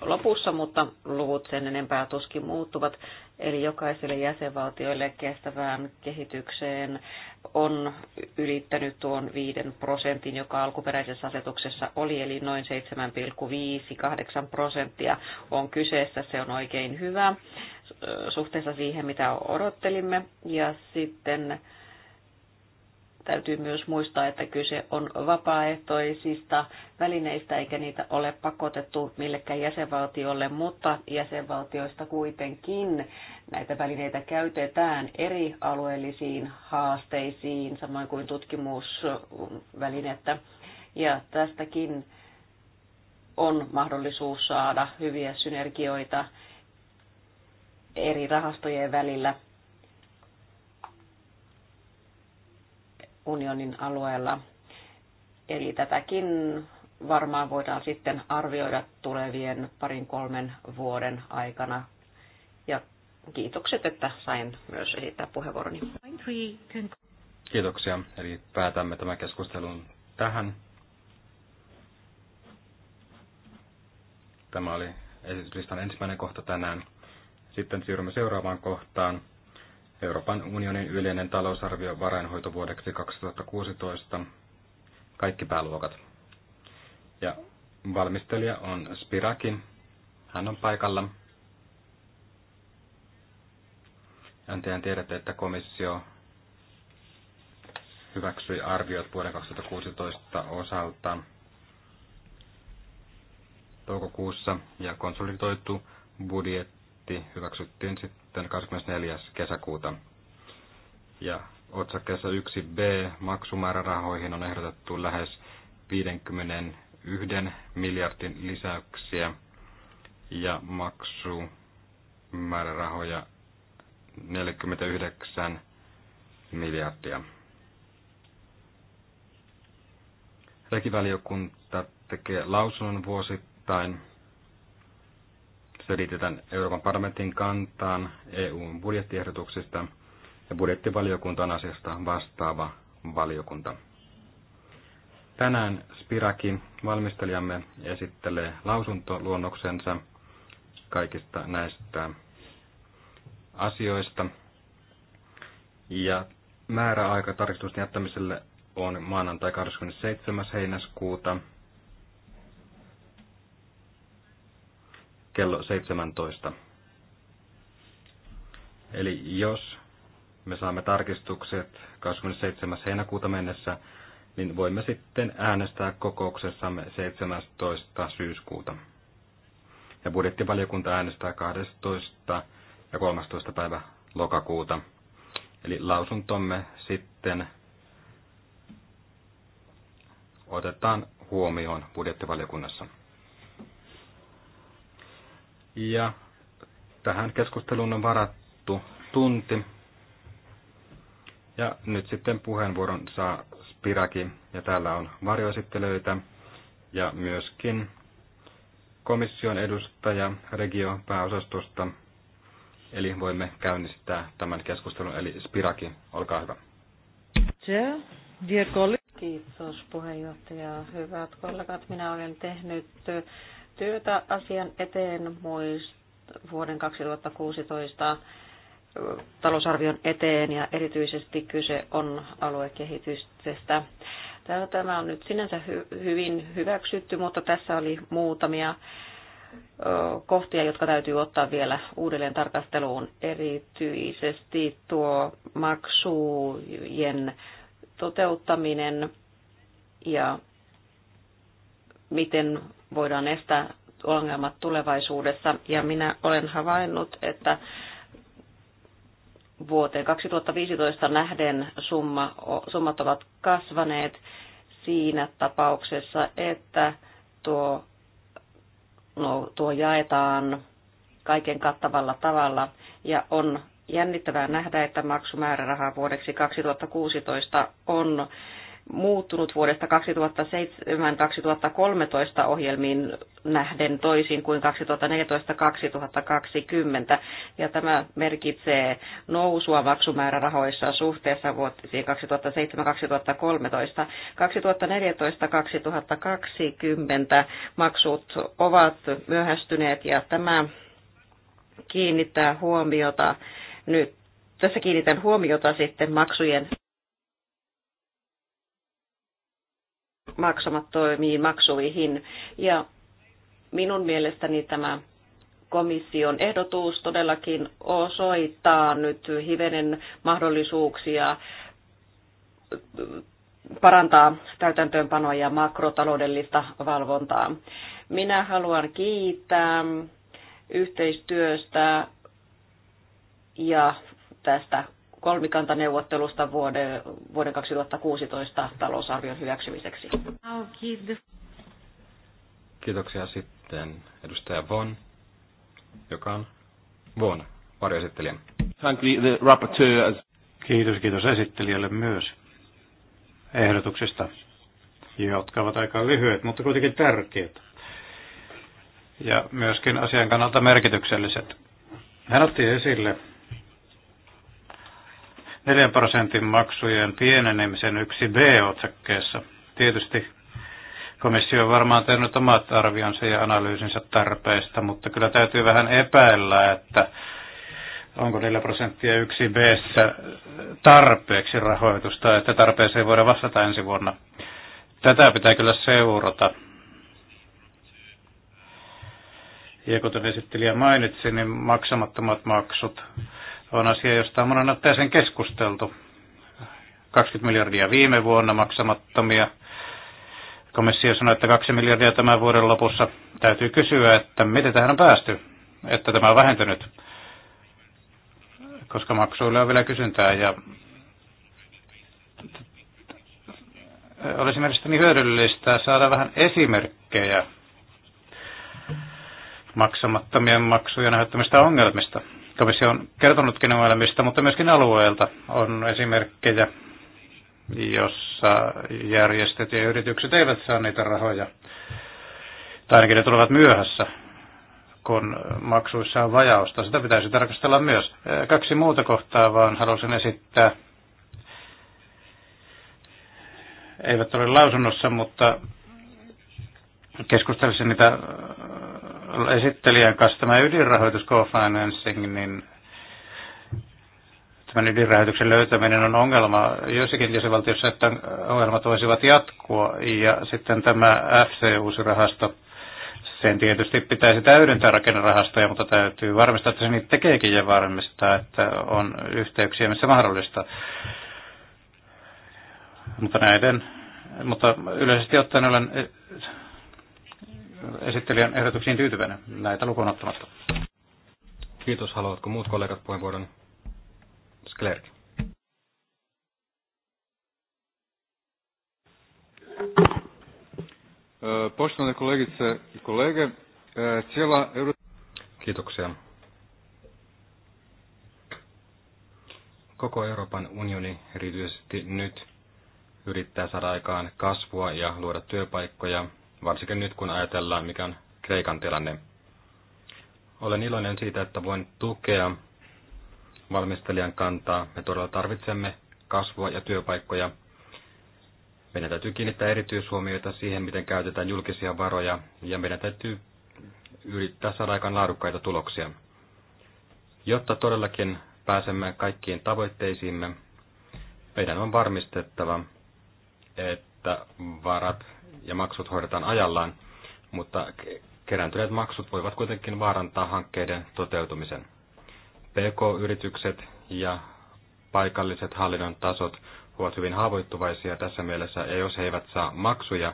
lopussa, mutta luvut sen enempää tuskin muuttuvat. Eli jokaiselle jäsenvaltioille kestävään kehitykseen on ylittänyt tuon 5 prosentin, joka alkuperäisessä asetuksessa oli, eli noin 7,58 prosenttia on kyseessä. Se on oikein hyvä suhteessa siihen, mitä odottelimme. Ja sitten täytyy myös muistaa, että kyse on vapaaehtoisista välineistä eikä niitä ole pakotettu millekään jäsenvaltiolle, mutta jäsenvaltioista kuitenkin näitä välineitä käytetään eri alueellisiin haasteisiin, samoin kuin tutkimusvälinettä. Ja tästäkin on mahdollisuus saada hyviä synergioita eri rahastojen välillä unionin alueella. Eli tätäkin varmaan voidaan sitten arvioida tulevien parin kolmen vuoden aikana. Ja kiitokset, että sain myös esittää puheenvuoroni. Kiitoksia. Eli päätämme tämän keskustelun tähän. Tämä oli esityslistan ensimmäinen kohta tänään. Sitten siirrymme seuraavaan kohtaan. Euroopan unionin yleinen talousarvio varainhoitovuodeksi 2016, kaikki pääluokat. Ja valmistelija on Spiraki, hän on paikalla. Ja tiedätte, että komissio hyväksyi arviot vuoden 2016 osalta toukokuussa ja konsolidoitu budjetti hyväksyttiin sitten sitten 24. kesäkuuta. Ja otsakkeessa 1b maksumäärärahoihin on ehdotettu lähes 51 miljardin lisäyksiä ja maksumäärärahoja 49 miljardia. Rekivaliokunta tekee lausunnon vuosittain selitetään Euroopan parlamentin kantaan EUn budjettiehdotuksista ja budjettivaliokunta on asiasta vastaava valiokunta. Tänään Spiraki, valmistelijamme, esittelee lausuntoluonnoksensa kaikista näistä asioista. Ja määräaika tarkistusten jättämiselle on maanantai 27. heinäskuuta kello 17. Eli jos me saamme tarkistukset 27. heinäkuuta mennessä, niin voimme sitten äänestää kokouksessamme 17. syyskuuta. Ja budjettivaliokunta äänestää 12. ja 13. päivä lokakuuta. Eli lausuntomme sitten otetaan huomioon budjettivaliokunnassa. Ja tähän keskusteluun on varattu tunti. Ja nyt sitten puheenvuoron saa Spiraki, ja täällä on varjoesittelyitä, ja myöskin komission edustaja Regio pääosastosta, eli voimme käynnistää tämän keskustelun, eli Spiraki, olkaa hyvä. Kiitos puheenjohtaja. Hyvät kollegat, minä olen tehnyt työtä asian eteen muist, vuoden 2016 talousarvion eteen ja erityisesti kyse on aluekehityksestä. Tämä on nyt sinänsä hyvin hyväksytty, mutta tässä oli muutamia kohtia, jotka täytyy ottaa vielä uudelleen tarkasteluun. Erityisesti tuo maksujen toteuttaminen ja miten voidaan estää ongelmat tulevaisuudessa. Ja minä olen havainnut, että vuoteen 2015 nähden summa, summat ovat kasvaneet siinä tapauksessa, että tuo, no, tuo jaetaan kaiken kattavalla tavalla ja on jännittävää nähdä, että maksumääräraha vuodeksi 2016 on muuttunut vuodesta 2007-2013 ohjelmiin nähden toisin kuin 2014-2020. Ja tämä merkitsee nousua maksumäärärahoissa suhteessa vuotisiin 2007-2013. 2014-2020 maksut ovat myöhästyneet ja tämä kiinnittää huomiota nyt tässä kiinnitän huomiota sitten maksujen maksamattomiin maksuihin. Ja minun mielestäni tämä komission ehdotus todellakin osoittaa nyt hivenen mahdollisuuksia parantaa täytäntöönpanoa ja makrotaloudellista valvontaa. Minä haluan kiittää yhteistyöstä ja tästä kolmikantaneuvottelusta vuoden, vuoden 2016 talousarvion hyväksymiseksi. Kiitoksia sitten edustaja Von, joka on Von, varjoesittelijä. Kiitos, kiitos esittelijälle myös ehdotuksista, jotka ovat aika lyhyet, mutta kuitenkin tärkeät ja myöskin asian kannalta merkitykselliset. Hän otti esille 4 prosentin maksujen pienenemisen yksi B-otsakkeessa. Tietysti komissio on varmaan tehnyt omat arvionsa ja analyysinsä tarpeista, mutta kyllä täytyy vähän epäillä, että onko 4 prosenttia yksi b tarpeeksi rahoitusta, että tarpeeseen voida vastata ensi vuonna. Tätä pitää kyllä seurata. Ja kuten esittelijä mainitsi, niin maksamattomat maksut on asia, josta on monen otteeseen keskusteltu. 20 miljardia viime vuonna maksamattomia. Komissio sanoi, että 2 miljardia tämän vuoden lopussa. Täytyy kysyä, että miten tähän on päästy, että tämä on vähentynyt, koska maksuille on vielä kysyntää ja olisi mielestäni hyödyllistä saada vähän esimerkkejä maksamattomien maksujen aiheuttamista ongelmista. Komissio on kertonutkin ongelmista, mutta myöskin alueelta on esimerkkejä, jossa järjestöt ja yritykset eivät saa niitä rahoja. Tai ainakin ne tulevat myöhässä, kun maksuissa on vajausta. Sitä pitäisi tarkastella myös. Kaksi muuta kohtaa vaan halusin esittää. Eivät ole lausunnossa, mutta keskustelisin niitä äh, esittelijän kanssa tämä ydinrahoitus co-financing, niin tämän ydinrahoituksen löytäminen on ongelma joissakin jäsenvaltioissa, että ongelmat voisivat jatkua. Ja sitten tämä FC-uusirahasto, sen tietysti pitäisi täydentää rakennerahastoja, mutta täytyy varmistaa, että se niitä tekeekin ja varmistaa, että on yhteyksiä, missä mahdollista. Mutta näiden, mutta yleisesti ottaen olen esittelijän ehdotuksiin tyytyväinen näitä lukuun ottamatta. Kiitos. Haluatko muut kollegat puheenvuoron? Sklerk. E, poštovane kolegice i kolege, e, cijela Euro... Kiitoksia. Koko Euroopan unioni erityisesti nyt yrittää saada aikaan kasvua ja luoda työpaikkoja varsinkin nyt kun ajatellaan, mikä on Kreikan tilanne. Olen iloinen siitä, että voin tukea valmistelijan kantaa. Me todella tarvitsemme kasvua ja työpaikkoja. Meidän täytyy kiinnittää erityishuomioita siihen, miten käytetään julkisia varoja, ja meidän täytyy yrittää saada aikaan laadukkaita tuloksia. Jotta todellakin pääsemme kaikkiin tavoitteisiimme, meidän on varmistettava, että varat ja maksut hoidetaan ajallaan, mutta kerääntyneet maksut voivat kuitenkin vaarantaa hankkeiden toteutumisen. PK-yritykset ja paikalliset hallinnon tasot ovat hyvin haavoittuvaisia tässä mielessä, ja jos he eivät saa maksuja,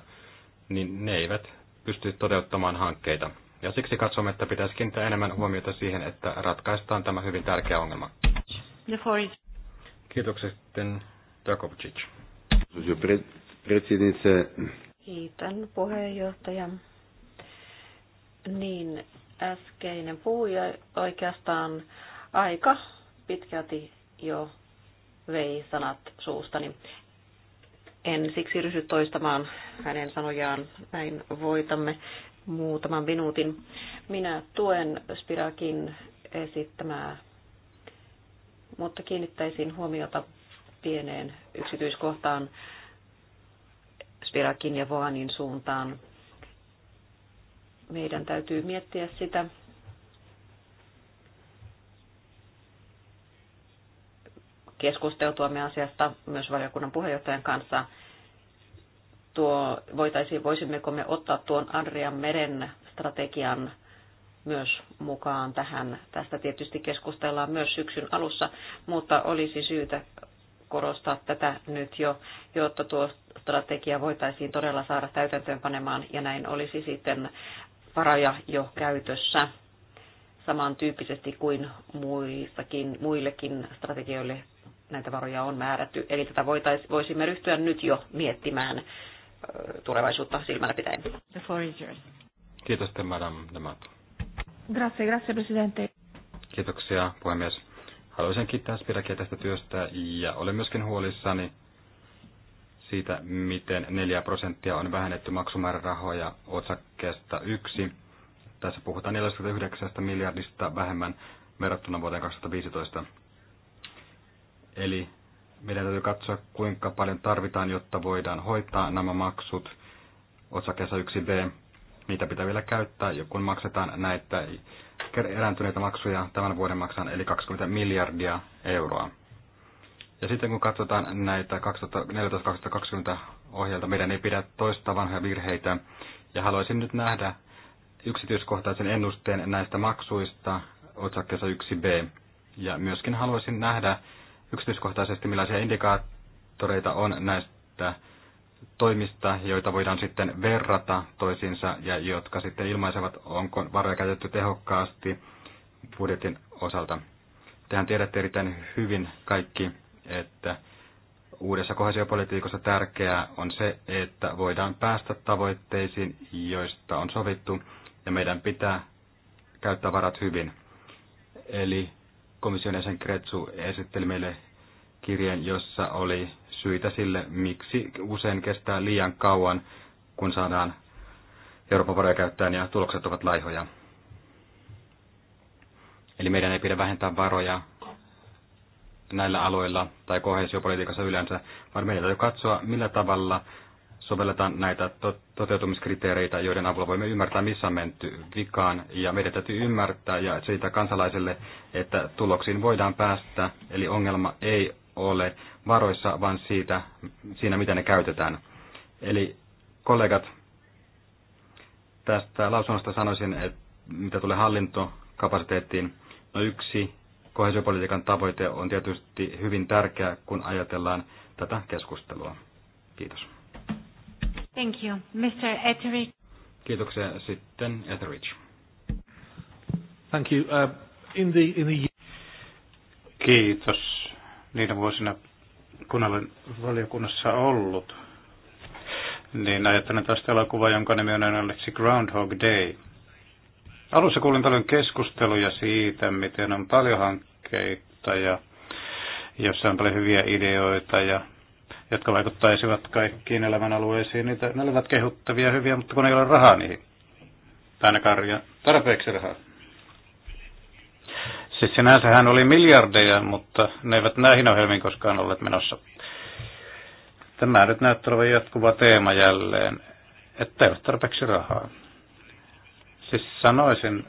niin ne eivät pysty toteuttamaan hankkeita. Ja siksi katsomme, että pitäisi kiinnittää enemmän huomiota siihen, että ratkaistaan tämä hyvin tärkeä ongelma. Kiitoksia sitten Jakovčić. Kiitän puheenjohtaja. Niin, äskeinen puhuja oikeastaan aika pitkälti jo vei sanat suustani. En siksi ryhdy toistamaan hänen sanojaan, näin voitamme muutaman minuutin. Minä tuen Spirakin esittämää, mutta kiinnittäisin huomiota pieneen yksityiskohtaan spirakin ja Voanin suuntaan. Meidän täytyy miettiä sitä, keskusteltuamme asiasta myös valiokunnan puheenjohtajan kanssa. Tuo, voitaisiin, voisimmeko me ottaa tuon Adrian meren strategian myös mukaan tähän. Tästä tietysti keskustellaan myös syksyn alussa, mutta olisi syytä korostaa tätä nyt jo, jotta tuo strategia voitaisiin todella saada täytäntöönpanemaan ja näin olisi sitten varoja jo käytössä samantyyppisesti kuin muissakin, muillekin strategioille näitä varoja on määrätty. Eli tätä voitais, voisimme ryhtyä nyt jo miettimään tulevaisuutta silmällä pitäen. The floor is yours. Kiitos, madam Grazie, grazie, presidente. Kiitoksia, puhemies. Haluaisin kiittää Spirakia tästä työstä ja olen myöskin huolissani siitä, miten 4 prosenttia on vähennetty maksumäärärahoja otsakkeesta 1. Tässä puhutaan 49 miljardista vähemmän verrattuna vuoteen 2015. Eli meidän täytyy katsoa, kuinka paljon tarvitaan, jotta voidaan hoitaa nämä maksut otsakkeessa 1b. Niitä pitää vielä käyttää, kun maksetaan näitä erääntyneitä maksuja tämän vuoden maksan, eli 20 miljardia euroa. Ja sitten kun katsotaan näitä 2014-2020 ohjelta, meidän ei pidä toista vanhoja virheitä. Ja haluaisin nyt nähdä yksityiskohtaisen ennusteen näistä maksuista otsakkeessa 1b. Ja myöskin haluaisin nähdä yksityiskohtaisesti, millaisia indikaattoreita on näistä toimista, joita voidaan sitten verrata toisiinsa ja jotka sitten ilmaisevat, onko varoja käytetty tehokkaasti budjetin osalta. Tehän tiedätte erittäin hyvin kaikki, että uudessa kohesiopolitiikassa tärkeää on se, että voidaan päästä tavoitteisiin, joista on sovittu, ja meidän pitää käyttää varat hyvin. Eli komission jäsen Kretsu esitteli meille kirjeen, jossa oli syitä sille, miksi usein kestää liian kauan, kun saadaan Euroopan varoja käyttäen ja tulokset ovat laihoja. Eli meidän ei pidä vähentää varoja näillä aloilla tai kohesiopolitiikassa yleensä, vaan meidän täytyy katsoa, millä tavalla sovelletaan näitä to- toteutumiskriteereitä, joiden avulla voimme ymmärtää, missä on menty vikaan. Ja meidän täytyy ymmärtää ja siitä kansalaiselle, että tuloksiin voidaan päästä. Eli ongelma ei ole varoissa, vaan siitä, siinä, miten ne käytetään. Eli kollegat, tästä lausunnosta sanoisin, että mitä tulee hallintokapasiteettiin, no yksi kohesiopolitiikan tavoite on tietysti hyvin tärkeä, kun ajatellaan tätä keskustelua. Kiitos. Thank you. Mr. Etheridge. Kiitoksia. Sitten Etheridge. Thank you. Uh, in the, in the... Kiitos niinä vuosina, kun olen valiokunnassa ollut, niin ajattelen tästä elokuvaa, jonka nimi on Alexi Groundhog Day. Alussa kuulin paljon keskusteluja siitä, miten on paljon hankkeita ja jossa on paljon hyviä ideoita ja jotka vaikuttaisivat kaikkiin elämänalueisiin. Niitä, ne olivat kehuttavia hyviä, mutta kun ei ole rahaa niihin. Tai ainakaan tarpeeksi rahaa. Siis sinänsähän oli miljardeja, mutta ne eivät näihin ohjelmiin koskaan olleet menossa. Tämä nyt näyttää olevan jatkuva teema jälleen, että ei ole tarpeeksi rahaa. Siis sanoisin,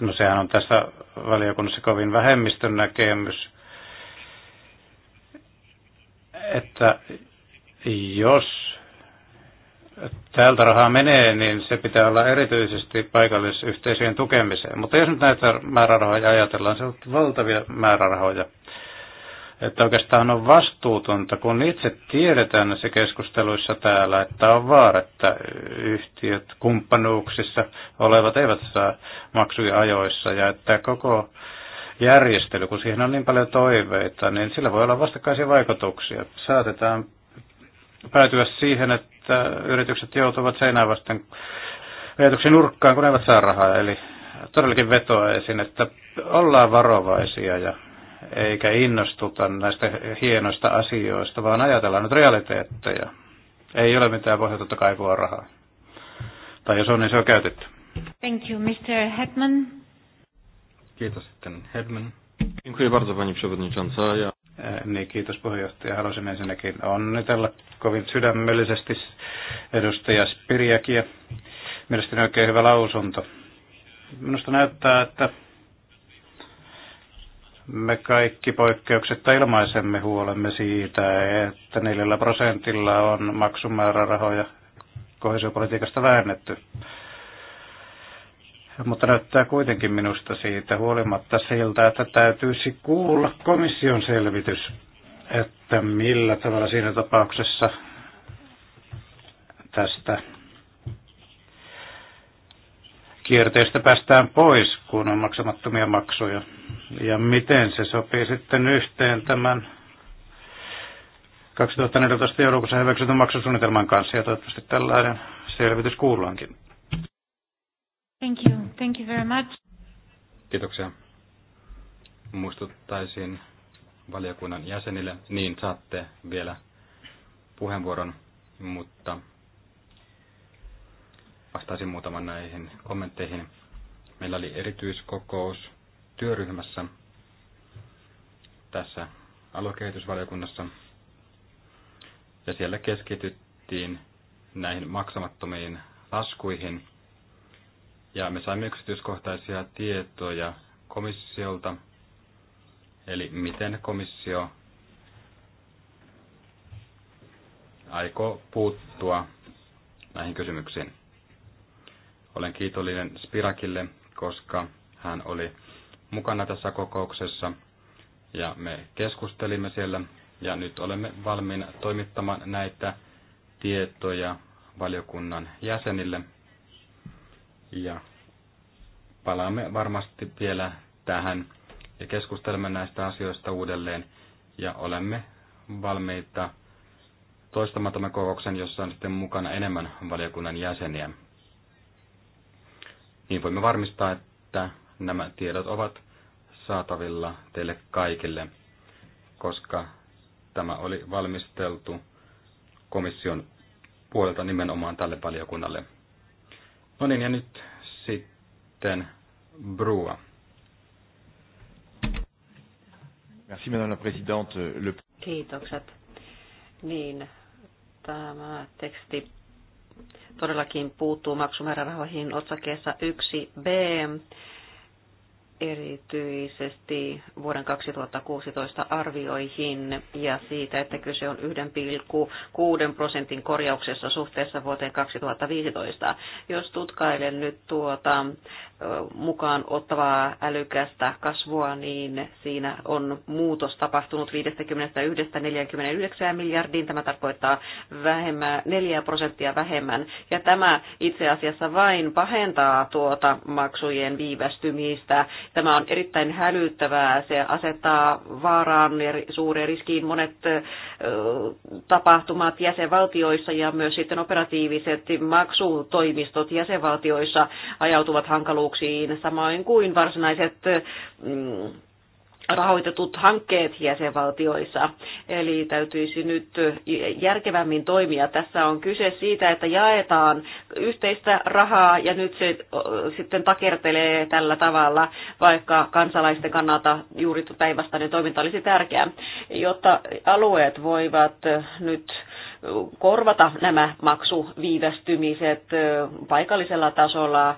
no sehän on tässä valiokunnassa kovin vähemmistön näkemys, että jos täältä rahaa menee, niin se pitää olla erityisesti paikallisyhteisöjen tukemiseen. Mutta jos nyt näitä määrärahoja ajatellaan, se on valtavia määrärahoja. Että oikeastaan on vastuutonta, kun itse tiedetään näissä keskusteluissa täällä, että on vaara, että yhtiöt kumppanuuksissa olevat eivät saa maksuja ajoissa ja että koko järjestely, kun siihen on niin paljon toiveita, niin sillä voi olla vastakkaisia vaikutuksia. Saatetaan päätyä siihen, että yritykset joutuvat seinään vasten ajatuksen nurkkaan, kun eivät saa rahaa. Eli todellakin vetoa esiin, että ollaan varovaisia ja eikä innostuta näistä hienoista asioista, vaan ajatellaan nyt realiteetteja. Ei ole mitään pohjatonta kaivua rahaa. Tai jos on, niin se on käytetty. Thank you, Mr. Hedman. Kiitos sitten, Hedman. Dziękuję bardzo Pani Przewodnicząca. Ja... Äh, niin, kiitos puheenjohtaja. Haluaisin ensinnäkin onnitella kovin sydämellisesti edustaja Spiriäkiä. Mielestäni oikein hyvä lausunto. Minusta näyttää, että me kaikki poikkeuksetta ilmaisemme huolemme siitä, että 4 prosentilla on maksumäärärahoja kohesiopolitiikasta väännetty. Mutta näyttää kuitenkin minusta siitä huolimatta siltä, että täytyisi kuulla komission selvitys, että millä tavalla siinä tapauksessa tästä kierteestä päästään pois, kun on maksamattomia maksuja. Ja miten se sopii sitten yhteen tämän 2014 joulukuussa hyväksytyn maksusuunnitelman kanssa, ja toivottavasti tällainen selvitys kuullaankin. Thank you. Thank you very much. Kiitoksia. Muistuttaisin valiokunnan jäsenille, niin saatte vielä puheenvuoron, mutta vastaisin muutaman näihin kommentteihin. Meillä oli erityiskokous työryhmässä tässä aluekehitysvaliokunnassa ja siellä keskityttiin näihin maksamattomiin laskuihin – ja me saimme yksityiskohtaisia tietoja komissiolta, eli miten komissio aikoo puuttua näihin kysymyksiin. Olen kiitollinen Spirakille, koska hän oli mukana tässä kokouksessa ja me keskustelimme siellä ja nyt olemme valmiina toimittamaan näitä tietoja valiokunnan jäsenille – ja palaamme varmasti vielä tähän ja keskustelemme näistä asioista uudelleen ja olemme valmiita toistamaan tämän kokouksen, jossa on sitten mukana enemmän valiokunnan jäseniä. Niin voimme varmistaa, että nämä tiedot ovat saatavilla teille kaikille, koska tämä oli valmisteltu komission puolelta nimenomaan tälle valiokunnalle. No niin, ja nyt sitten Brua. Merci Madame la Présidente. Le... Kiitokset. Niin, tämä teksti todellakin puuttuu maksumäärärahoihin otsakeessa 1b erityisesti vuoden 2016 arvioihin ja siitä, että kyse on 1,6 prosentin korjauksessa suhteessa vuoteen 2015. Jos tutkailen nyt tuota mukaan ottavaa älykästä kasvua, niin siinä on muutos tapahtunut 51-49 miljardiin. Tämä tarkoittaa vähemmän, 4 prosenttia vähemmän. Ja tämä itse asiassa vain pahentaa tuota maksujen viivästymistä. Tämä on erittäin hälyttävää. Se asettaa vaaraan ja suureen riskiin monet tapahtumat jäsenvaltioissa ja myös sitten operatiiviset maksutoimistot jäsenvaltioissa ajautuvat hankaluuksiin valtionosuuksiin, samoin kuin varsinaiset mm, rahoitetut hankkeet jäsenvaltioissa. Eli täytyisi nyt järkevämmin toimia. Tässä on kyse siitä, että jaetaan yhteistä rahaa ja nyt se sitten takertelee tällä tavalla, vaikka kansalaisten kannalta juuri päinvastainen toiminta olisi tärkeää, jotta alueet voivat nyt korvata nämä maksuviivästymiset paikallisella tasolla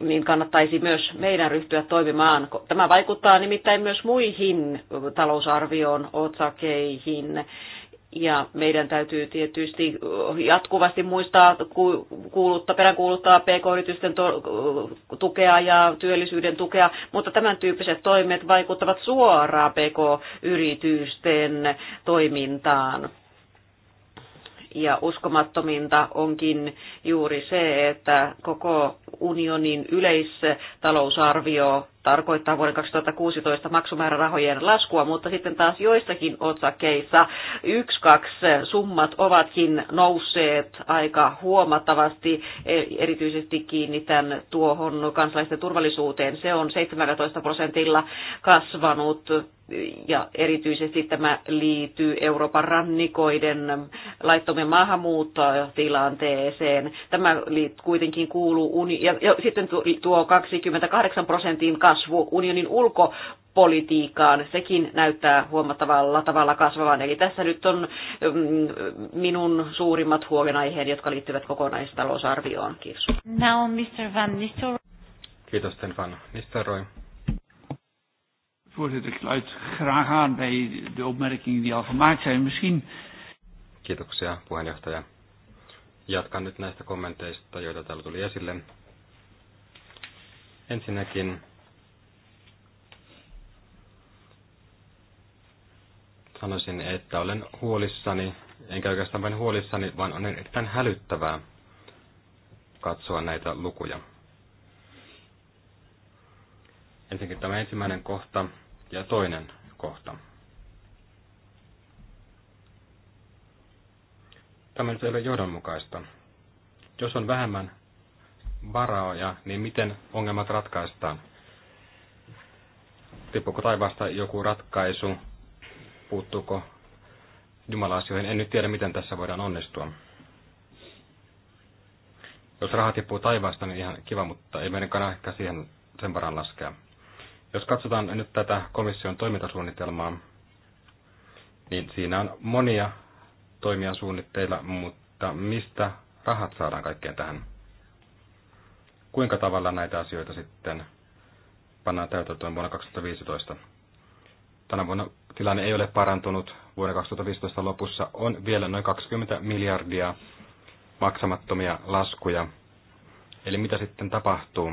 niin kannattaisi myös meidän ryhtyä toimimaan. Tämä vaikuttaa nimittäin myös muihin talousarvioon otsakeihin. Ja meidän täytyy tietysti jatkuvasti muistaa kuulutta, peräänkuuluttaa pk-yritysten tukea ja työllisyyden tukea, mutta tämän tyyppiset toimet vaikuttavat suoraan pk-yritysten toimintaan. Ja uskomattominta onkin juuri se, että koko unionin yleistalousarvio tarkoittaa vuoden 2016 maksumäärärahojen laskua, mutta sitten taas joissakin otsakeissa yksi, kaksi summat ovatkin nousseet aika huomattavasti. E, erityisesti kiinnitän tuohon kansalaisten turvallisuuteen. Se on 17 prosentilla kasvanut ja erityisesti tämä liittyy Euroopan rannikoiden laittomien maahanmuuttotilanteeseen. Tämä kuitenkin kuuluu, uni- ja, ja sitten tuo 28 prosentin kasvu kasvu unionin ulko politiikkaan. Sekin näyttää huomattavalla tavalla kasvavan. Eli tässä nyt on mm, minun suurimmat huolenaiheeni, jotka liittyvät kokonaistalousarvioon. Kiitos. Now Mr. Van Nistelrooy. Kiitos, Sten Van Nistelrooy. Voorzitter, ik sluit graag aan bij de opmerkingen die al gemaakt zijn. Misschien... Kiitoksia, puheenjohtaja. Jatkan nyt näistä kommenteista, joita täällä tuli esille. Ensinnäkin Sanoisin, että olen huolissani, enkä oikeastaan vain huolissani, vaan on erittäin hälyttävää katsoa näitä lukuja. Ensinnäkin tämä ensimmäinen kohta ja toinen kohta. Tämä nyt ei ole johdonmukaista. Jos on vähemmän varaoja, niin miten ongelmat ratkaistaan? Tippuuko taivaasta joku ratkaisu puuttuuko Jumala asioihin. En nyt tiedä, miten tässä voidaan onnistua. Jos raha tippuu taivaasta, niin ihan kiva, mutta ei meidän kannata ehkä siihen sen varaan laskea. Jos katsotaan nyt tätä komission toimintasuunnitelmaa, niin siinä on monia toimia suunnitteilla, mutta mistä rahat saadaan kaikkeen tähän? Kuinka tavalla näitä asioita sitten pannaan täytäntöön vuonna 2015? Tänä vuonna tilanne ei ole parantunut. Vuoden 2015 lopussa on vielä noin 20 miljardia maksamattomia laskuja. Eli mitä sitten tapahtuu?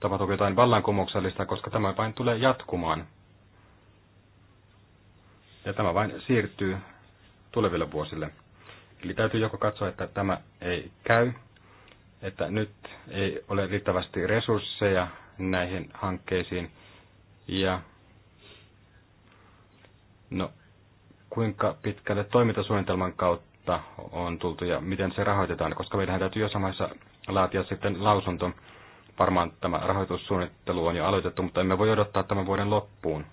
Tapahtuuko jotain vallankumouksellista, koska tämä vain tulee jatkumaan. Ja tämä vain siirtyy tuleville vuosille. Eli täytyy joko katsoa, että tämä ei käy, että nyt ei ole riittävästi resursseja näihin hankkeisiin, ja No, kuinka pitkälle toimintasuunnitelman kautta on tultu ja miten se rahoitetaan, koska meidän täytyy jossain vaiheessa laatia sitten lausunto. Varmaan tämä rahoitussuunnittelu on jo aloitettu, mutta emme voi odottaa tämän vuoden loppuun.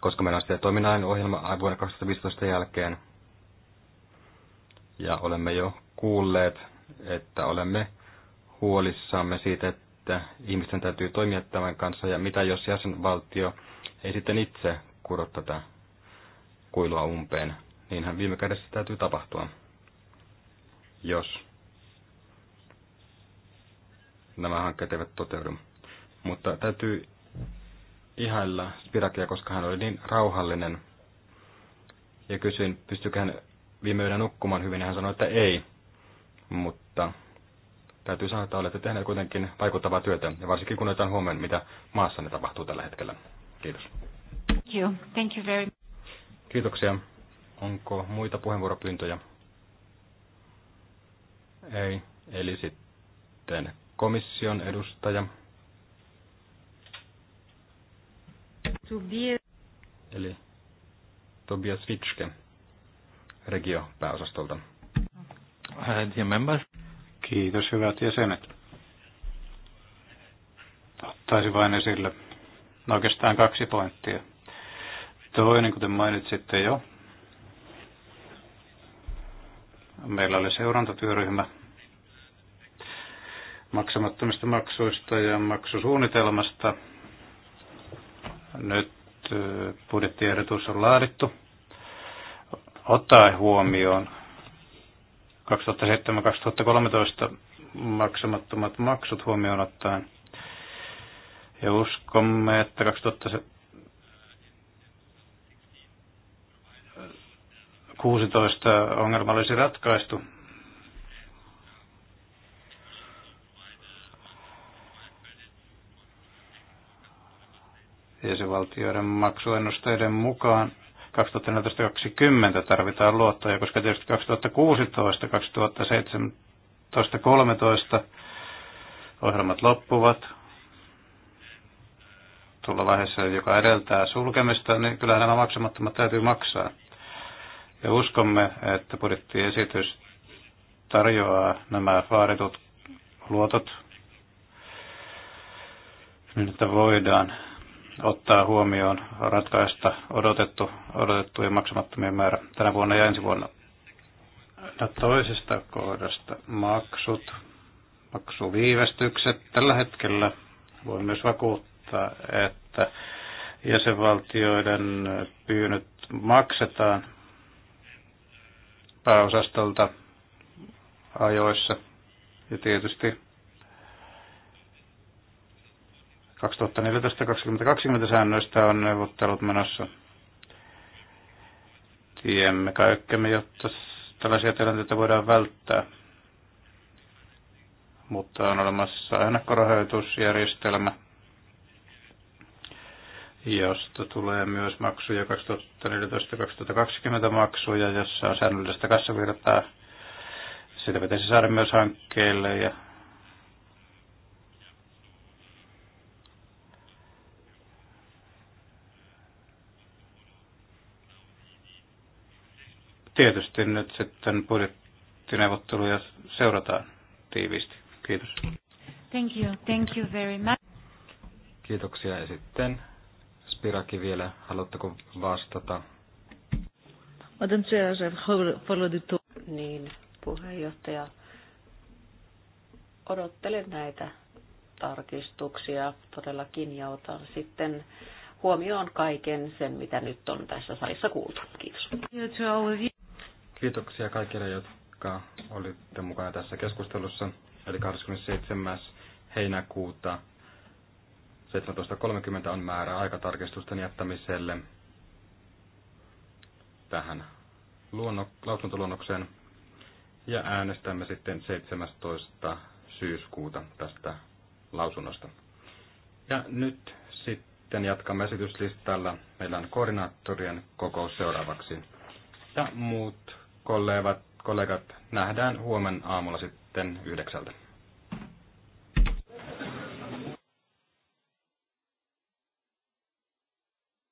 Koska meillä on sitten toiminnallinen ohjelma vuoden 2015 jälkeen. Ja olemme jo kuulleet, että olemme huolissamme siitä, että ihmisten täytyy toimia tämän kanssa ja mitä jos jäsenvaltio ei sitten itse kuro tätä kuilua umpeen. Niinhän viime kädessä täytyy tapahtua, jos nämä hankkeet eivät toteudu. Mutta täytyy ihailla Spirakia, koska hän oli niin rauhallinen. Ja kysyin, pystyykö hän viime yönä nukkumaan hyvin, ja hän sanoi, että ei. Mutta täytyy sanoa, että olette tehneet kuitenkin vaikuttavaa työtä, ja varsinkin kun otetaan huomioon, mitä maassanne tapahtuu tällä hetkellä. Kiitos. Thank you. Thank you very Kiitoksia. Onko muita puheenvuoropyyntöjä? Ei. Eli sitten komission edustaja. Tobias. Eli Tobias Vitske, regio-pääosastolta. Kiitos hyvät jäsenet. Ottaisin vain esille No oikeastaan kaksi pointtia. Toinen, kuten mainitsitte jo, meillä oli seurantatyöryhmä maksamattomista maksuista ja maksusuunnitelmasta. Nyt budjettiehdotus on laadittu. Ottaa huomioon 2007-2013 maksamattomat maksut huomioon ottaen – ja uskomme, että 2016 ongelma olisi ratkaistu. Jäsenvaltioiden maksuennusteiden mukaan 2014-2020 tarvitaan luottoja, koska tietysti 2016, 2017, 2013 ohjelmat loppuvat, tulla vaiheessa, joka edeltää sulkemista, niin kyllä nämä maksamattomat täytyy maksaa. Ja uskomme, että budjettiesitys tarjoaa nämä vaaditut luotot niin, että voidaan ottaa huomioon ratkaista odotettu, odotettu ja maksamattomien määrä tänä vuonna ja ensi vuonna. Ja toisesta kohdasta maksut, maksuviivästykset. Tällä hetkellä voi myös vakuuttaa varmistaa, että jäsenvaltioiden pyynnöt maksetaan pääosastolta ajoissa. Ja tietysti 2014-2020 säännöistä on neuvottelut menossa. Tiemme kaikkemme, jotta tällaisia tilanteita voidaan välttää. Mutta on olemassa ennakkorahoitusjärjestelmä, josta tulee myös maksuja 2014-2020 maksuja, jossa on säännöllistä kassavirtaa. Sitä pitäisi saada myös hankkeelle. ja tietysti nyt sitten budjettineuvotteluja seurataan tiiviisti. Kiitos. Thank you. Thank you very much. Kiitoksia ja sitten Spiraki vielä, haluatteko vastata? Madame Niin, puheenjohtaja. Odottelen näitä tarkistuksia todellakin ja otan sitten huomioon kaiken sen, mitä nyt on tässä salissa kuultu. Kiitos. Kiitoksia kaikille, jotka olitte mukana tässä keskustelussa. Eli 27. heinäkuuta 17.30 on määrä aikatarkistusten jättämiselle tähän luonno, lausuntoluonnokseen ja äänestämme sitten 17. syyskuuta tästä lausunnosta. Ja nyt sitten jatkamme esityslistalla. Meillä on koordinaattorien kokous seuraavaksi. Ja muut kollegat, kollegat nähdään huomenna aamulla sitten yhdeksältä.